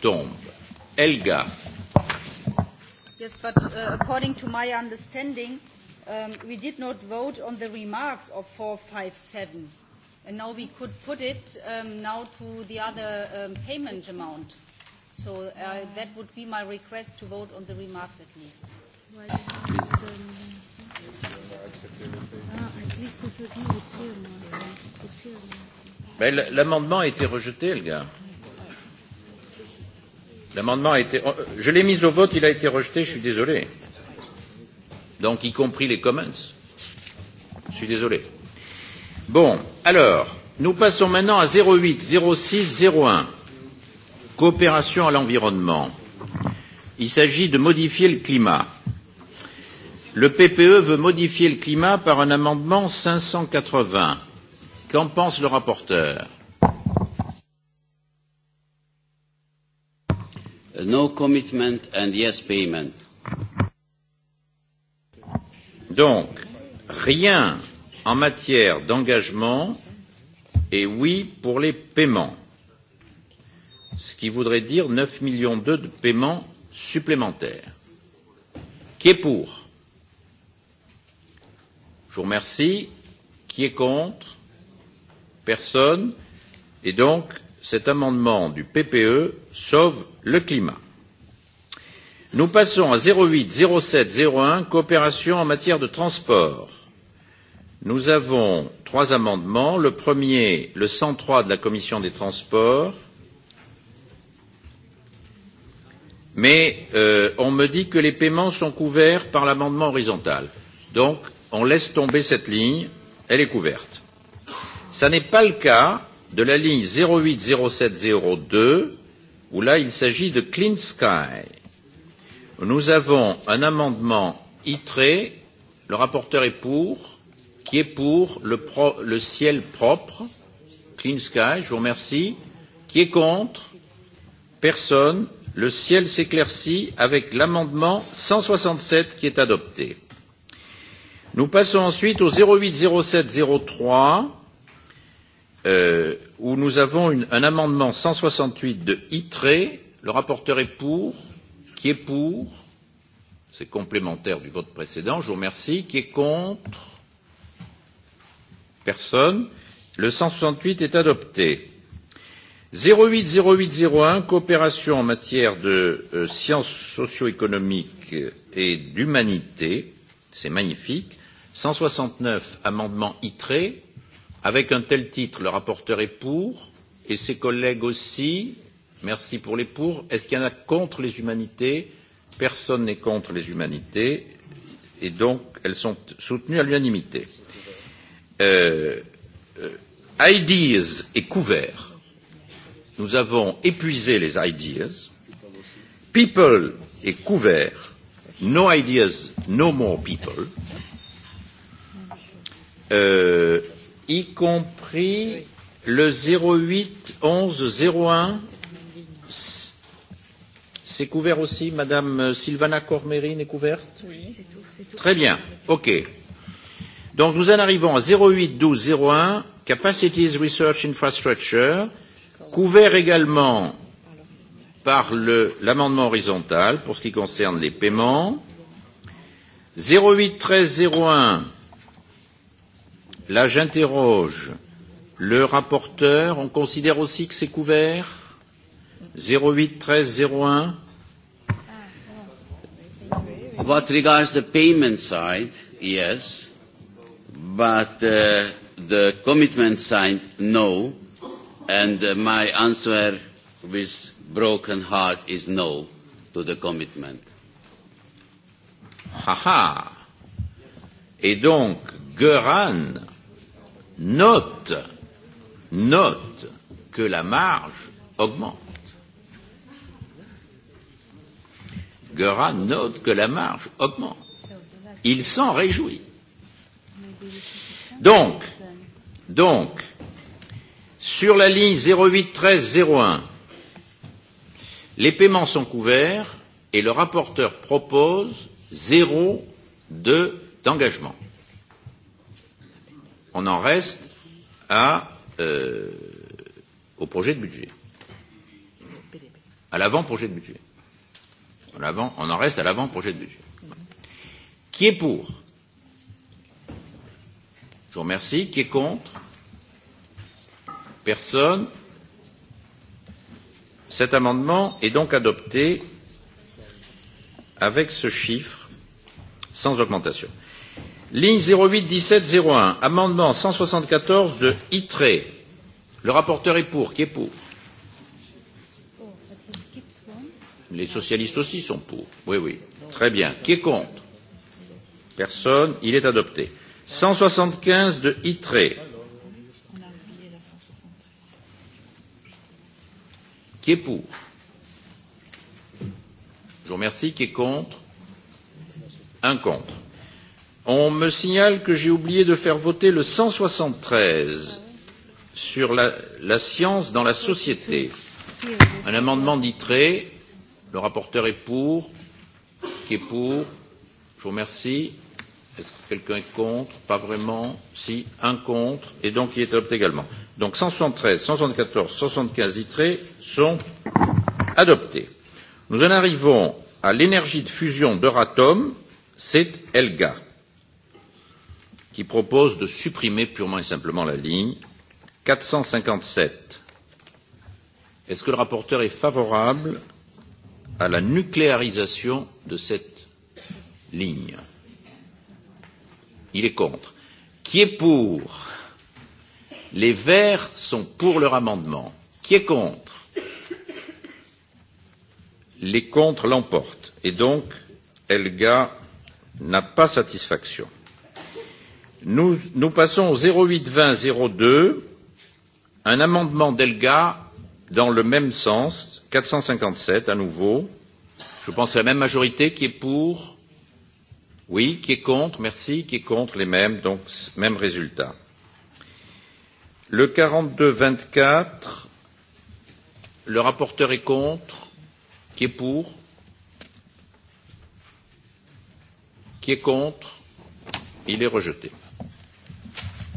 tombent. Elga.
Yes, but uh, according to my understanding, um, we did not vote on the remarks of 457. And now we could put it um, now to the other um, payment amount. So uh, that would be my request to vote on the remarks at least. Why did you
Mais l'amendement a été rejeté, le gars. L'amendement a été. Je l'ai mis au vote, il a été rejeté, je suis désolé. Donc, y compris les comments. Je suis désolé. Bon, alors, nous passons maintenant à 08, 06, 01. Coopération à l'environnement. Il s'agit de modifier le climat. Le PPE veut modifier le climat par un amendement cinq cent
quatre-vingts. Qu'en pense le rapporteur No commitment and yes payment. Donc, rien en matière
d'engagement et oui pour les paiements. Ce qui voudrait dire neuf millions d'euros de paiements supplémentaires. Qui est pour Je vous remercie. Qui est contre Personne. Et donc, cet amendement du PPE sauve le climat. Nous passons à zéro zéro huit, sept zéro un coopération en matière de transport. Nous avons trois amendements. Le premier, le 103 de la Commission des transports. Mais euh, on me dit que les paiements sont couverts par l'amendement horizontal. Donc, on laisse tomber cette ligne, elle est couverte. Ce n'est pas le cas de la ligne 080702, où là il s'agit de Clean Sky. Nous avons un amendement ITRE, le rapporteur est pour, qui est pour le, pro, le ciel propre, Clean Sky, je vous remercie, qui est contre, personne, le ciel s'éclaircit avec l'amendement 167 qui est adopté. Nous passons ensuite au 080703, euh, où nous avons une, un amendement 168 de ITRE. Le rapporteur est pour. Qui est pour C'est complémentaire du vote précédent. Je vous remercie. Qui est contre Personne. Le 168 est adopté. 080801, coopération en matière de euh, sciences socio-économiques et d'humanité. C'est magnifique cent soixante neuf amendements ITRE. Avec un tel titre, le rapporteur est pour et ses collègues aussi. Merci pour les pour. Est-ce qu'il y en a contre les humanités Personne n'est contre les humanités et donc elles sont soutenues à l'unanimité. Euh, euh, ideas est couvert. Nous avons épuisé les ideas. People est couvert. No ideas, no more people euh, y compris le 08 11 01. C'est couvert aussi, Madame Sylvana Cormérine est couverte Oui, c'est tout. Très bien, ok. Donc nous en arrivons à 08 12 01, Capacities Research Infrastructure, couvert également par l'amendement horizontal pour ce qui concerne les paiements. 08 13 01 Là, j'interroge le rapporteur. On considère aussi que c'est couvert
08 13 01. What regards the payment side, yes, but uh, the commitment side, no, and uh, my answer with broken heart is no to the commitment. Ha ha. Et donc, Göran
note, note que la marge augmente. Gera note que la marge augmente. Il s'en réjouit. Donc, donc, sur la ligne 081301, les paiements sont couverts et le rapporteur propose zéro de d'engagement on en reste à, euh, au projet de budget, à l'avant-projet de budget. On, on en reste à l'avant-projet de budget. Qui est pour Je vous remercie. Qui est contre Personne. Cet amendement est donc adopté avec ce chiffre sans augmentation. Ligne zéro huit dix sept zéro un, amendement cent soixante quatorze de ITRE. Le rapporteur est pour. Qui est pour Les socialistes aussi sont pour. Oui, oui. Très bien. Qui est contre Personne. Il est adopté. Cent soixante quinze de ITRE. Qui est pour Je vous remercie. Qui est contre Un contre. On me signale que j'ai oublié de faire voter le 173 sur la, la science dans la société. Un amendement d'ITRE. Le rapporteur est pour. Qui est pour Je vous remercie. Est-ce que quelqu'un est contre Pas vraiment. Si, un contre. Et donc, il est adopté également. Donc, 173, 174, 175 ITRE sont adoptés. Nous en arrivons à l'énergie de fusion d'Euratom. C'est ELGA qui propose de supprimer purement et simplement la ligne quatre cent cinquante sept. Est-ce que le rapporteur est favorable à la nucléarisation de cette ligne Il est contre. Qui est pour Les Verts sont pour leur amendement. Qui est contre Les contre l'emportent. Et donc, Elga n'a pas satisfaction. Nous, nous passons au 082002, un amendement d'Elga dans le même sens, 457 à nouveau. Je pense à la même majorité qui est pour. Oui, qui est contre, merci, qui est contre les mêmes, donc même résultat. Le 42-24, le rapporteur est contre, qui est pour, qui est contre, il est rejeté.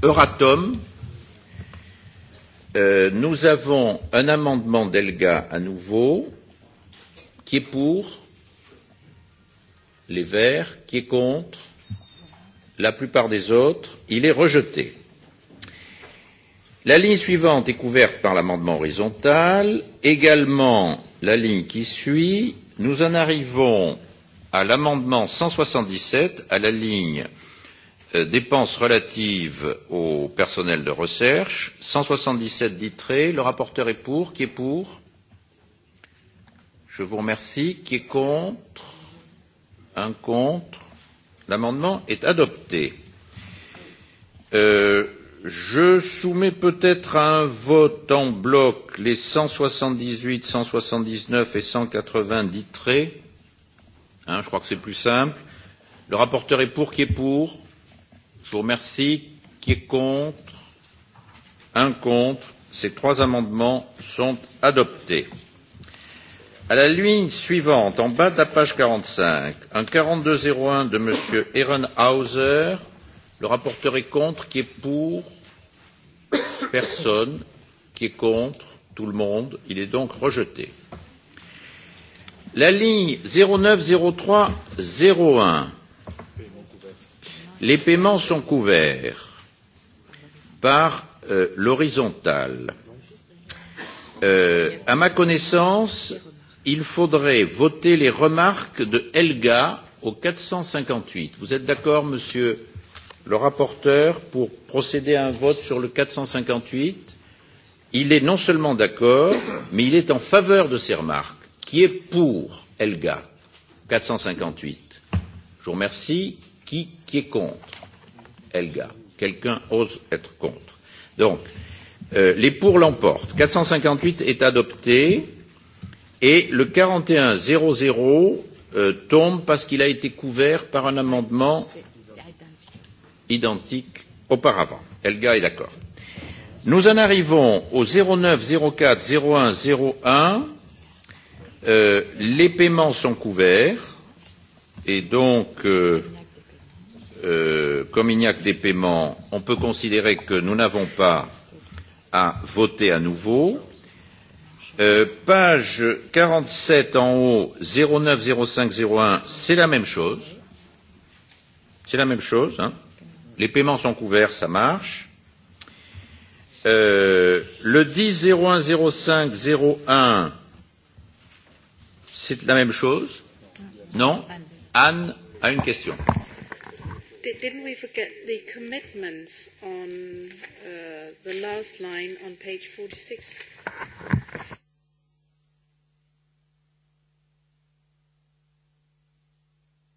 Euratom, nous avons un amendement d'Elga à nouveau, qui est pour les Verts, qui est contre la plupart des autres, il est rejeté. La ligne suivante est couverte par l'amendement horizontal, également la ligne qui suit, nous en arrivons à l'amendement cent soixante dix sept, à la ligne dépenses relatives au personnel de recherche, cent soixante dix sept titré, le rapporteur est pour, qui est pour Je vous remercie. Qui est contre Un contre. L'amendement est adopté. je soumets peut-être à un vote en bloc les cent soixante dix huit, cent soixante dix neuf et cent quatre-vingts titrés. je crois que c'est plus simple. Le rapporteur est pour, qui est pour Je vous remercie. Qui est contre Un contre. Ces trois amendements sont adoptés. À la ligne suivante, en bas de la page quarante cinq, un quarante deux zéro un de M. Ehrenhauser. Le rapporteur est contre. Qui est pour Personne. Qui est contre Tout le monde. Il est donc rejeté. La ligne zéro zéro neuf trois un Les paiements sont couverts par euh, l'horizontale. Euh, à ma connaissance, il faudrait voter les remarques de Helga au 458. Vous êtes d'accord, monsieur le rapporteur, pour procéder à un vote sur le 458 Il est non seulement d'accord, mais il est en faveur de ces remarques. Qui est pour Helga 458 Je vous remercie. Qui, qui est contre Elga. Quelqu'un ose être contre. Donc, euh, les pour l'emportent. 458 est adopté et le 4100 euh, tombe parce qu'il a été couvert par un amendement identique auparavant. Elga est d'accord. Nous en arrivons au 09, 04, 01, 01. Euh, les paiements sont couverts et donc euh, comme il n'y a que des paiements, on peut considérer que nous n'avons pas à voter à nouveau. page quarante sept en haut, zéro neuf zéro un, c'est la même chose. C'est la même chose. Hein. Les paiements sont couverts, ça marche. Euh, le 10 c'est la même chose Non Anne a une
question didn't we forget the commitments on uh, the last line on page 46?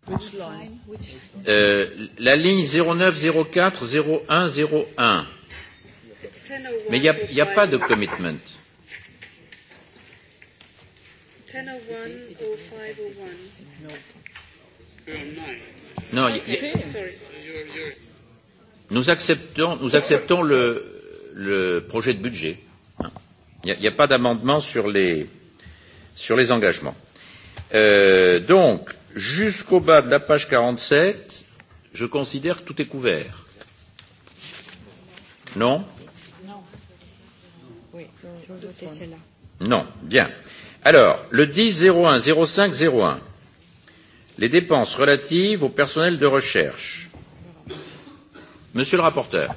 Which line? Which?
la ligne 0904 0101.
Mais il n'y a, a pas de commitment.
1001 09. Non, y, y,
nous acceptons, nous acceptons le, le projet de budget. Il n'y a, a pas d'amendement sur les, sur les engagements. Euh, donc, jusqu'au bas de la page 47, je considère que tout est couvert. Non Non. Bien. Alors, le 10 01 05 01 les dépenses relatives au personnel de recherche. Monsieur le rapporteur.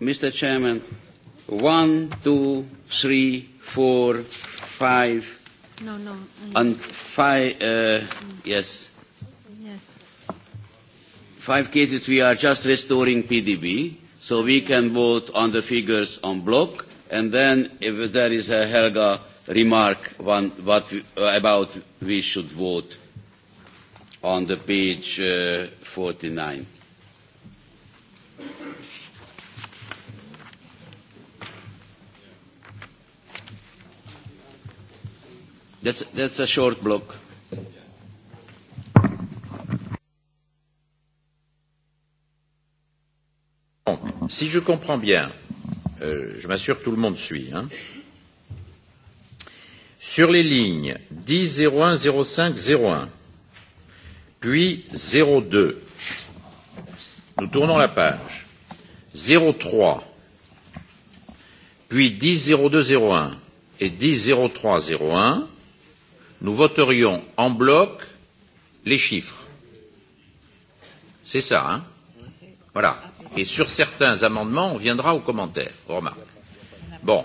Mr. Chairman, one, two, three, four, five, no, no, and five, uh, yes. Yes. Five cases we are just restoring PDB, so we can vote on the figures on block, and then if there is a Helga remark one, what, we, about we should vote on the page uh, 49. That's, that's a short block.
Si je comprends bien, euh, je m'assure que tout le monde suit, hein, euh, sur les lignes 10 01 05 01, puis 02. Nous tournons la page. 03, puis 10 02 01 et 10 03 01. Nous voterions en bloc les chiffres. C'est ça, hein Voilà. Et sur certains amendements, on viendra aux commentaires, aux remarques. Bon.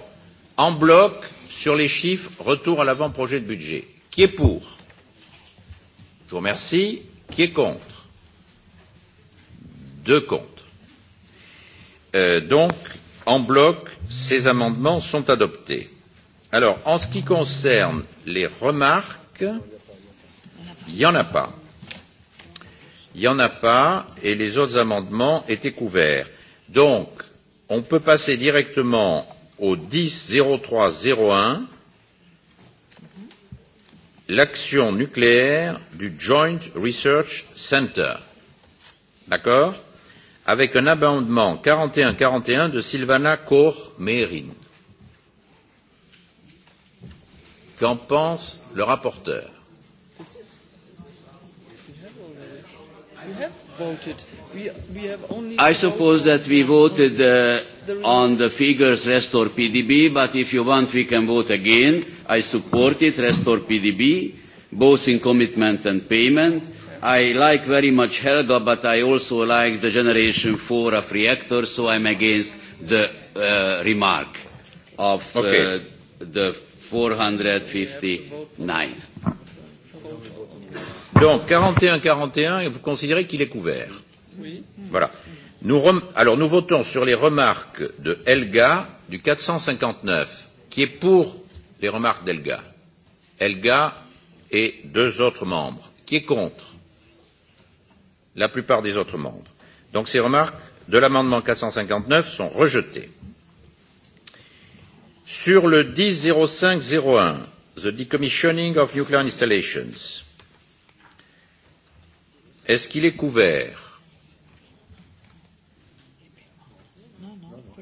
En bloc, Sur les chiffres, retour à l'avant-projet de budget. Qui est pour Je vous remercie. Qui est contre Deux contre. Euh, donc, en bloc, ces amendements sont adoptés. Alors, en ce qui concerne les remarques, il n'y en a pas. Il n'y en a pas et les autres amendements étaient couverts. Donc, on peut passer directement au 100301 l'action nucléaire du Joint Research Center. D'accord Avec un amendement 41-41 de Sylvana Koch-Merin. Qu'en pense le rapporteur You have I suppose
that we voted uh, on the figures Restore PDB, but if you want, we can vote again. I support it, Restore PDB, both in commitment and payment. I like very much Helga, but I also like the Generation 4 of reactors, so I'm against the uh, remark of okay. uh, the 459.
Donc, 41-41, et vous considérez qu'il est couvert. Oui. Voilà. Nous rem... Alors, nous votons sur les remarques de Helga du 459, qui est pour les remarques d'Helga. Helga et deux autres membres. Qui est contre La plupart des autres membres. Donc, ces remarques de l'amendement 459 sont rejetées. Sur le 10.05.01, The Decommissioning of Nuclear Installations, Est-ce qu'il est couvert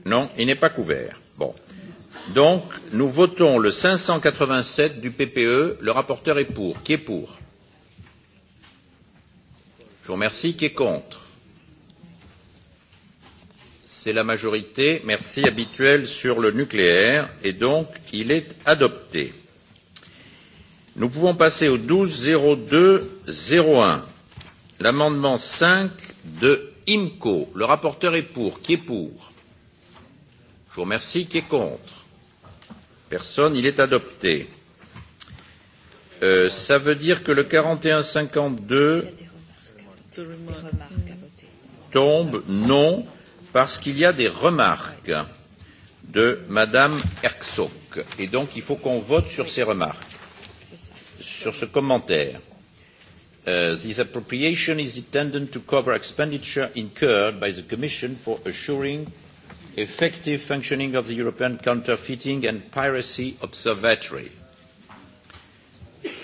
Non, il n'est pas couvert. Bon. Donc, nous votons le 587 du PPE. Le rapporteur est pour. Qui est pour Je vous remercie. Qui est contre C'est la majorité, merci, habituelle sur le nucléaire, et donc il est adopté. Nous pouvons passer au 120201. L'amendement cinq de IMCO. Le rapporteur est pour. Qui est pour Je vous remercie. Qui est contre Personne. Il est adopté. Euh, ça veut dire que le 41-52 tombe Non, parce qu'il y a des remarques de Madame Herzog. Et donc, il faut qu'on vote sur ces remarques, sur ce commentaire this appropriation is intended to cover expenditure incurred by the Commission for assuring effective functioning of the European Counterfeiting and Piracy Observatory.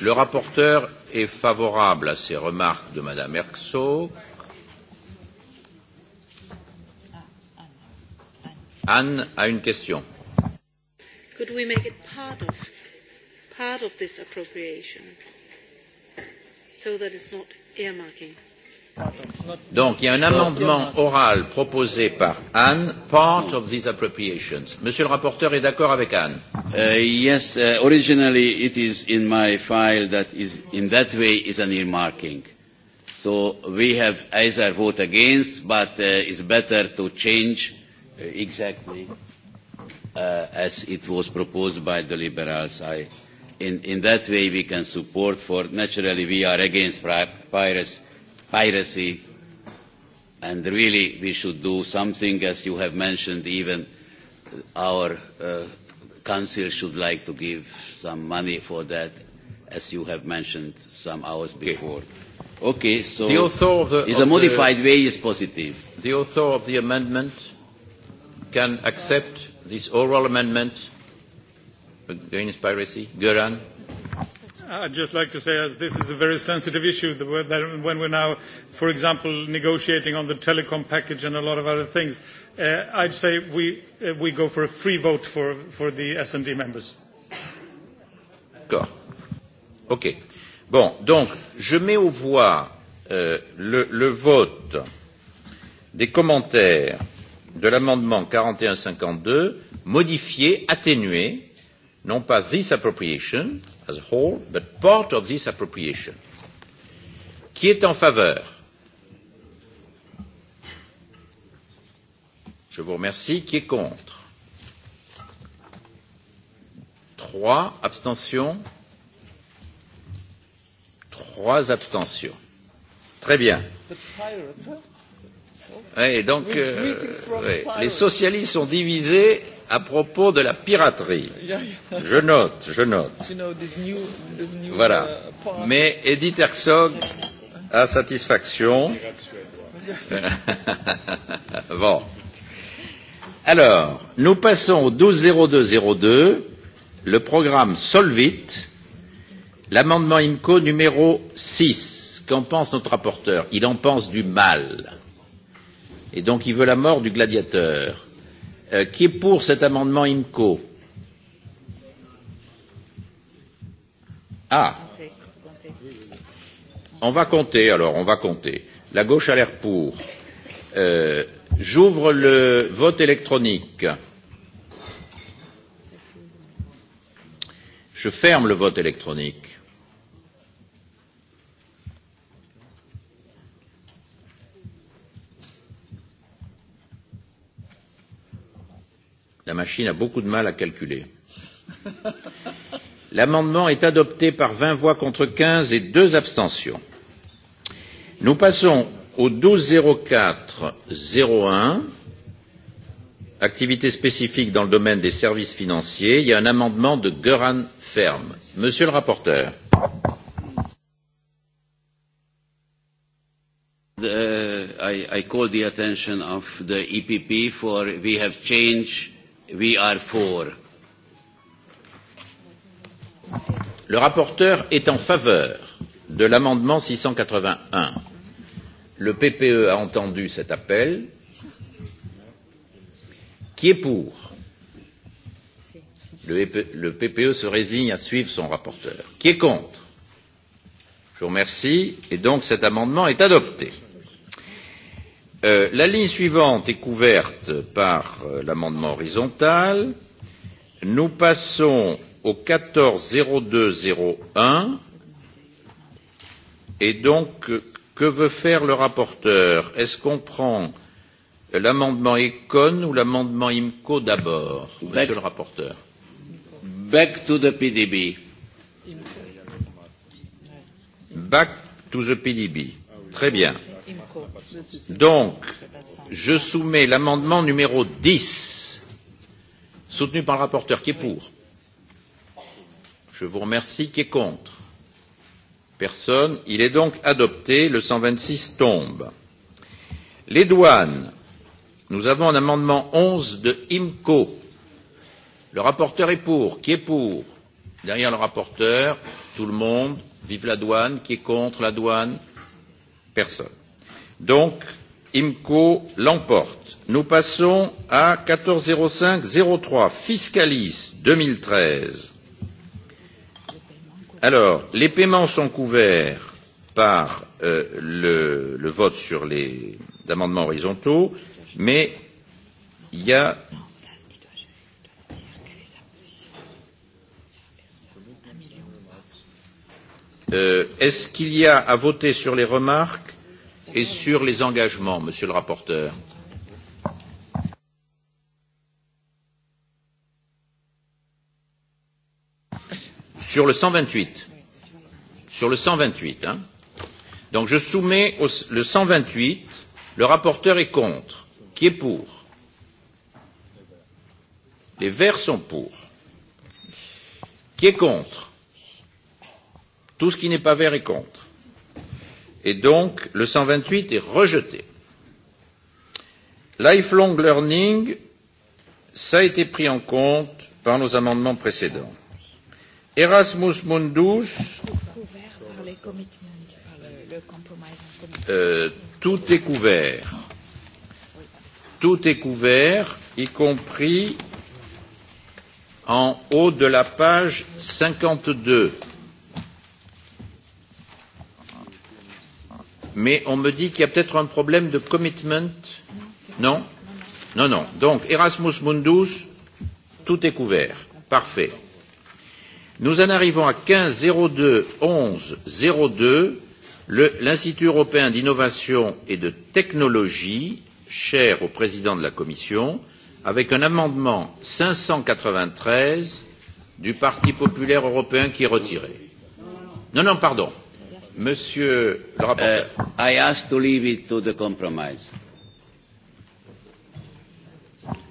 Le rapporteur est favorable à ces remarques de mme Erxo. Anne a une question.
Could we make it part of, part of this appropriation? so that not earmarking.
Donc, il y a un amendement oral proposé par Anne, part of these appropriations. Monsieur le rapporteur est d'accord avec Anne
uh, Yes, uh, originally it is in my file that is in that way is an earmarking. So we have either vote against, but uh, it's better to change uh, exactly uh, as it was proposed by the Liberals. I in, in that way we can support for, naturally we are against piracy, and really we should do something, as you have mentioned, even our uh, council should like to give some money for that, as you have mentioned some hours before. Okay, so the author of the, is a modified the, way is positive. The
author of the amendment can accept this oral amendment against piracy. Göran?
I'd just like to say, as this is a very sensitive issue, that when we're now, for example, negotiating on the telecom package and a lot of other things, uh, I'd say we, uh, we go for a free vote for, for the S&D members.
D'accord. OK. Bon, donc, je mets au voix euh, le, le vote des commentaires de l'amendement 4152, modifié, atténué, non pas this appropriation as a whole, but part of this appropriation. Qui est en faveur Je vous remercie. Qui est contre Trois abstentions. Trois abstentions. Très bien.
Et donc, euh, les socialistes
sont divisés à propos de la piraterie. Je note, je note.
Voilà. Mais
Edith Herzog a satisfaction. bon. Alors, nous passons au 120202, le programme Solvit, l'amendement IMCO numéro 6. Qu'en pense notre rapporteur Il en pense du mal. Et donc il veut la mort du gladiateur qui est pour cet amendement IMCO Ah On va compter alors, on va compter. La gauche a l'air pour. Euh, J'ouvre le vote électronique. Je ferme le vote électronique. La machine a beaucoup de mal à calculer. L'amendement est adopté par 20 voix contre 15 et deux abstentions. Nous passons au 120401, activité spécifique dans le domaine des services financiers. Il y a un amendement de
Göran Ferm.
Monsieur le rapporteur.
The, I, I call the attention of the EPP for we have changed We are for.
Le rapporteur est en faveur de l'amendement 681. Le PPE a entendu cet appel. Qui est pour le, PPE se résigne à suivre son rapporteur. Qui est contre Je vous remercie. Et donc cet amendement est adopté la ligne suivante est couverte par l'amendement horizontal. Nous passons au quatorze zéro deux zéro un et donc que veut faire le rapporteur? Est ce qu'on prend l'amendement Econ ou l'amendement IMCO d'abord, monsieur le rapporteur? Back to the PDB. Back to the PDB. Très bien. Donc, je soumets l'amendement numéro 10, soutenu par le rapporteur, qui est pour. Je vous remercie, qui est contre. Personne. Il est donc adopté. Le 126 tombe. Les douanes. Nous avons un amendement 11 de IMCO. Le rapporteur est pour. Qui est pour Derrière le rapporteur, tout le monde. Vive la douane. Qui est contre la douane Personne. Donc, IMCO l'emporte. Nous passons à quatorze zéro cinq zéro trois Fiscalis deux mille treize. Alors, les paiements sont couverts par le, vote sur les amendements horizontaux, mais il y a Est-ce qu'il y a à voter sur les remarques et sur les engagements, Monsieur le rapporteur Sur le 128. Sur le 128. Hein. Donc je soumets au, le 128. Le rapporteur est contre. Qui est pour Les verts sont pour. Qui est contre Tout ce qui n'est pas vert est contre. Et donc, le 128 est rejeté. Lifelong learning, ça a été pris en compte par nos amendements précédents. Erasmus Mundus, euh, tout est couvert. Tout est couvert, y compris en haut de la page 52. mais on me dit qu'il y a peut-être un problème de commitment. Non Non, non. Donc, Erasmus Mundus, tout est couvert. Parfait. Nous en arrivons à 15 02 11 02, l'Institut européen d'innovation et de technologie, cher au président de la Commission, avec un amendement 593 du Parti populaire européen qui est retiré. Non, non, pardon. Monsieur le
rapporteur. Uh, I asked to leave it to the compromise.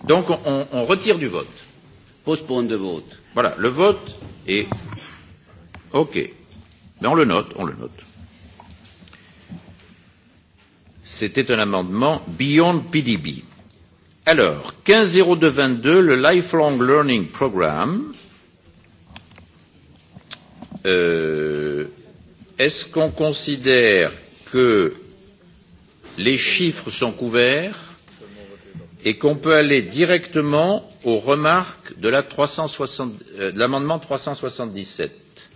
Donc on, on retire du vote. Postpone the vote. Voilà, le vote
est OK. Mais on le note, on le note. C'était un amendement Beyond PDB. Alors, 150222, le Lifelong Learning Programme. Euh, Est-ce qu'on considère que les chiffres sont couverts et qu'on peut aller directement aux remarques de l'amendement trois cent soixante dix sept.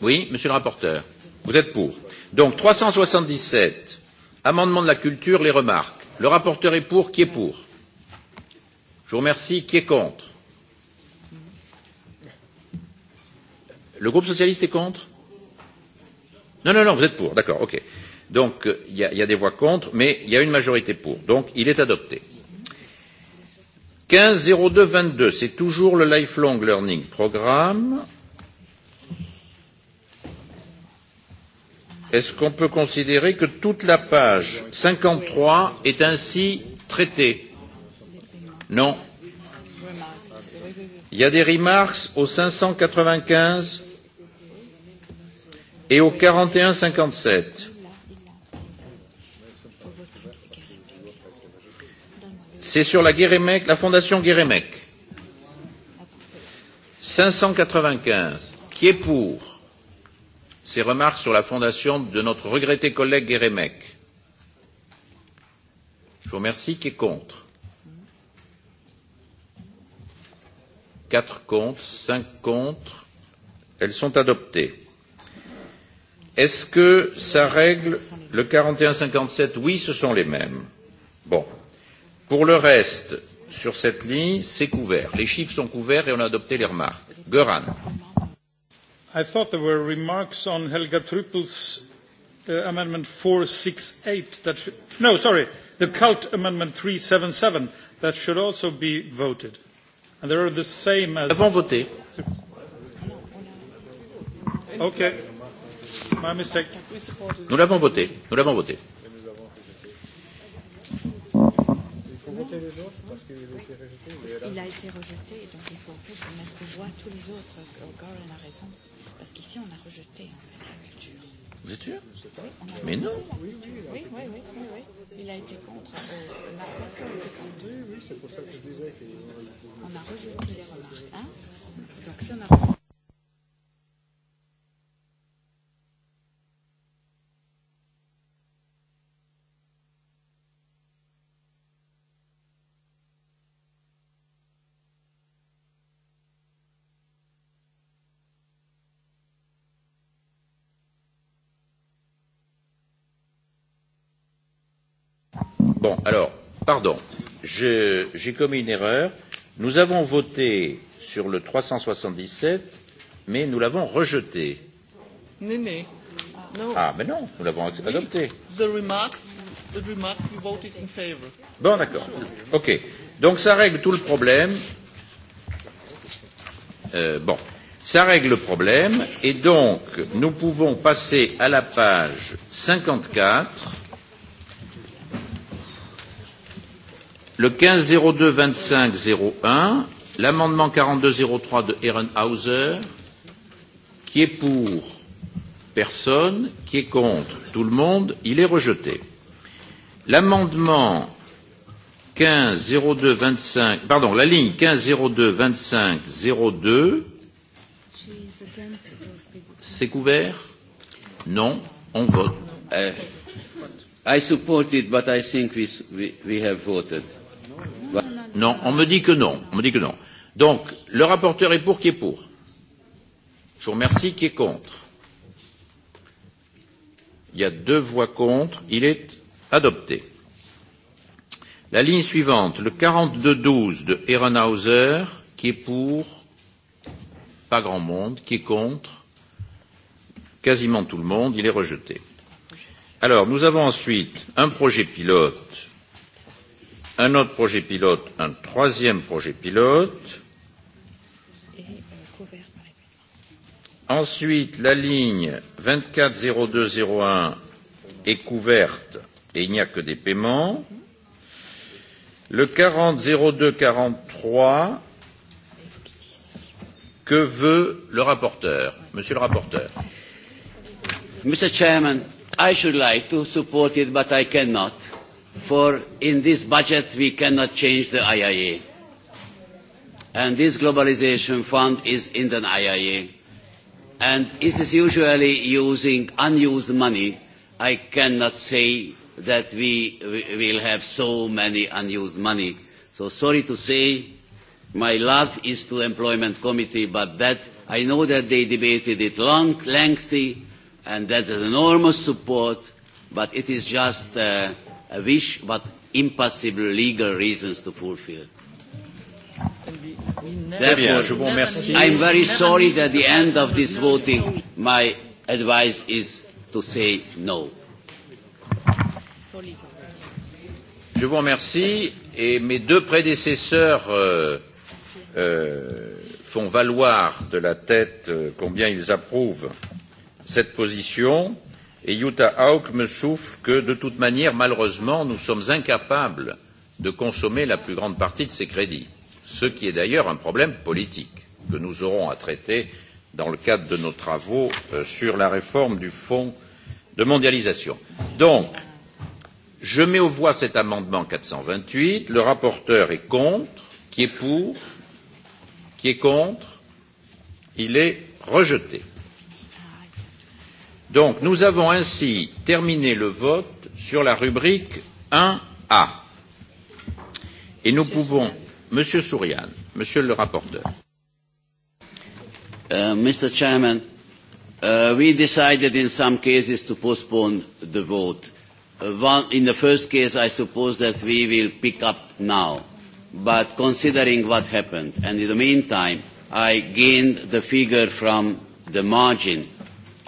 Oui, monsieur le rapporteur, vous êtes pour. Donc trois cent soixante dix sept Amendement de la culture, les remarques. Le rapporteur est pour, qui est pour Je vous remercie, qui est contre Le groupe socialiste est contre Non, non, non, vous êtes pour, d'accord, ok. Donc, il y, a- y a des voix contre, mais il y a une majorité pour. Donc, il est adopté. deux vingt-deux, c'est toujours le Lifelong Learning Programme. est-ce qu'on peut considérer que toute la page cinquante trois est ainsi traitée Non. Il y a des remarques au cinq cent quatre-vingt-quinze et au quarante et un cinquante sept. C'est sur la Guérémec, la fondation Guérémec. 595. Qui est pour ses remarques sur la fondation de notre regretté collègue Guérémec. Je vous remercie. Qui est contre Quatre contre, cinq contre. Elles sont adoptées. Est-ce que ça règle le 41-57 Oui, ce sont les mêmes. Bon. Pour le reste, sur cette ligne, c'est couvert. Les chiffres sont couverts et on a adopté les remarques. Göran.
I thought there were remarks on Helga Truppel's uh, amendment 468. That no, sorry, the cult amendment 377 that should also be voted. And they are the same as. Avons voté. Okay. My mistake.
Nous l'avons
voté. Nous l'avons voté.
Il a été rejeté, donc il faut en fait mettre au tous les autres. a raison. Parce qu'ici, on a rejeté en fait, la culture.
Vous êtes
sûr oui, Mais non
Oui, oui, oui, oui, oui, oui. Il a été contre. Euh, la France a été contre. Oui, oui, c'est pour ça que je disais qu'on a rejeté les remarques. Hein
Donc, si on a rejeté. Bon, alors,
pardon, j'ai commis une erreur. Nous avons voté sur le 377, mais nous l'avons rejeté.
non, No. Ah, mais non,
nous l'avons adopté.
The remarks, the remarks we voted in favor.
Bon, d'accord. OK. Donc ça règle tout le problème. Euh, bon. Ça règle le problème. Et donc, nous pouvons passer à la page 54 le quinze zéro deux vingt cinq zéro un, l'amendement quarante deux zéro trois de Ehrenhauser, qui est pour personne, qui est contre tout le monde, il est rejeté. L'amendement quinze zéro deux vingt cinq pardon, la ligne quinze zéro deux vingt cinq zéro deux
c'est couvert? Non, on vote. I support it, but I think we, we have
voted. Non, on me dit que non. On me dit que non. Donc, le rapporteur est pour, qui est pour Je vous remercie, qui est contre Il y a deux voix contre. Il est adopté. La ligne suivante, le 42-12 de Ehrenhauser, qui est pour Pas grand monde. Qui est contre Quasiment tout le monde. Il est rejeté. Alors, nous avons ensuite un projet pilote un autre projet pilote, un troisième projet pilote. Ensuite, la ligne 240201 est couverte et il n'y a que des paiements. Le 400243,
que veut le rapporteur Monsieur le rapporteur. Mr. Chairman, I should like to support it, but I cannot for in this budget we cannot change the IIA. And this globalization fund is in the IIA. And it is usually using unused money. I cannot say that we will have so many unused money. So sorry to say, my love is to employment committee, but that I know that they debated it long, lengthy, and that is enormous support, but it is just uh, a wish but impossible legal reasons to fulfill. Therefore, I'm very sorry that at the end of this voting my advice is to say no. Je vous remercie
et mes deux prédécesseurs euh, euh, font valoir de la tête combien ils approuvent cette position et Jutta Haug me souffle que, de toute manière, malheureusement, nous sommes incapables de consommer la plus grande partie de ces crédits, ce qui est d'ailleurs un problème politique que nous aurons à traiter dans le cadre de nos travaux sur la réforme du Fonds de mondialisation. Donc, je mets aux voix cet amendement quatre cent vingt huit, le rapporteur est contre, qui est pour, qui est contre, il est rejeté. Donc, nous avons ainsi terminé le vote sur la rubrique un a
Et nous pouvons, Monsieur Souriane, Monsieur le rapporteur. Mr. Chairman, we decided in some cases to postpone the vote. one, in the first case, I suppose that we will pick up now. But considering what happened, and in the meantime, I gained the figure from the margin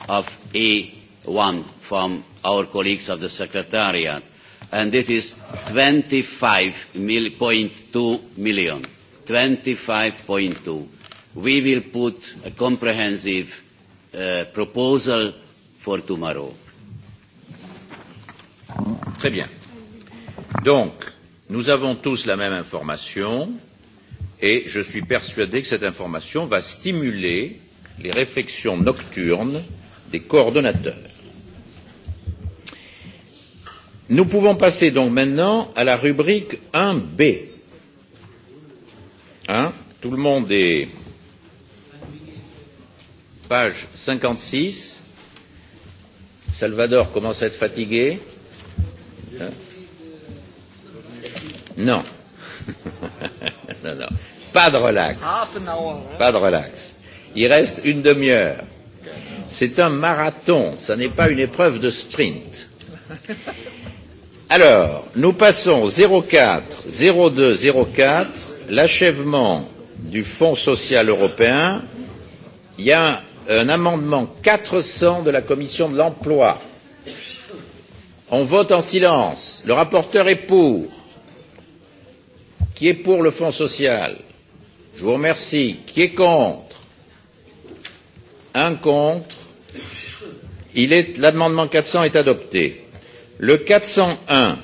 of A1 from our colleagues of the Secretariat, and it is 25.2 million. 25.2. We will put a comprehensive uh, proposal for tomorrow. Très bien. Donc, nous
avons tous la même information et je suis persuadé que cette information va stimuler les réflexions nocturnes des coordonnateurs. Nous pouvons passer donc maintenant à la rubrique 1B. Hein Tout le monde est page 56. Salvador commence à être fatigué. Hein non. non, non. Pas de relax. Pas de relax. Il reste une demi-heure. C'est un marathon, ce n'est pas une épreuve de sprint. Alors, nous passons 04, 02, 04, l'achèvement du Fonds social européen. Il y a un, un amendement 400 de la Commission de l'emploi. On vote en silence. Le rapporteur est pour. Qui est pour le Fonds social Je vous remercie. Qui est contre un contre. l'amendement quatre l'amendement 400 est adopté. Le 401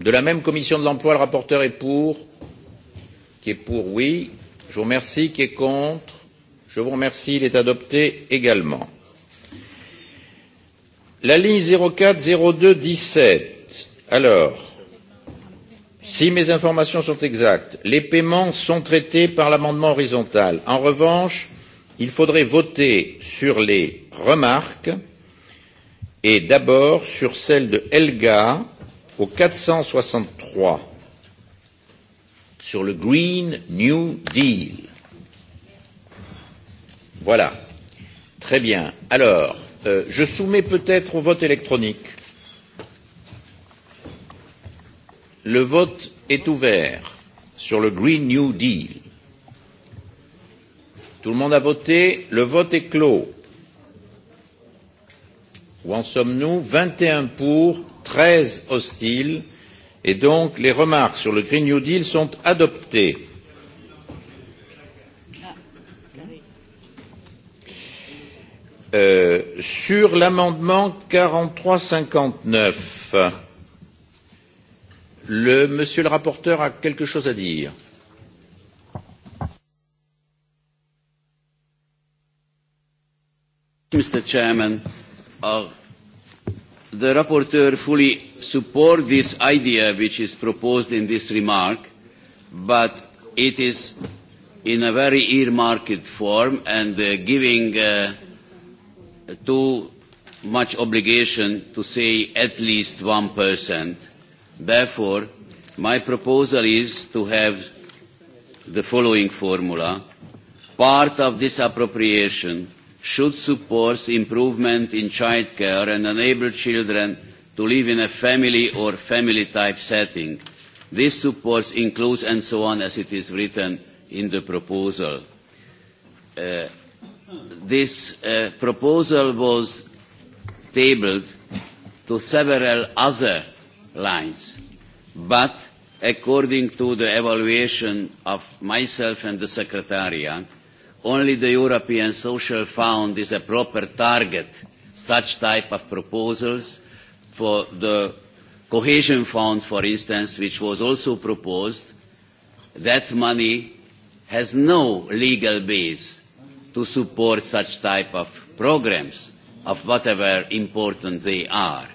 de la même commission de l'emploi, le rapporteur est pour, qui est pour, oui. Je vous remercie, qui est contre. Je vous remercie, il est adopté également. La ligne deux dix sept Alors, si mes informations sont exactes, les paiements sont traités par l'amendement horizontal. En revanche, il faudrait voter sur les remarques et d'abord sur celle de Helga au 463 sur le Green New Deal. Voilà. Très bien. Alors, euh, je soumets peut-être au vote électronique. Le vote est ouvert sur le Green New Deal. Tout le monde a voté. Le vote est clos. Où en sommes-nous 21 pour, 13 hostiles. Et donc, les remarques sur le Green New Deal sont adoptées. Euh, sur l'amendement 4359, le, monsieur le
rapporteur a quelque chose à dire. Mr. Chairman, uh, the rapporteur fully supports this idea which is proposed in this remark, but it is in a very earmarked form and uh, giving uh, too much obligation to say at least 1%. Therefore, my proposal is to have the following formula. Part of this appropriation should support improvement in childcare and enable children to live in a family or family-type setting. This support includes and so on as it is written in the proposal. Uh, this uh, proposal was tabled to several other lines, but according to the evaluation of myself and the Secretariat, only the European Social Fund is a proper target such type of proposals for the cohesion fund, for instance, which was also proposed, that money has no legal base to support such type of programs of whatever important they are.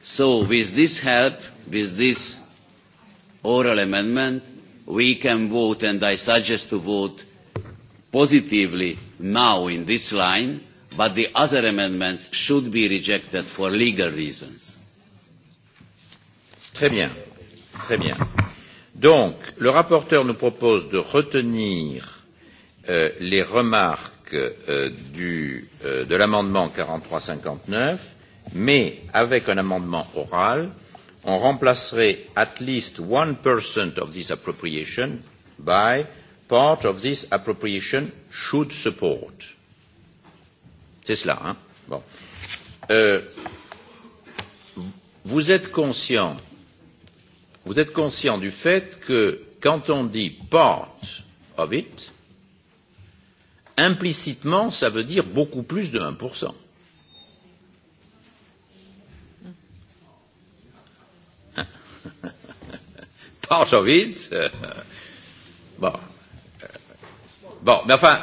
So with this help, with this oral amendment, we can vote, and I suggest to vote positively now in this line, but the other amendments should be rejected for legal reasons. Très bien. Très bien.
Donc, le rapporteur nous propose de retenir euh, les remarques euh, du, euh, de l'amendement 4359, mais avec un amendement oral, on remplacerait at least one percent of this appropriation by part of this appropriation should support. C'est cela, hein bon. euh, vous êtes conscient, vous êtes conscient du fait que quand on dit part of it, implicitement, ça veut dire beaucoup plus de 1%. Part of it, bon, Bon, mais enfin.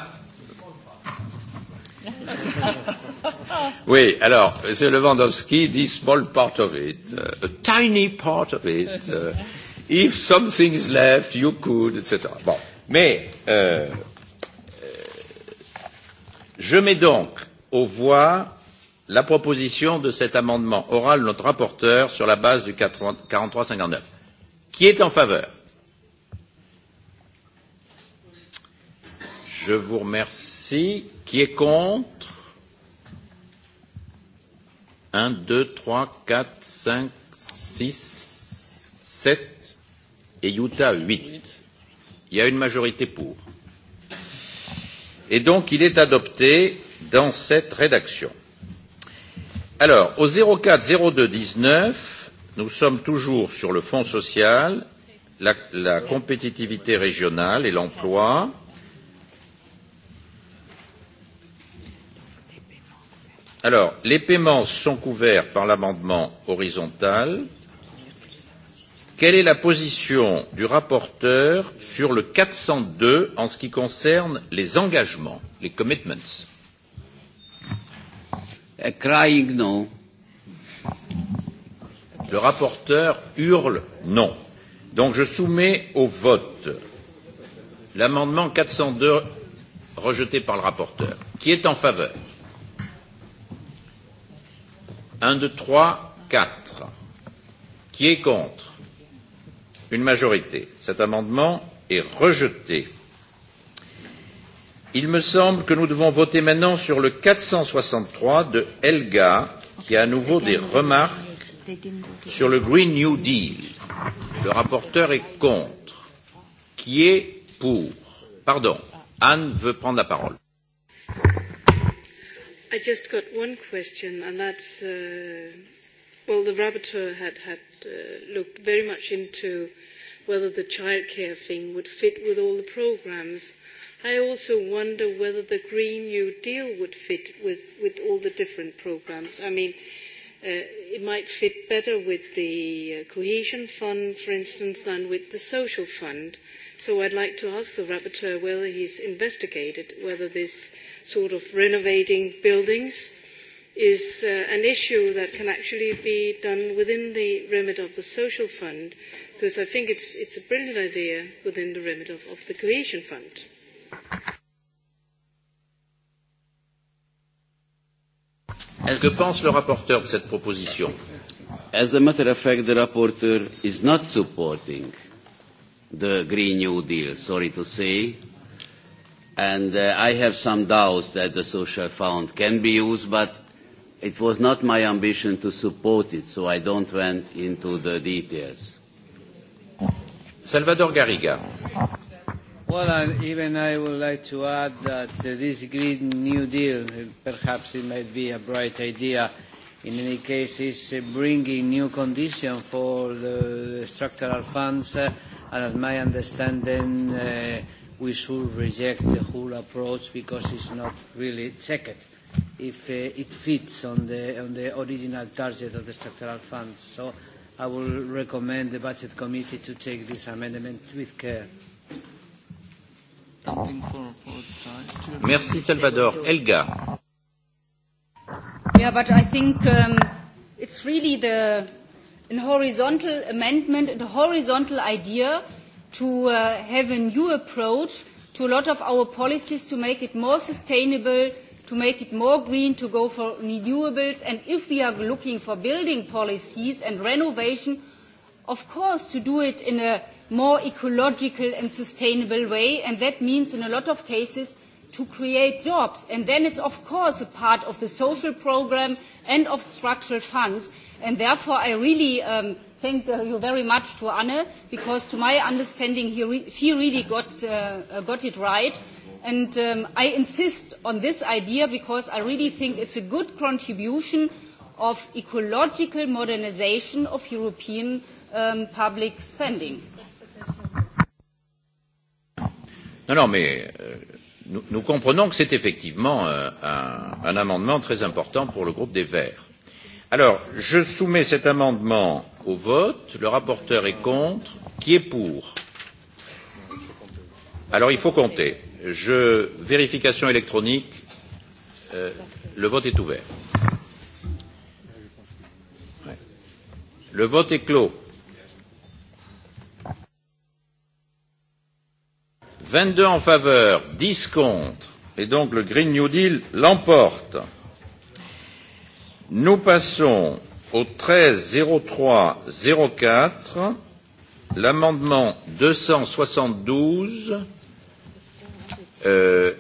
Oui, alors, M. Lewandowski dit small part of it, uh, a tiny part of it, uh, if something is left, you could, etc. Bon, mais euh, je mets donc aux voix la proposition de cet amendement oral de notre rapporteur sur la base du 43-59. Qui est en faveur Je vous remercie. Qui est contre 1, 2, 3, 4, 5, 6, 7 et Utah 8. Il y a une majorité pour. Et donc il est adopté dans cette rédaction. Alors, au deux dix neuf, nous sommes toujours sur le Fonds social, la, la compétitivité régionale et l'emploi. Euh, Alors, les paiements sont couverts par l'amendement horizontal. Quelle est la position du rapporteur sur le 402 en ce qui concerne les engagements, les commitments A crying no. Le rapporteur hurle non. Donc je soumets au vote l'amendement 402 rejeté par le rapporteur. Qui est en faveur 1, 2, 3, 4. Qui est contre Une majorité. Cet amendement est rejeté. Il me semble que nous devons voter maintenant sur le 463 de Helga, qui a à nouveau des remarques sur le Green New Deal. Le rapporteur est contre. Qui est pour Pardon, Anne veut prendre la parole.
I just got one question, and that's, uh, well, the rapporteur had, had uh, looked very much into whether the childcare thing would fit with all the programs. I also wonder whether the Green New Deal would fit with, with all the different programs. I mean, uh, it might fit better with the uh, Cohesion Fund, for instance, than with the Social Fund. So I'd like to ask the rapporteur whether he's investigated whether this – sort of renovating buildings is uh, an issue that can actually be done within the remit of the social fund because I think it's, it's a brilliant idea within the remit of, of the cohesion fund.
Que pense le rapporteur de cette proposition As a matter of fact, the rapporteur is not supporting the Green New Deal, sorry to say and uh, I have some doubts that the social fund can be used, but it was not my ambition to support it, so I don't went into the details. Salvador Garriga.
Well, I, even I would like to add that uh, this Green New Deal, perhaps it might be a bright idea, in any case is uh, bringing new conditions for the structural funds, uh, and at my understanding, uh, we should reject the whole approach because it's not really checked if uh, it fits on the, on the original target of the structural funds. So I will recommend the budget committee to take this amendment with care.
Merci Salvador. Elga.
Yeah, but I think um, it's really the, an horizontal amendment, a horizontal idea to have a new approach to a lot of our policies to make it more sustainable, to make it more green, to go for renewables. And if we are looking for building policies and renovation, of course, to do it in a more ecological and sustainable way. And that means, in a lot of cases, to create jobs. And then it's, of course, a part of the social programme and of structural funds. And therefore, I really thank you very much to Anne, because to my understanding, he she really got, uh, got it right. And um, I insist on this idea because I really think it's a good contribution of ecological modernization of European um, public spending.
Non, non, mais euh, nous, nous comprenons que c'est effectivement euh, un, un amendement très important pour le groupe des Verts. Alors, je soumets cet amendement au vote. Le rapporteur est contre. Qui est pour Alors il faut compter. Je vérification électronique. Euh, le vote est ouvert. Le vote est clos. 22 en faveur, 10 contre. Et donc le Green New Deal l'emporte. Nous passons au treize zéro trois zéro quatre l'amendement deux cent soixante douze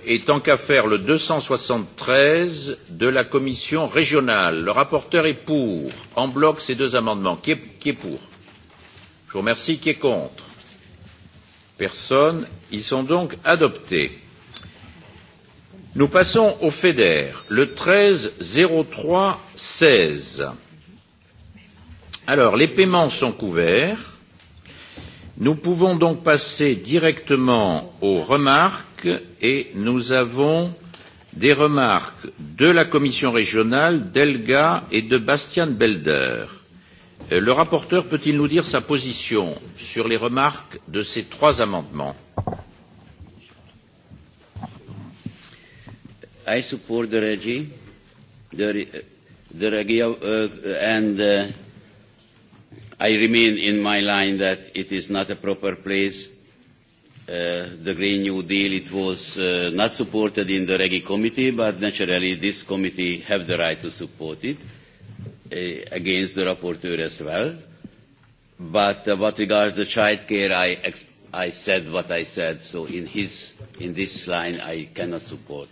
et tant qu'à faire le deux cent soixante treize de la commission régionale. Le rapporteur est pour, en bloc, ces deux amendements. Qui est, qui est pour Je vous remercie. Qui est contre Personne. Ils sont donc adoptés. Nous passons au FEDER, le treize zéro trois seize Alors, les paiements sont couverts. Nous pouvons donc passer directement aux remarques et nous avons des remarques de la commission régionale, d'Elga et de Bastian Belder. Le rapporteur peut-il nous dire sa position sur les remarques de ces trois amendements
I support the regime, the, the reggie uh, and uh, I remain in my line that it is not a proper place. Uh, the Green New Deal, it was uh, not supported in the Regi Committee, but naturally this committee have the right to support it uh, against the rapporteur as well. But uh, what regards the child care, I, ex I said what I said, so in, his, in this line I cannot support.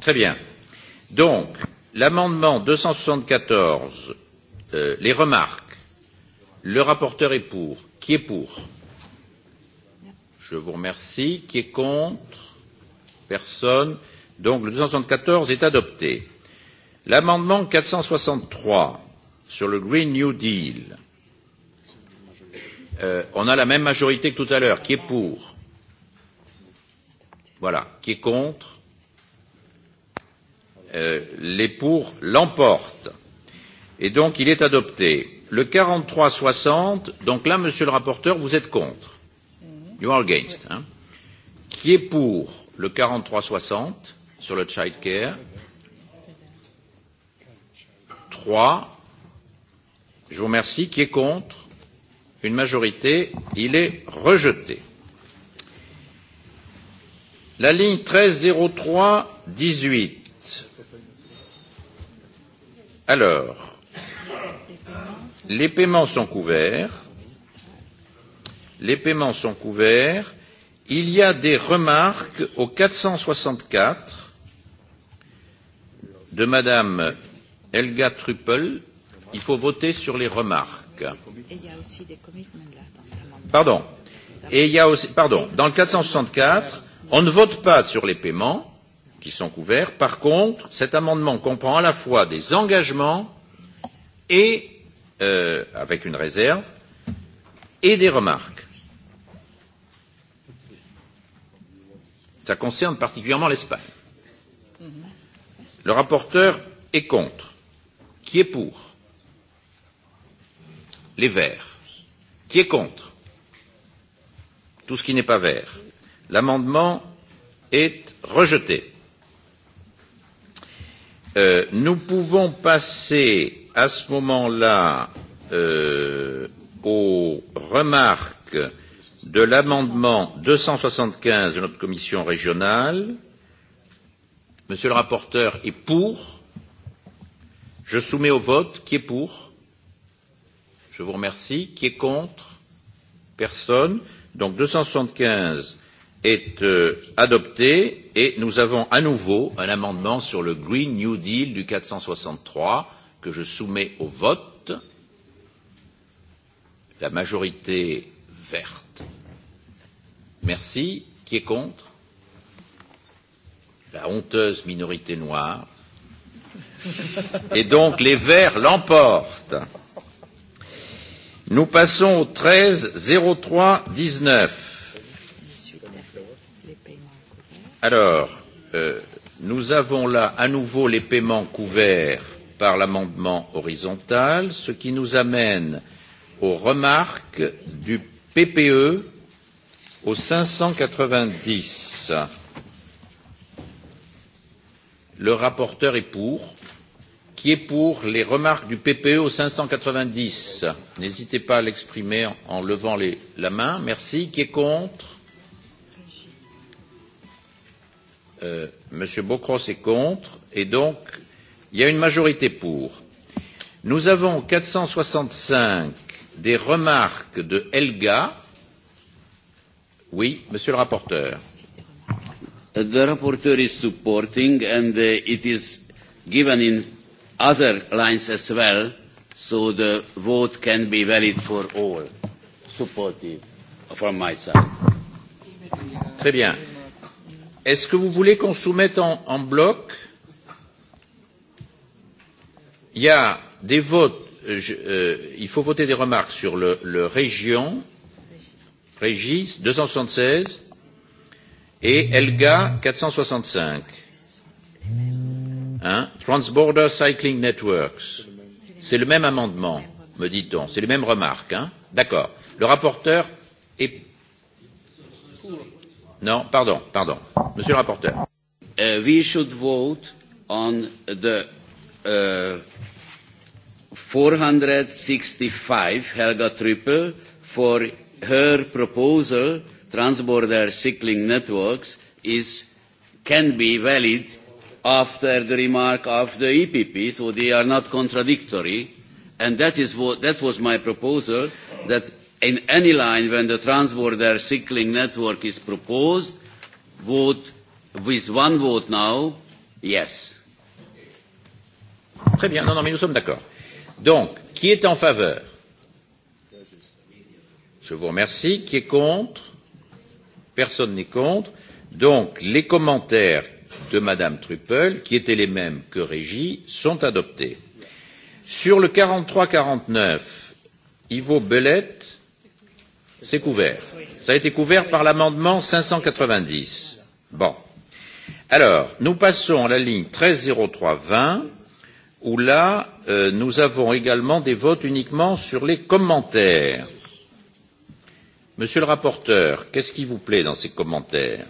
Très bien. Donc,
L'amendement deux cent soixante quatorze, les remarques. Le rapporteur est pour. Qui est pour Je vous remercie. Qui est contre Personne. Donc le deux cent soixante quatorze est adopté. L'amendement quatre cent soixante trois sur le Green New Deal. on a la même majorité que tout à l'heure. Qui est pour Voilà. Qui est contre les pour l'emportent. Et donc il est adopté. Le 43-60, donc là, monsieur le rapporteur, vous êtes contre. You are against. Hein. Qui est pour le 43-60 sur le child care 3. Je vous remercie. Qui est contre Une majorité. Il est rejeté. La ligne 13 03 18 Alors, les paiements sont couverts. Les paiements sont couverts. Il y a des remarques au 464 de Madame Helga Truppel. Il faut voter sur les remarques. Pardon. Et il y a aussi, pardon, dans le 464, on ne vote pas sur les paiements, qui sont couverts. Par contre, cet amendement comprend à la fois des engagements et, euh, avec une réserve, et des remarques. Ça concerne particulièrement l'Espagne. Le rapporteur est contre. Qui est pour Les verts. Qui est contre Tout ce qui n'est pas vert. L'amendement est rejeté nous pouvons passer à ce moment-là aux remarques de l'amendement deux cent soixante quinze de notre commission régionale. Monsieur le rapporteur est pour. Je soumets au vote qui est pour. Je vous remercie. Qui est contre Personne. Donc deux cent soixante quinze est adopté et nous avons à nouveau un amendement sur le Green New Deal du quatre cent soixante trois que je soumets au vote. La majorité verte. Merci. Qui est contre La honteuse minorité noire. Et donc les verts l'emportent. Nous passons au 13 03 19 Alors, euh, nous avons là à nouveau les paiements couverts par l'amendement horizontal, ce qui nous amène aux remarques du PPE au 590. Le rapporteur est pour. Qui est pour les remarques du PPE au 590 N'hésitez pas à l'exprimer en levant les, la main. Merci. Qui est contre Monsieur Bocros est contre, et donc il y a une majorité pour. Nous avons quatre cent soixante cinq des remarques
de Helga. Oui, Monsieur le rapporteur. The rapporteur is supporting and it is given in other lines as well, so the vote can be valid for all. Supportive from my side. Très bien.
Est-ce que vous voulez qu'on soumette en, en bloc Il y a des votes. Je, euh, il faut voter des remarques sur le, le région, Régis 276 et Elga 465. Hein Transborder Cycling Networks. C'est le même amendement, me dit-on. C'est les mêmes remarques. Hein D'accord. Le rapporteur est No, pardon, pardon.
Monsieur le rapporteur. Uh, we should vote on the uh, 465 Helga Triple for her proposal transborder cycling networks is can be valid after the remark of the EPP, so they are not contradictory. And that, is what, that was my proposal, that in any line when the transborder cycling network is proposed, vote with one vote now, yes. Très bien, non, non, mais nous sommes d'accord. Donc, qui est en faveur
Je vous remercie. Qui est contre Personne n'est contre. Donc, les commentaires de Madame Truppel, qui étaient les mêmes que Régie, sont adoptés. Sur le 43-49, Ivo Belette C'est couvert. Ça a été couvert par l'amendement 590. Bon. Alors, nous passons à la ligne 130320, où là, euh, nous avons également des votes uniquement sur les commentaires. Monsieur le rapporteur, qu'est-ce qui vous plaît dans ces commentaires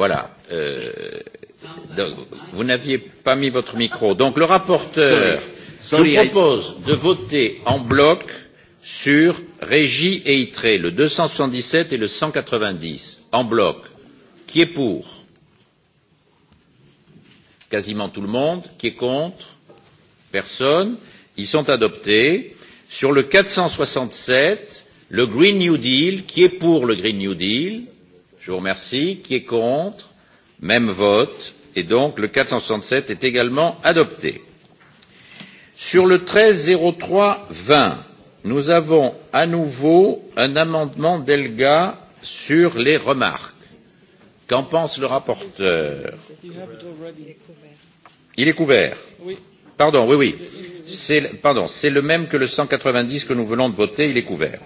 Voilà. Euh, donc, vous n'aviez pas mis votre micro. Donc le rapporteur Sorry. nous propose de voter en bloc sur Régie et ITRE, le 277 et le 190, en bloc. Qui est pour Quasiment tout le monde. Qui est contre Personne. Ils sont adoptés. Sur le 467, le Green New Deal, qui est pour le Green New Deal Je vous remercie. Qui est contre Même vote. Et donc le quatre cent soixante sept est également adopté. Sur le treize zéro trois vingt, nous avons à nouveau un amendement d'Elga sur les remarques. Qu'en pense le rapporteur Il est couvert. Pardon, oui, oui. C'est le même que le 190 que nous venons de voter, il est couvert.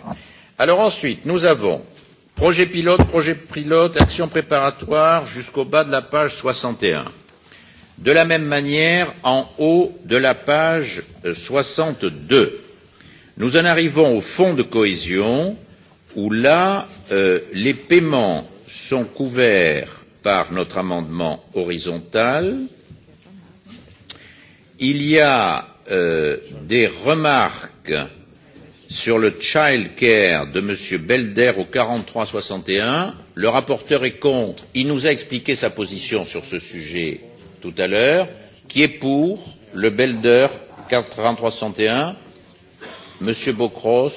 Alors ensuite, nous avons Projet pilote, projet pilote, action préparatoire jusqu'au bas de la page 61. De la même manière, en haut de la page 62, nous en arrivons au fonds de cohésion où là, euh, les paiements sont couverts par notre amendement horizontal. Il y a euh, des remarques euh, sur le child care de M. Belder au 4361. Le rapporteur est contre. Il nous a expliqué sa position sur ce sujet tout à l'heure. Qui est pour le Belder 4361 M. Bocros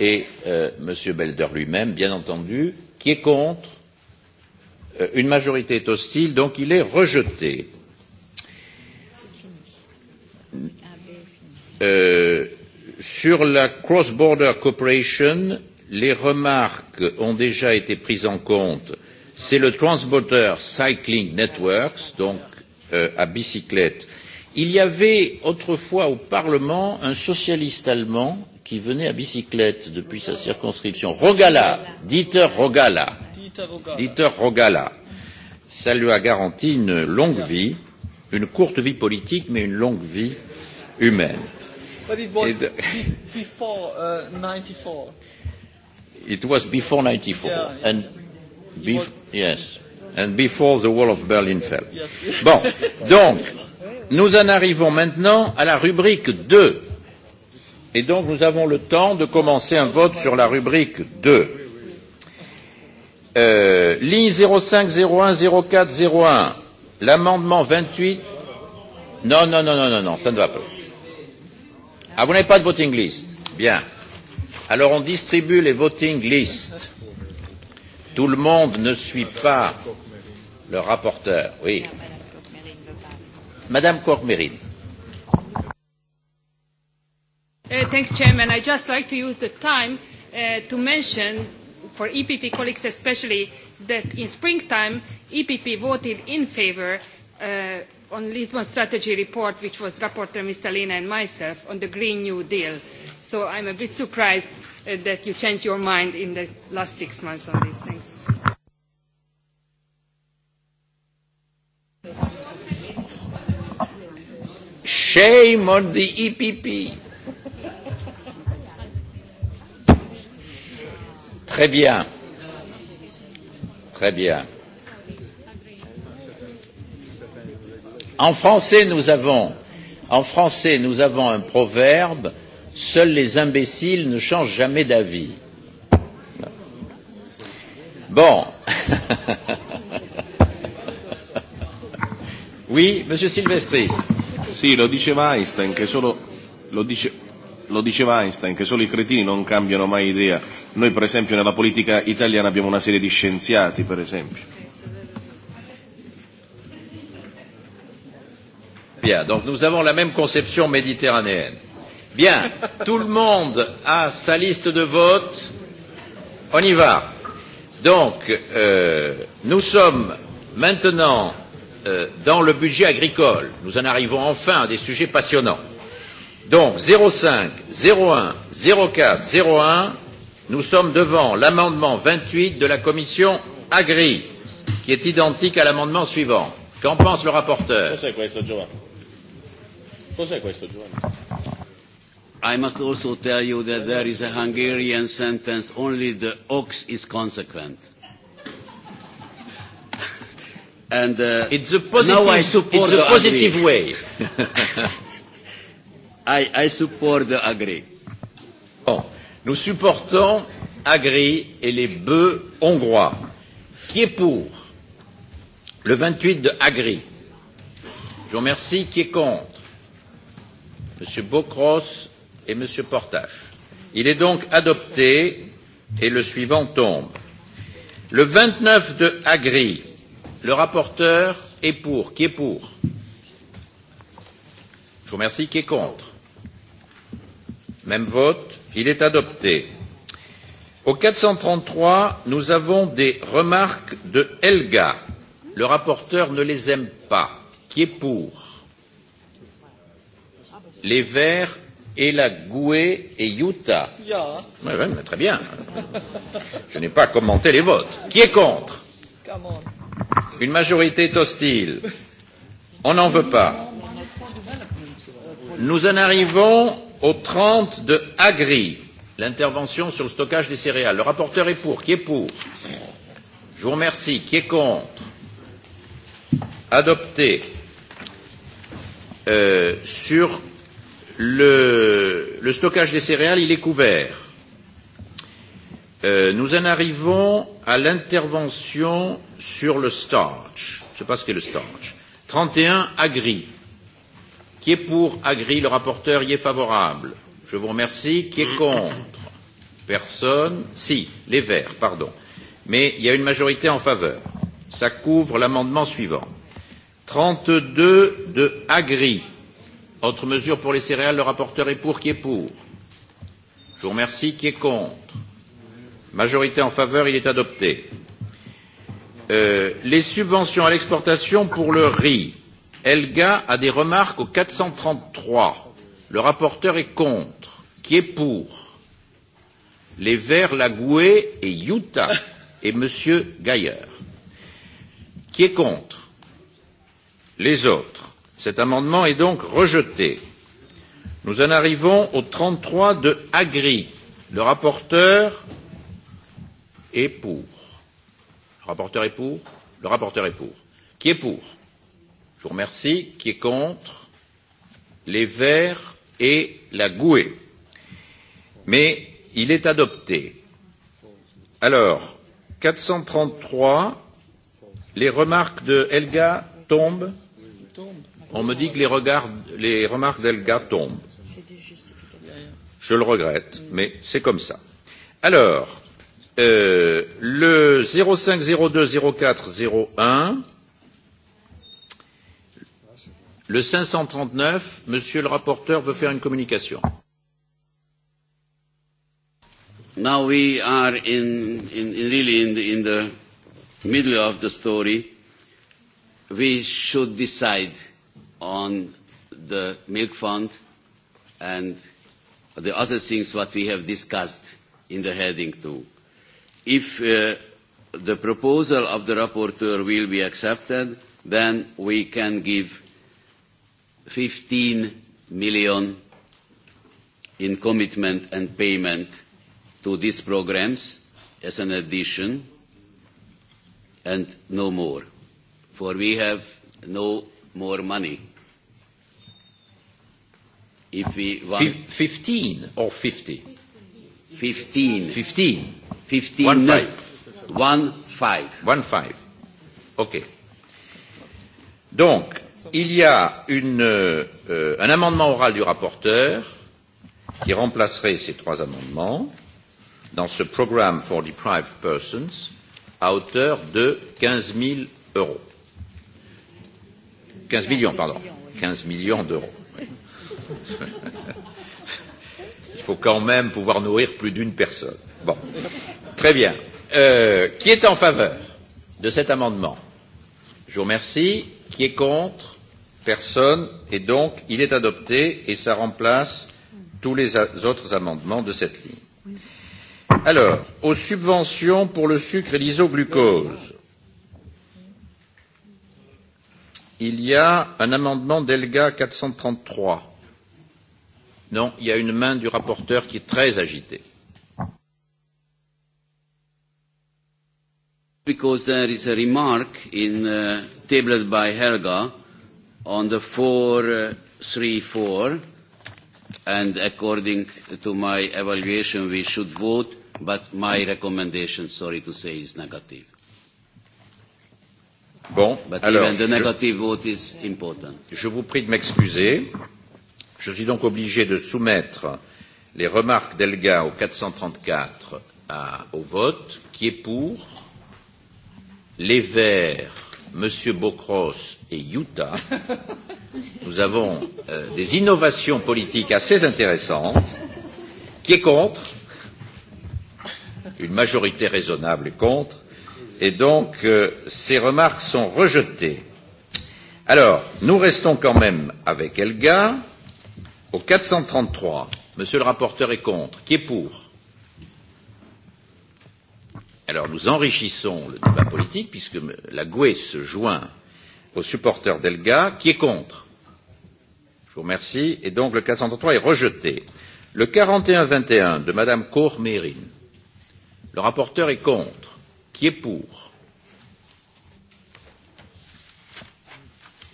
et euh, M. Belder lui-même, bien entendu. Qui est contre euh, Une majorité est hostile, donc il est rejeté. Euh, Sur la cross-border cooperation, les remarques ont déjà été prises en compte. C'est le Transborder Cycling Networks, donc euh, à bicyclette. Il y avait autrefois au Parlement un socialiste allemand qui venait à bicyclette depuis sa circonscription. Rogala, Dieter Rogala. Dieter Rogala. Ça lui a garanti une longue vie, une courte vie politique, mais une longue vie humaine. But it was it,
be, before uh, 94.
It was before 94. Yeah, and bef was, yes. And before the wall of Berlin okay. fell.
Yes.
Bon, donc,
nous en arrivons maintenant à la rubrique 2. Et donc, nous avons le temps de commencer un vote sur la rubrique 2. Euh, ligne 0501-0401, l'amendement 28. Non, non, non, non, non, non, ça ne va pas. Ah, vous n'avez pas de voting list Bien. Alors on distribue les voting lists. Tout le monde ne suit pas le rapporteur. Oui. Madame Cormerine.
Uh, thanks, Chairman. I just like to use the time uh, to mention, for EPP colleagues especially, that in springtime, EPP voted in favor on Lisbon strategy report, which was rapporteur Mr. Lena and myself, on the Green New Deal. So I'm a bit surprised that you changed your mind in the last six months on these things.
Shame on the EPP. Très bien. Très bien. En français, nous avons, en français, nous avons un proverbe seuls les imbéciles ne changent jamais d'avis. Bon. oui, Monsieur Silvestris.
Sì, lo diceva Einstein che solo lo dice lo diceva Einstein, che solo i cretini non cambiano mai idea. Noi per esempio nella politica italiana abbiamo una serie di scienziati, per esempio
Bien, donc nous avons la même conception méditerranéenne. Bien, tout le monde a sa liste de vote. On y va. Donc, euh, nous sommes maintenant euh, dans le budget agricole. Nous en arrivons enfin à des sujets passionnants. Donc, 05, 01, 04, 01, nous sommes devant l'amendement 28 de la commission Agri, qui est identique à l'amendement suivant. Qu'en pense le rapporteur
Cos'è questo, Giovanni?
I must also tell you that there is a Hungarian sentence, only the ox is consequent. And uh, it's a positive, now I support it's a positive way. I, I support the agri. Bon,
nous supportons agri et les bœufs hongrois. Qui est pour le 28 de agri Je vous remercie. Qui est contre Monsieur Bocros et Monsieur Portache. Il est donc adopté et le suivant tombe. Le vingt neuf de Agri, le rapporteur est pour. Qui est pour Je vous remercie. Qui est contre Même vote. Il est adopté. Au quatre cent trente trois, nous avons des remarques de Helga. Le rapporteur ne les aime pas. Qui est pour les Verts et la Goué et Utah. Ja. Oui, oui, très bien. Je n'ai pas commenté les votes. Qui est contre Une majorité est hostile. On n'en veut pas. Nous en arrivons au 30 de Agri, l'intervention sur le stockage des céréales. Le rapporteur est pour. Qui est pour Je vous remercie. Qui est contre Adopté. Euh, sur le, le stockage des céréales, il est couvert. Euh, nous en arrivons à l'intervention sur le starch. Je ne sais pas ce qu'est le starch. 31 agri. Qui est pour agri Le rapporteur y est favorable. Je vous remercie. Qui est contre Personne. Si, les Verts, pardon. Mais il y a une majorité en faveur. Ça couvre l'amendement suivant. 32 de agri Autre mesure pour les céréales, le rapporteur est pour, qui est pour Je vous remercie, qui est contre Majorité en faveur, il est adopté. Euh, les subventions à l'exportation pour le riz. Elga a des remarques au 433. Le rapporteur est contre. Qui est pour Les Verts, Lagoué et Utah et Monsieur Gaillard. Qui est contre Les autres Cet amendement est donc rejeté. Nous en arrivons au 33 de Agri. Le rapporteur est pour. Le rapporteur est pour Le rapporteur est pour. Qui est pour Je vous remercie. Qui est contre Les Verts et la Gouée. Mais il est adopté. Alors, 433, les remarques de Helga tombent On me dit que les, regards, les remarques d'Elga tombent. Je le regrette, mais c'est comme ça. Alors, euh, le 05 02 le 539, monsieur le rapporteur veut faire une communication.
Now we are in, in, in really in the, in the middle of the story. We should decide on the milk fund and the other things what we have discussed in the heading two. If uh, the proposal of the rapporteur will be accepted, then we can give 15 million in commitment and payment to these programs as an addition and no more. For we have no more money if we want... Fifteen or fifty? Fifteen. Fifteen. Fifteen. One five. One five. One five.
okay Donc, il y a une, euh, un amendement oral du rapporteur qui remplacerait ces trois amendements dans ce programme for deprived persons à hauteur de 15 000 euros. 15 millions, pardon. 15 millions d'euros. Il faut quand même pouvoir nourrir plus d'une personne. Bon. Très bien. Euh, qui est en faveur de cet amendement Je vous remercie. Qui est contre Personne. Et donc, il est adopté et ça remplace tous les autres amendements de cette ligne. Alors, aux subventions pour le sucre et l'isoglucose. Il y a un amendement d'Elga 433. Non, il y a une main du rapporteur qui est très agitée.
Because there is a remark in uh, tabled by Helga on the 434 uh, and according to my evaluation we should vote but my recommendation sorry to say is negative.
Bon, but alors, even the negative
je, vote is important. Je vous prie de m'excuser.
Je suis donc obligé de soumettre les remarques d'Elga au 434 à, au vote. Qui est pour Les Verts, Monsieur Bocros et Utah. Nous avons euh, des innovations politiques assez intéressantes. Qui est contre Une majorité raisonnable est contre. Et donc, euh, ces remarques sont rejetées. Alors, nous restons quand même avec Elga. Au 433, monsieur le rapporteur est contre. Qui est pour Alors nous enrichissons le débat politique puisque la GUE se joint aux supporters d'Elga. Qui est contre Je vous remercie. Et donc le 433 est rejeté. Le et un de madame cour Le rapporteur est contre. Qui est pour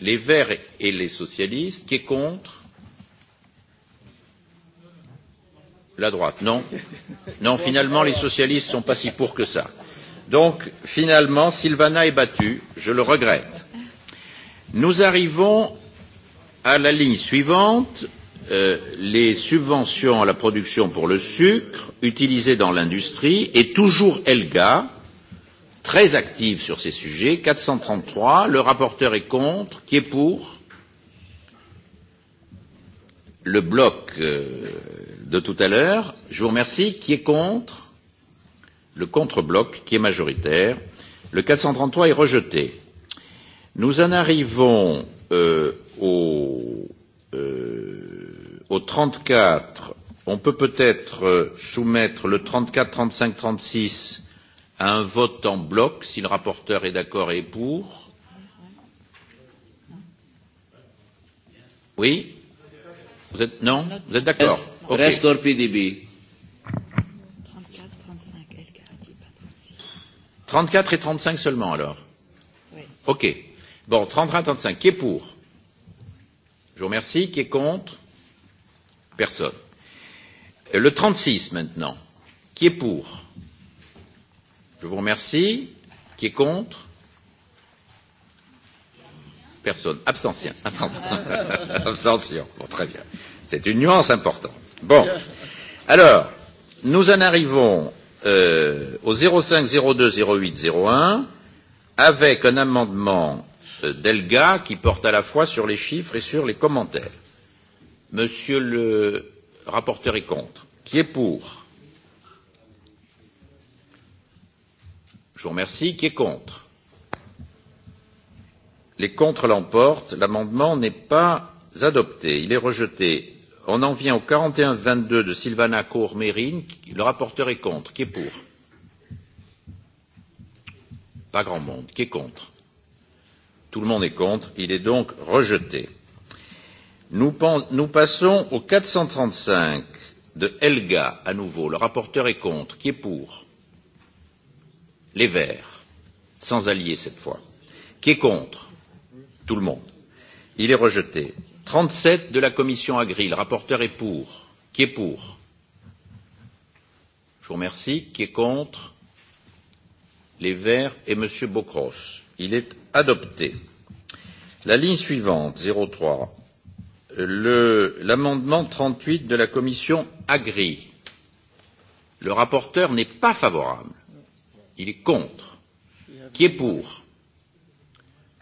Les Verts et les socialistes. Qui est contre la droite. Non, non, finalement, les socialistes ne sont pas si pour que ça. Donc, finalement, Sylvana est battue. Je le regrette. Nous arrivons à la ligne suivante les subventions à la production pour le sucre utilisé dans l'industrie et toujours Elga, très active sur ces sujets, 433, le rapporteur est contre, qui est pour Le bloc euh, de tout à l'heure. Je vous remercie. Qui est contre Le contre-bloc, qui est majoritaire. Le 433 est rejeté. Nous en arrivons euh, au, euh, au 34. On peut peut-être soumettre le 34, 35, 36 à un vote en bloc, si le rapporteur est d'accord et est pour. Oui Vous êtes, non Vous êtes d'accord okay. Reste PDB. 34 et 35 seulement alors oui. Ok. Bon, 33 et 35. Qui est pour Je vous remercie. Qui est contre Personne. Le 36 maintenant. Qui est pour Je vous remercie. Qui est contre Personne. Abstention. Abstention. Bon, très bien. C'est une nuance importante. Bon. Alors, nous en arrivons euh, au 05 02 avec un amendement euh, d'Elga qui porte à la fois sur les chiffres et sur les commentaires. Monsieur le rapporteur est contre. Qui est pour Je vous remercie. Qui est contre Les contre l'emportent. L'amendement n'est pas adopté. Il est rejeté. On en vient au 41-22 de Sylvana cour mérin Le rapporteur est contre. Qui est pour Pas grand monde. Qui est contre Tout le monde est contre. Il est donc rejeté. Nous, nous passons au 435 de Helga à nouveau. Le rapporteur est contre. Qui est pour Les Verts. Sans alliés cette fois. Qui est contre tout le monde. Il est rejeté. Trente sept de la commission Agri, le rapporteur est pour. Qui est pour Je vous remercie. Qui est contre Les Verts et M. Bocros. Il est adopté. La ligne
suivante,
03. L'amendement 38 de la commission Agri. Le rapporteur n'est pas favorable. Il est contre. Qui est pour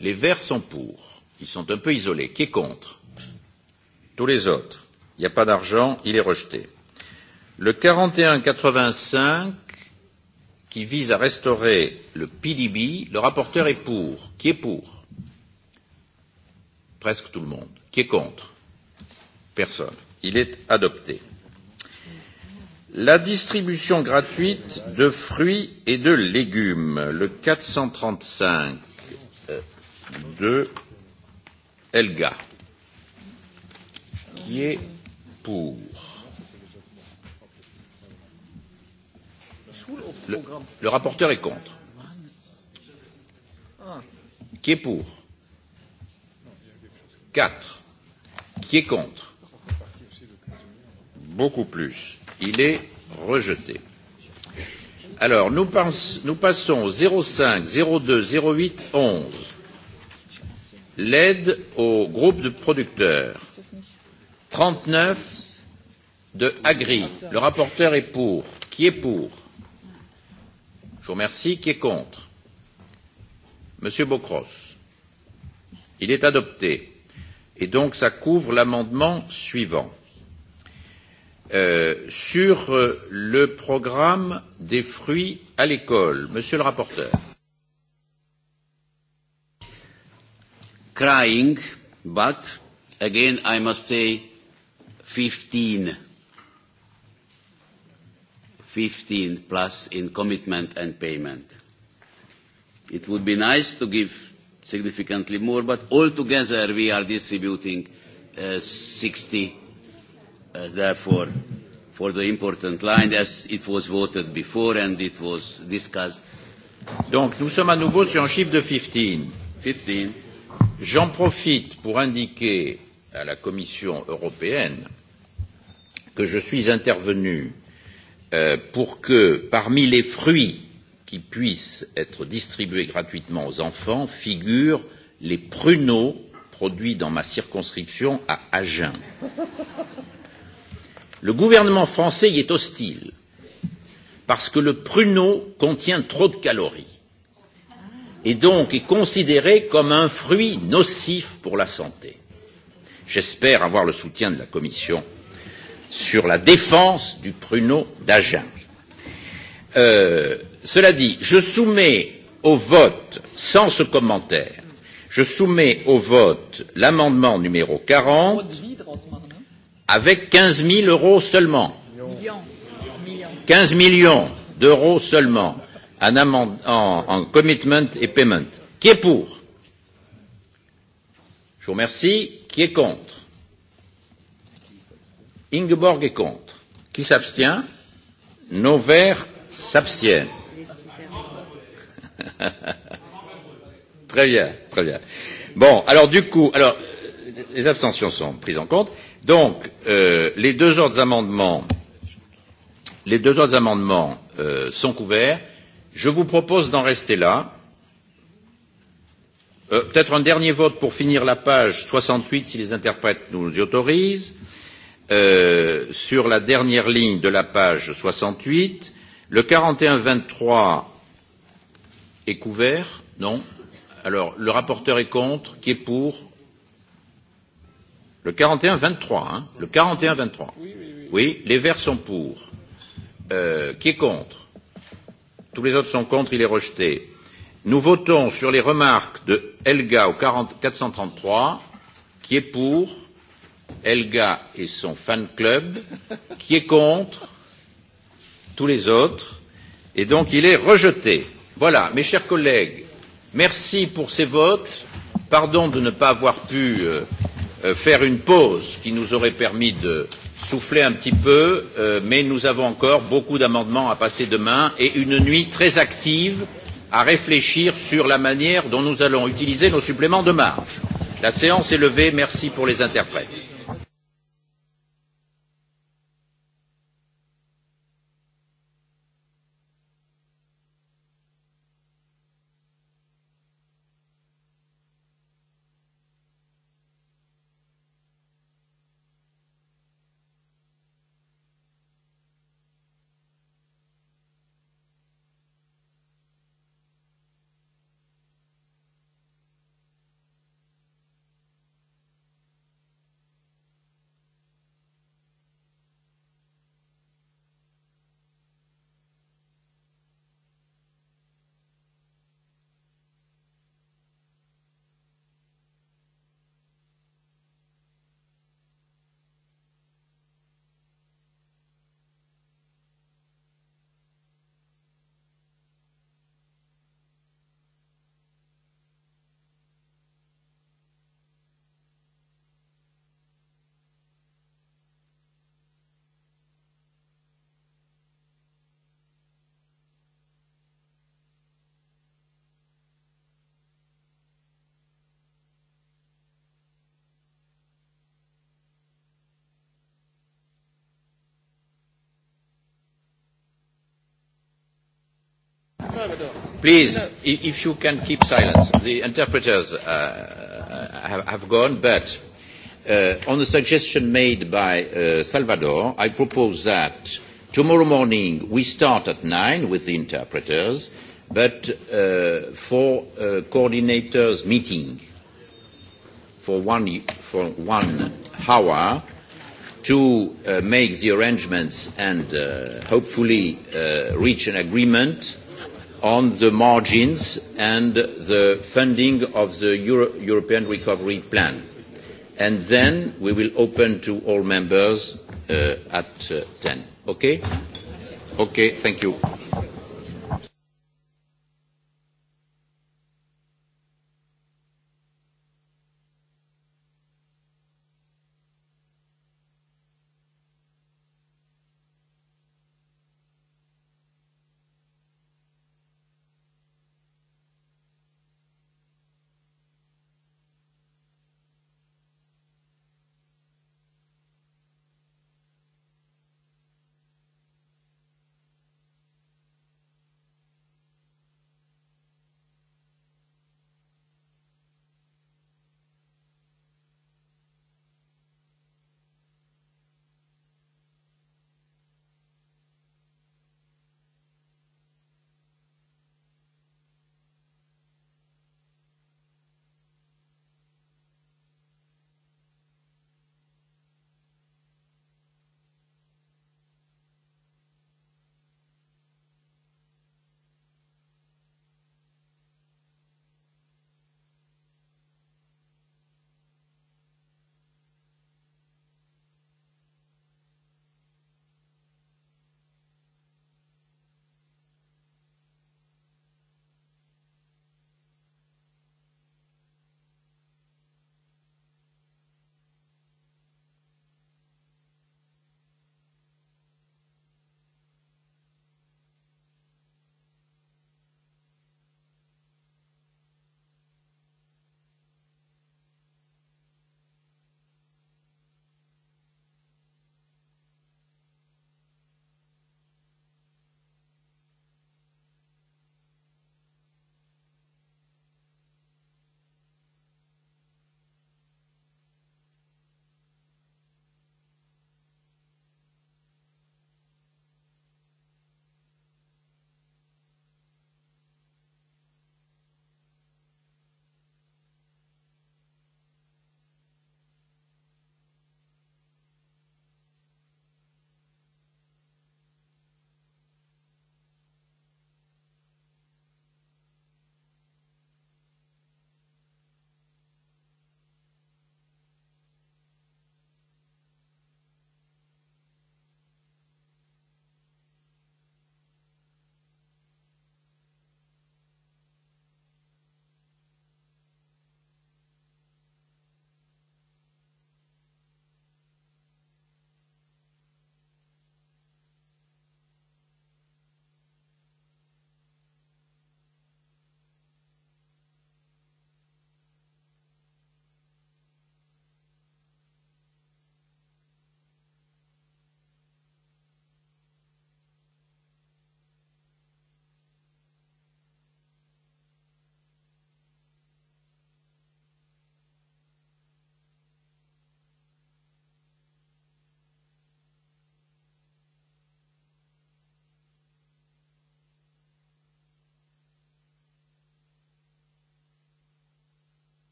Les verts sont pour. Ils sont un peu isolés. Qui est contre Tous les autres. Il n'y a pas d'argent, il est rejeté. Le quarante et un quatre-vingt-cinq, qui vise à restaurer le PDB, le rapporteur est pour. Qui est pour Presque tout le monde. Qui est contre Personne. Il est adopté. La distribution gratuite de fruits et de légumes, le 435 de Helga. Qui est pour le, le rapporteur est contre. Qui est pour 4. Qui est contre Beaucoup plus. Il est rejeté. Alors, nous, pense, nous passons au 05, 02, 08, 11 l'aide aux groupes de producteurs. 39 de Agri. Le rapporteur est pour. Qui est pour Je vous remercie. Qui est contre Monsieur Bocros. Il est adopté. Et donc, ça couvre l'amendement suivant. Euh, sur euh, le programme des fruits à l'école, monsieur le rapporteur.
crying, but again I must say 15. 15 plus in commitment and payment. It would be nice to give significantly more, but altogether we are distributing uh, 60, uh, therefore, for the important line as it was voted before and it was discussed. Donc nous sommes à nouveau sur un chiffre de
15. 15. J'en profite pour indiquer à la Commission européenne que je suis intervenu pour que, parmi les fruits qui puissent être distribués gratuitement aux enfants, figurent les pruneaux produits dans ma circonscription à Agen. Le gouvernement français y est hostile parce que le pruneau contient trop de calories et donc est considéré comme un fruit nocif pour la santé. J'espère avoir le soutien de la Commission sur la défense du pruneau d'Agen. Euh, cela dit, je soumets au vote, sans ce commentaire, je soumets au vote l'amendement numéro 40 avec 15 000 euros seulement. 15 millions d'euros seulement en, amend, en, en commitment et payment. Qui est pour Je vous remercie. Qui est contre Ingeborg est contre. Qui s'abstient Nos verts s'abstiennent. très bien, très bien. Bon, alors du coup, alors les abstentions sont prises en compte. Donc, euh, les deux autres amendements, les deux autres amendements euh, sont couverts. Je vous propose d'en rester là. Euh, Peut-être un dernier vote pour finir la page 68, si les interprètes nous y autorisent. Euh, sur la dernière ligne de la page 68, le 41-23 est couvert Non Alors, le rapporteur est contre. Qui est pour Le 41-23, hein Le 41-23. Oui, oui, oui. oui, les verts sont pour. Euh, qui est contre Tous les autres sont contre, il est rejeté. Nous votons sur les remarques de Helga au 40, 433, qui est pour Elga et son fan club, qui est contre tous les autres, et donc il est rejeté. Voilà, mes chers collègues, merci pour ces votes. Pardon de ne pas avoir pu euh, faire une pause qui nous aurait permis de souffler un petit peu, mais nous avons encore beaucoup d'amendements à passer demain et une nuit très active à réfléchir sur la manière dont nous allons utiliser nos suppléments de marge. La séance est levée. Merci pour les interprètes. Please, if you can keep silence. The interpreters uh, have, have gone, but uh, on the suggestion made by uh, Salvador, I propose that tomorrow morning we start at 9 with the interpreters, but uh, for uh, coordinators meeting for one, for one hour to uh, make the arrangements and uh, hopefully uh, reach an agreement on the margins and the funding of the European Recovery Plan. And then we will open to all members at ten. Okay? Okay,
thank you.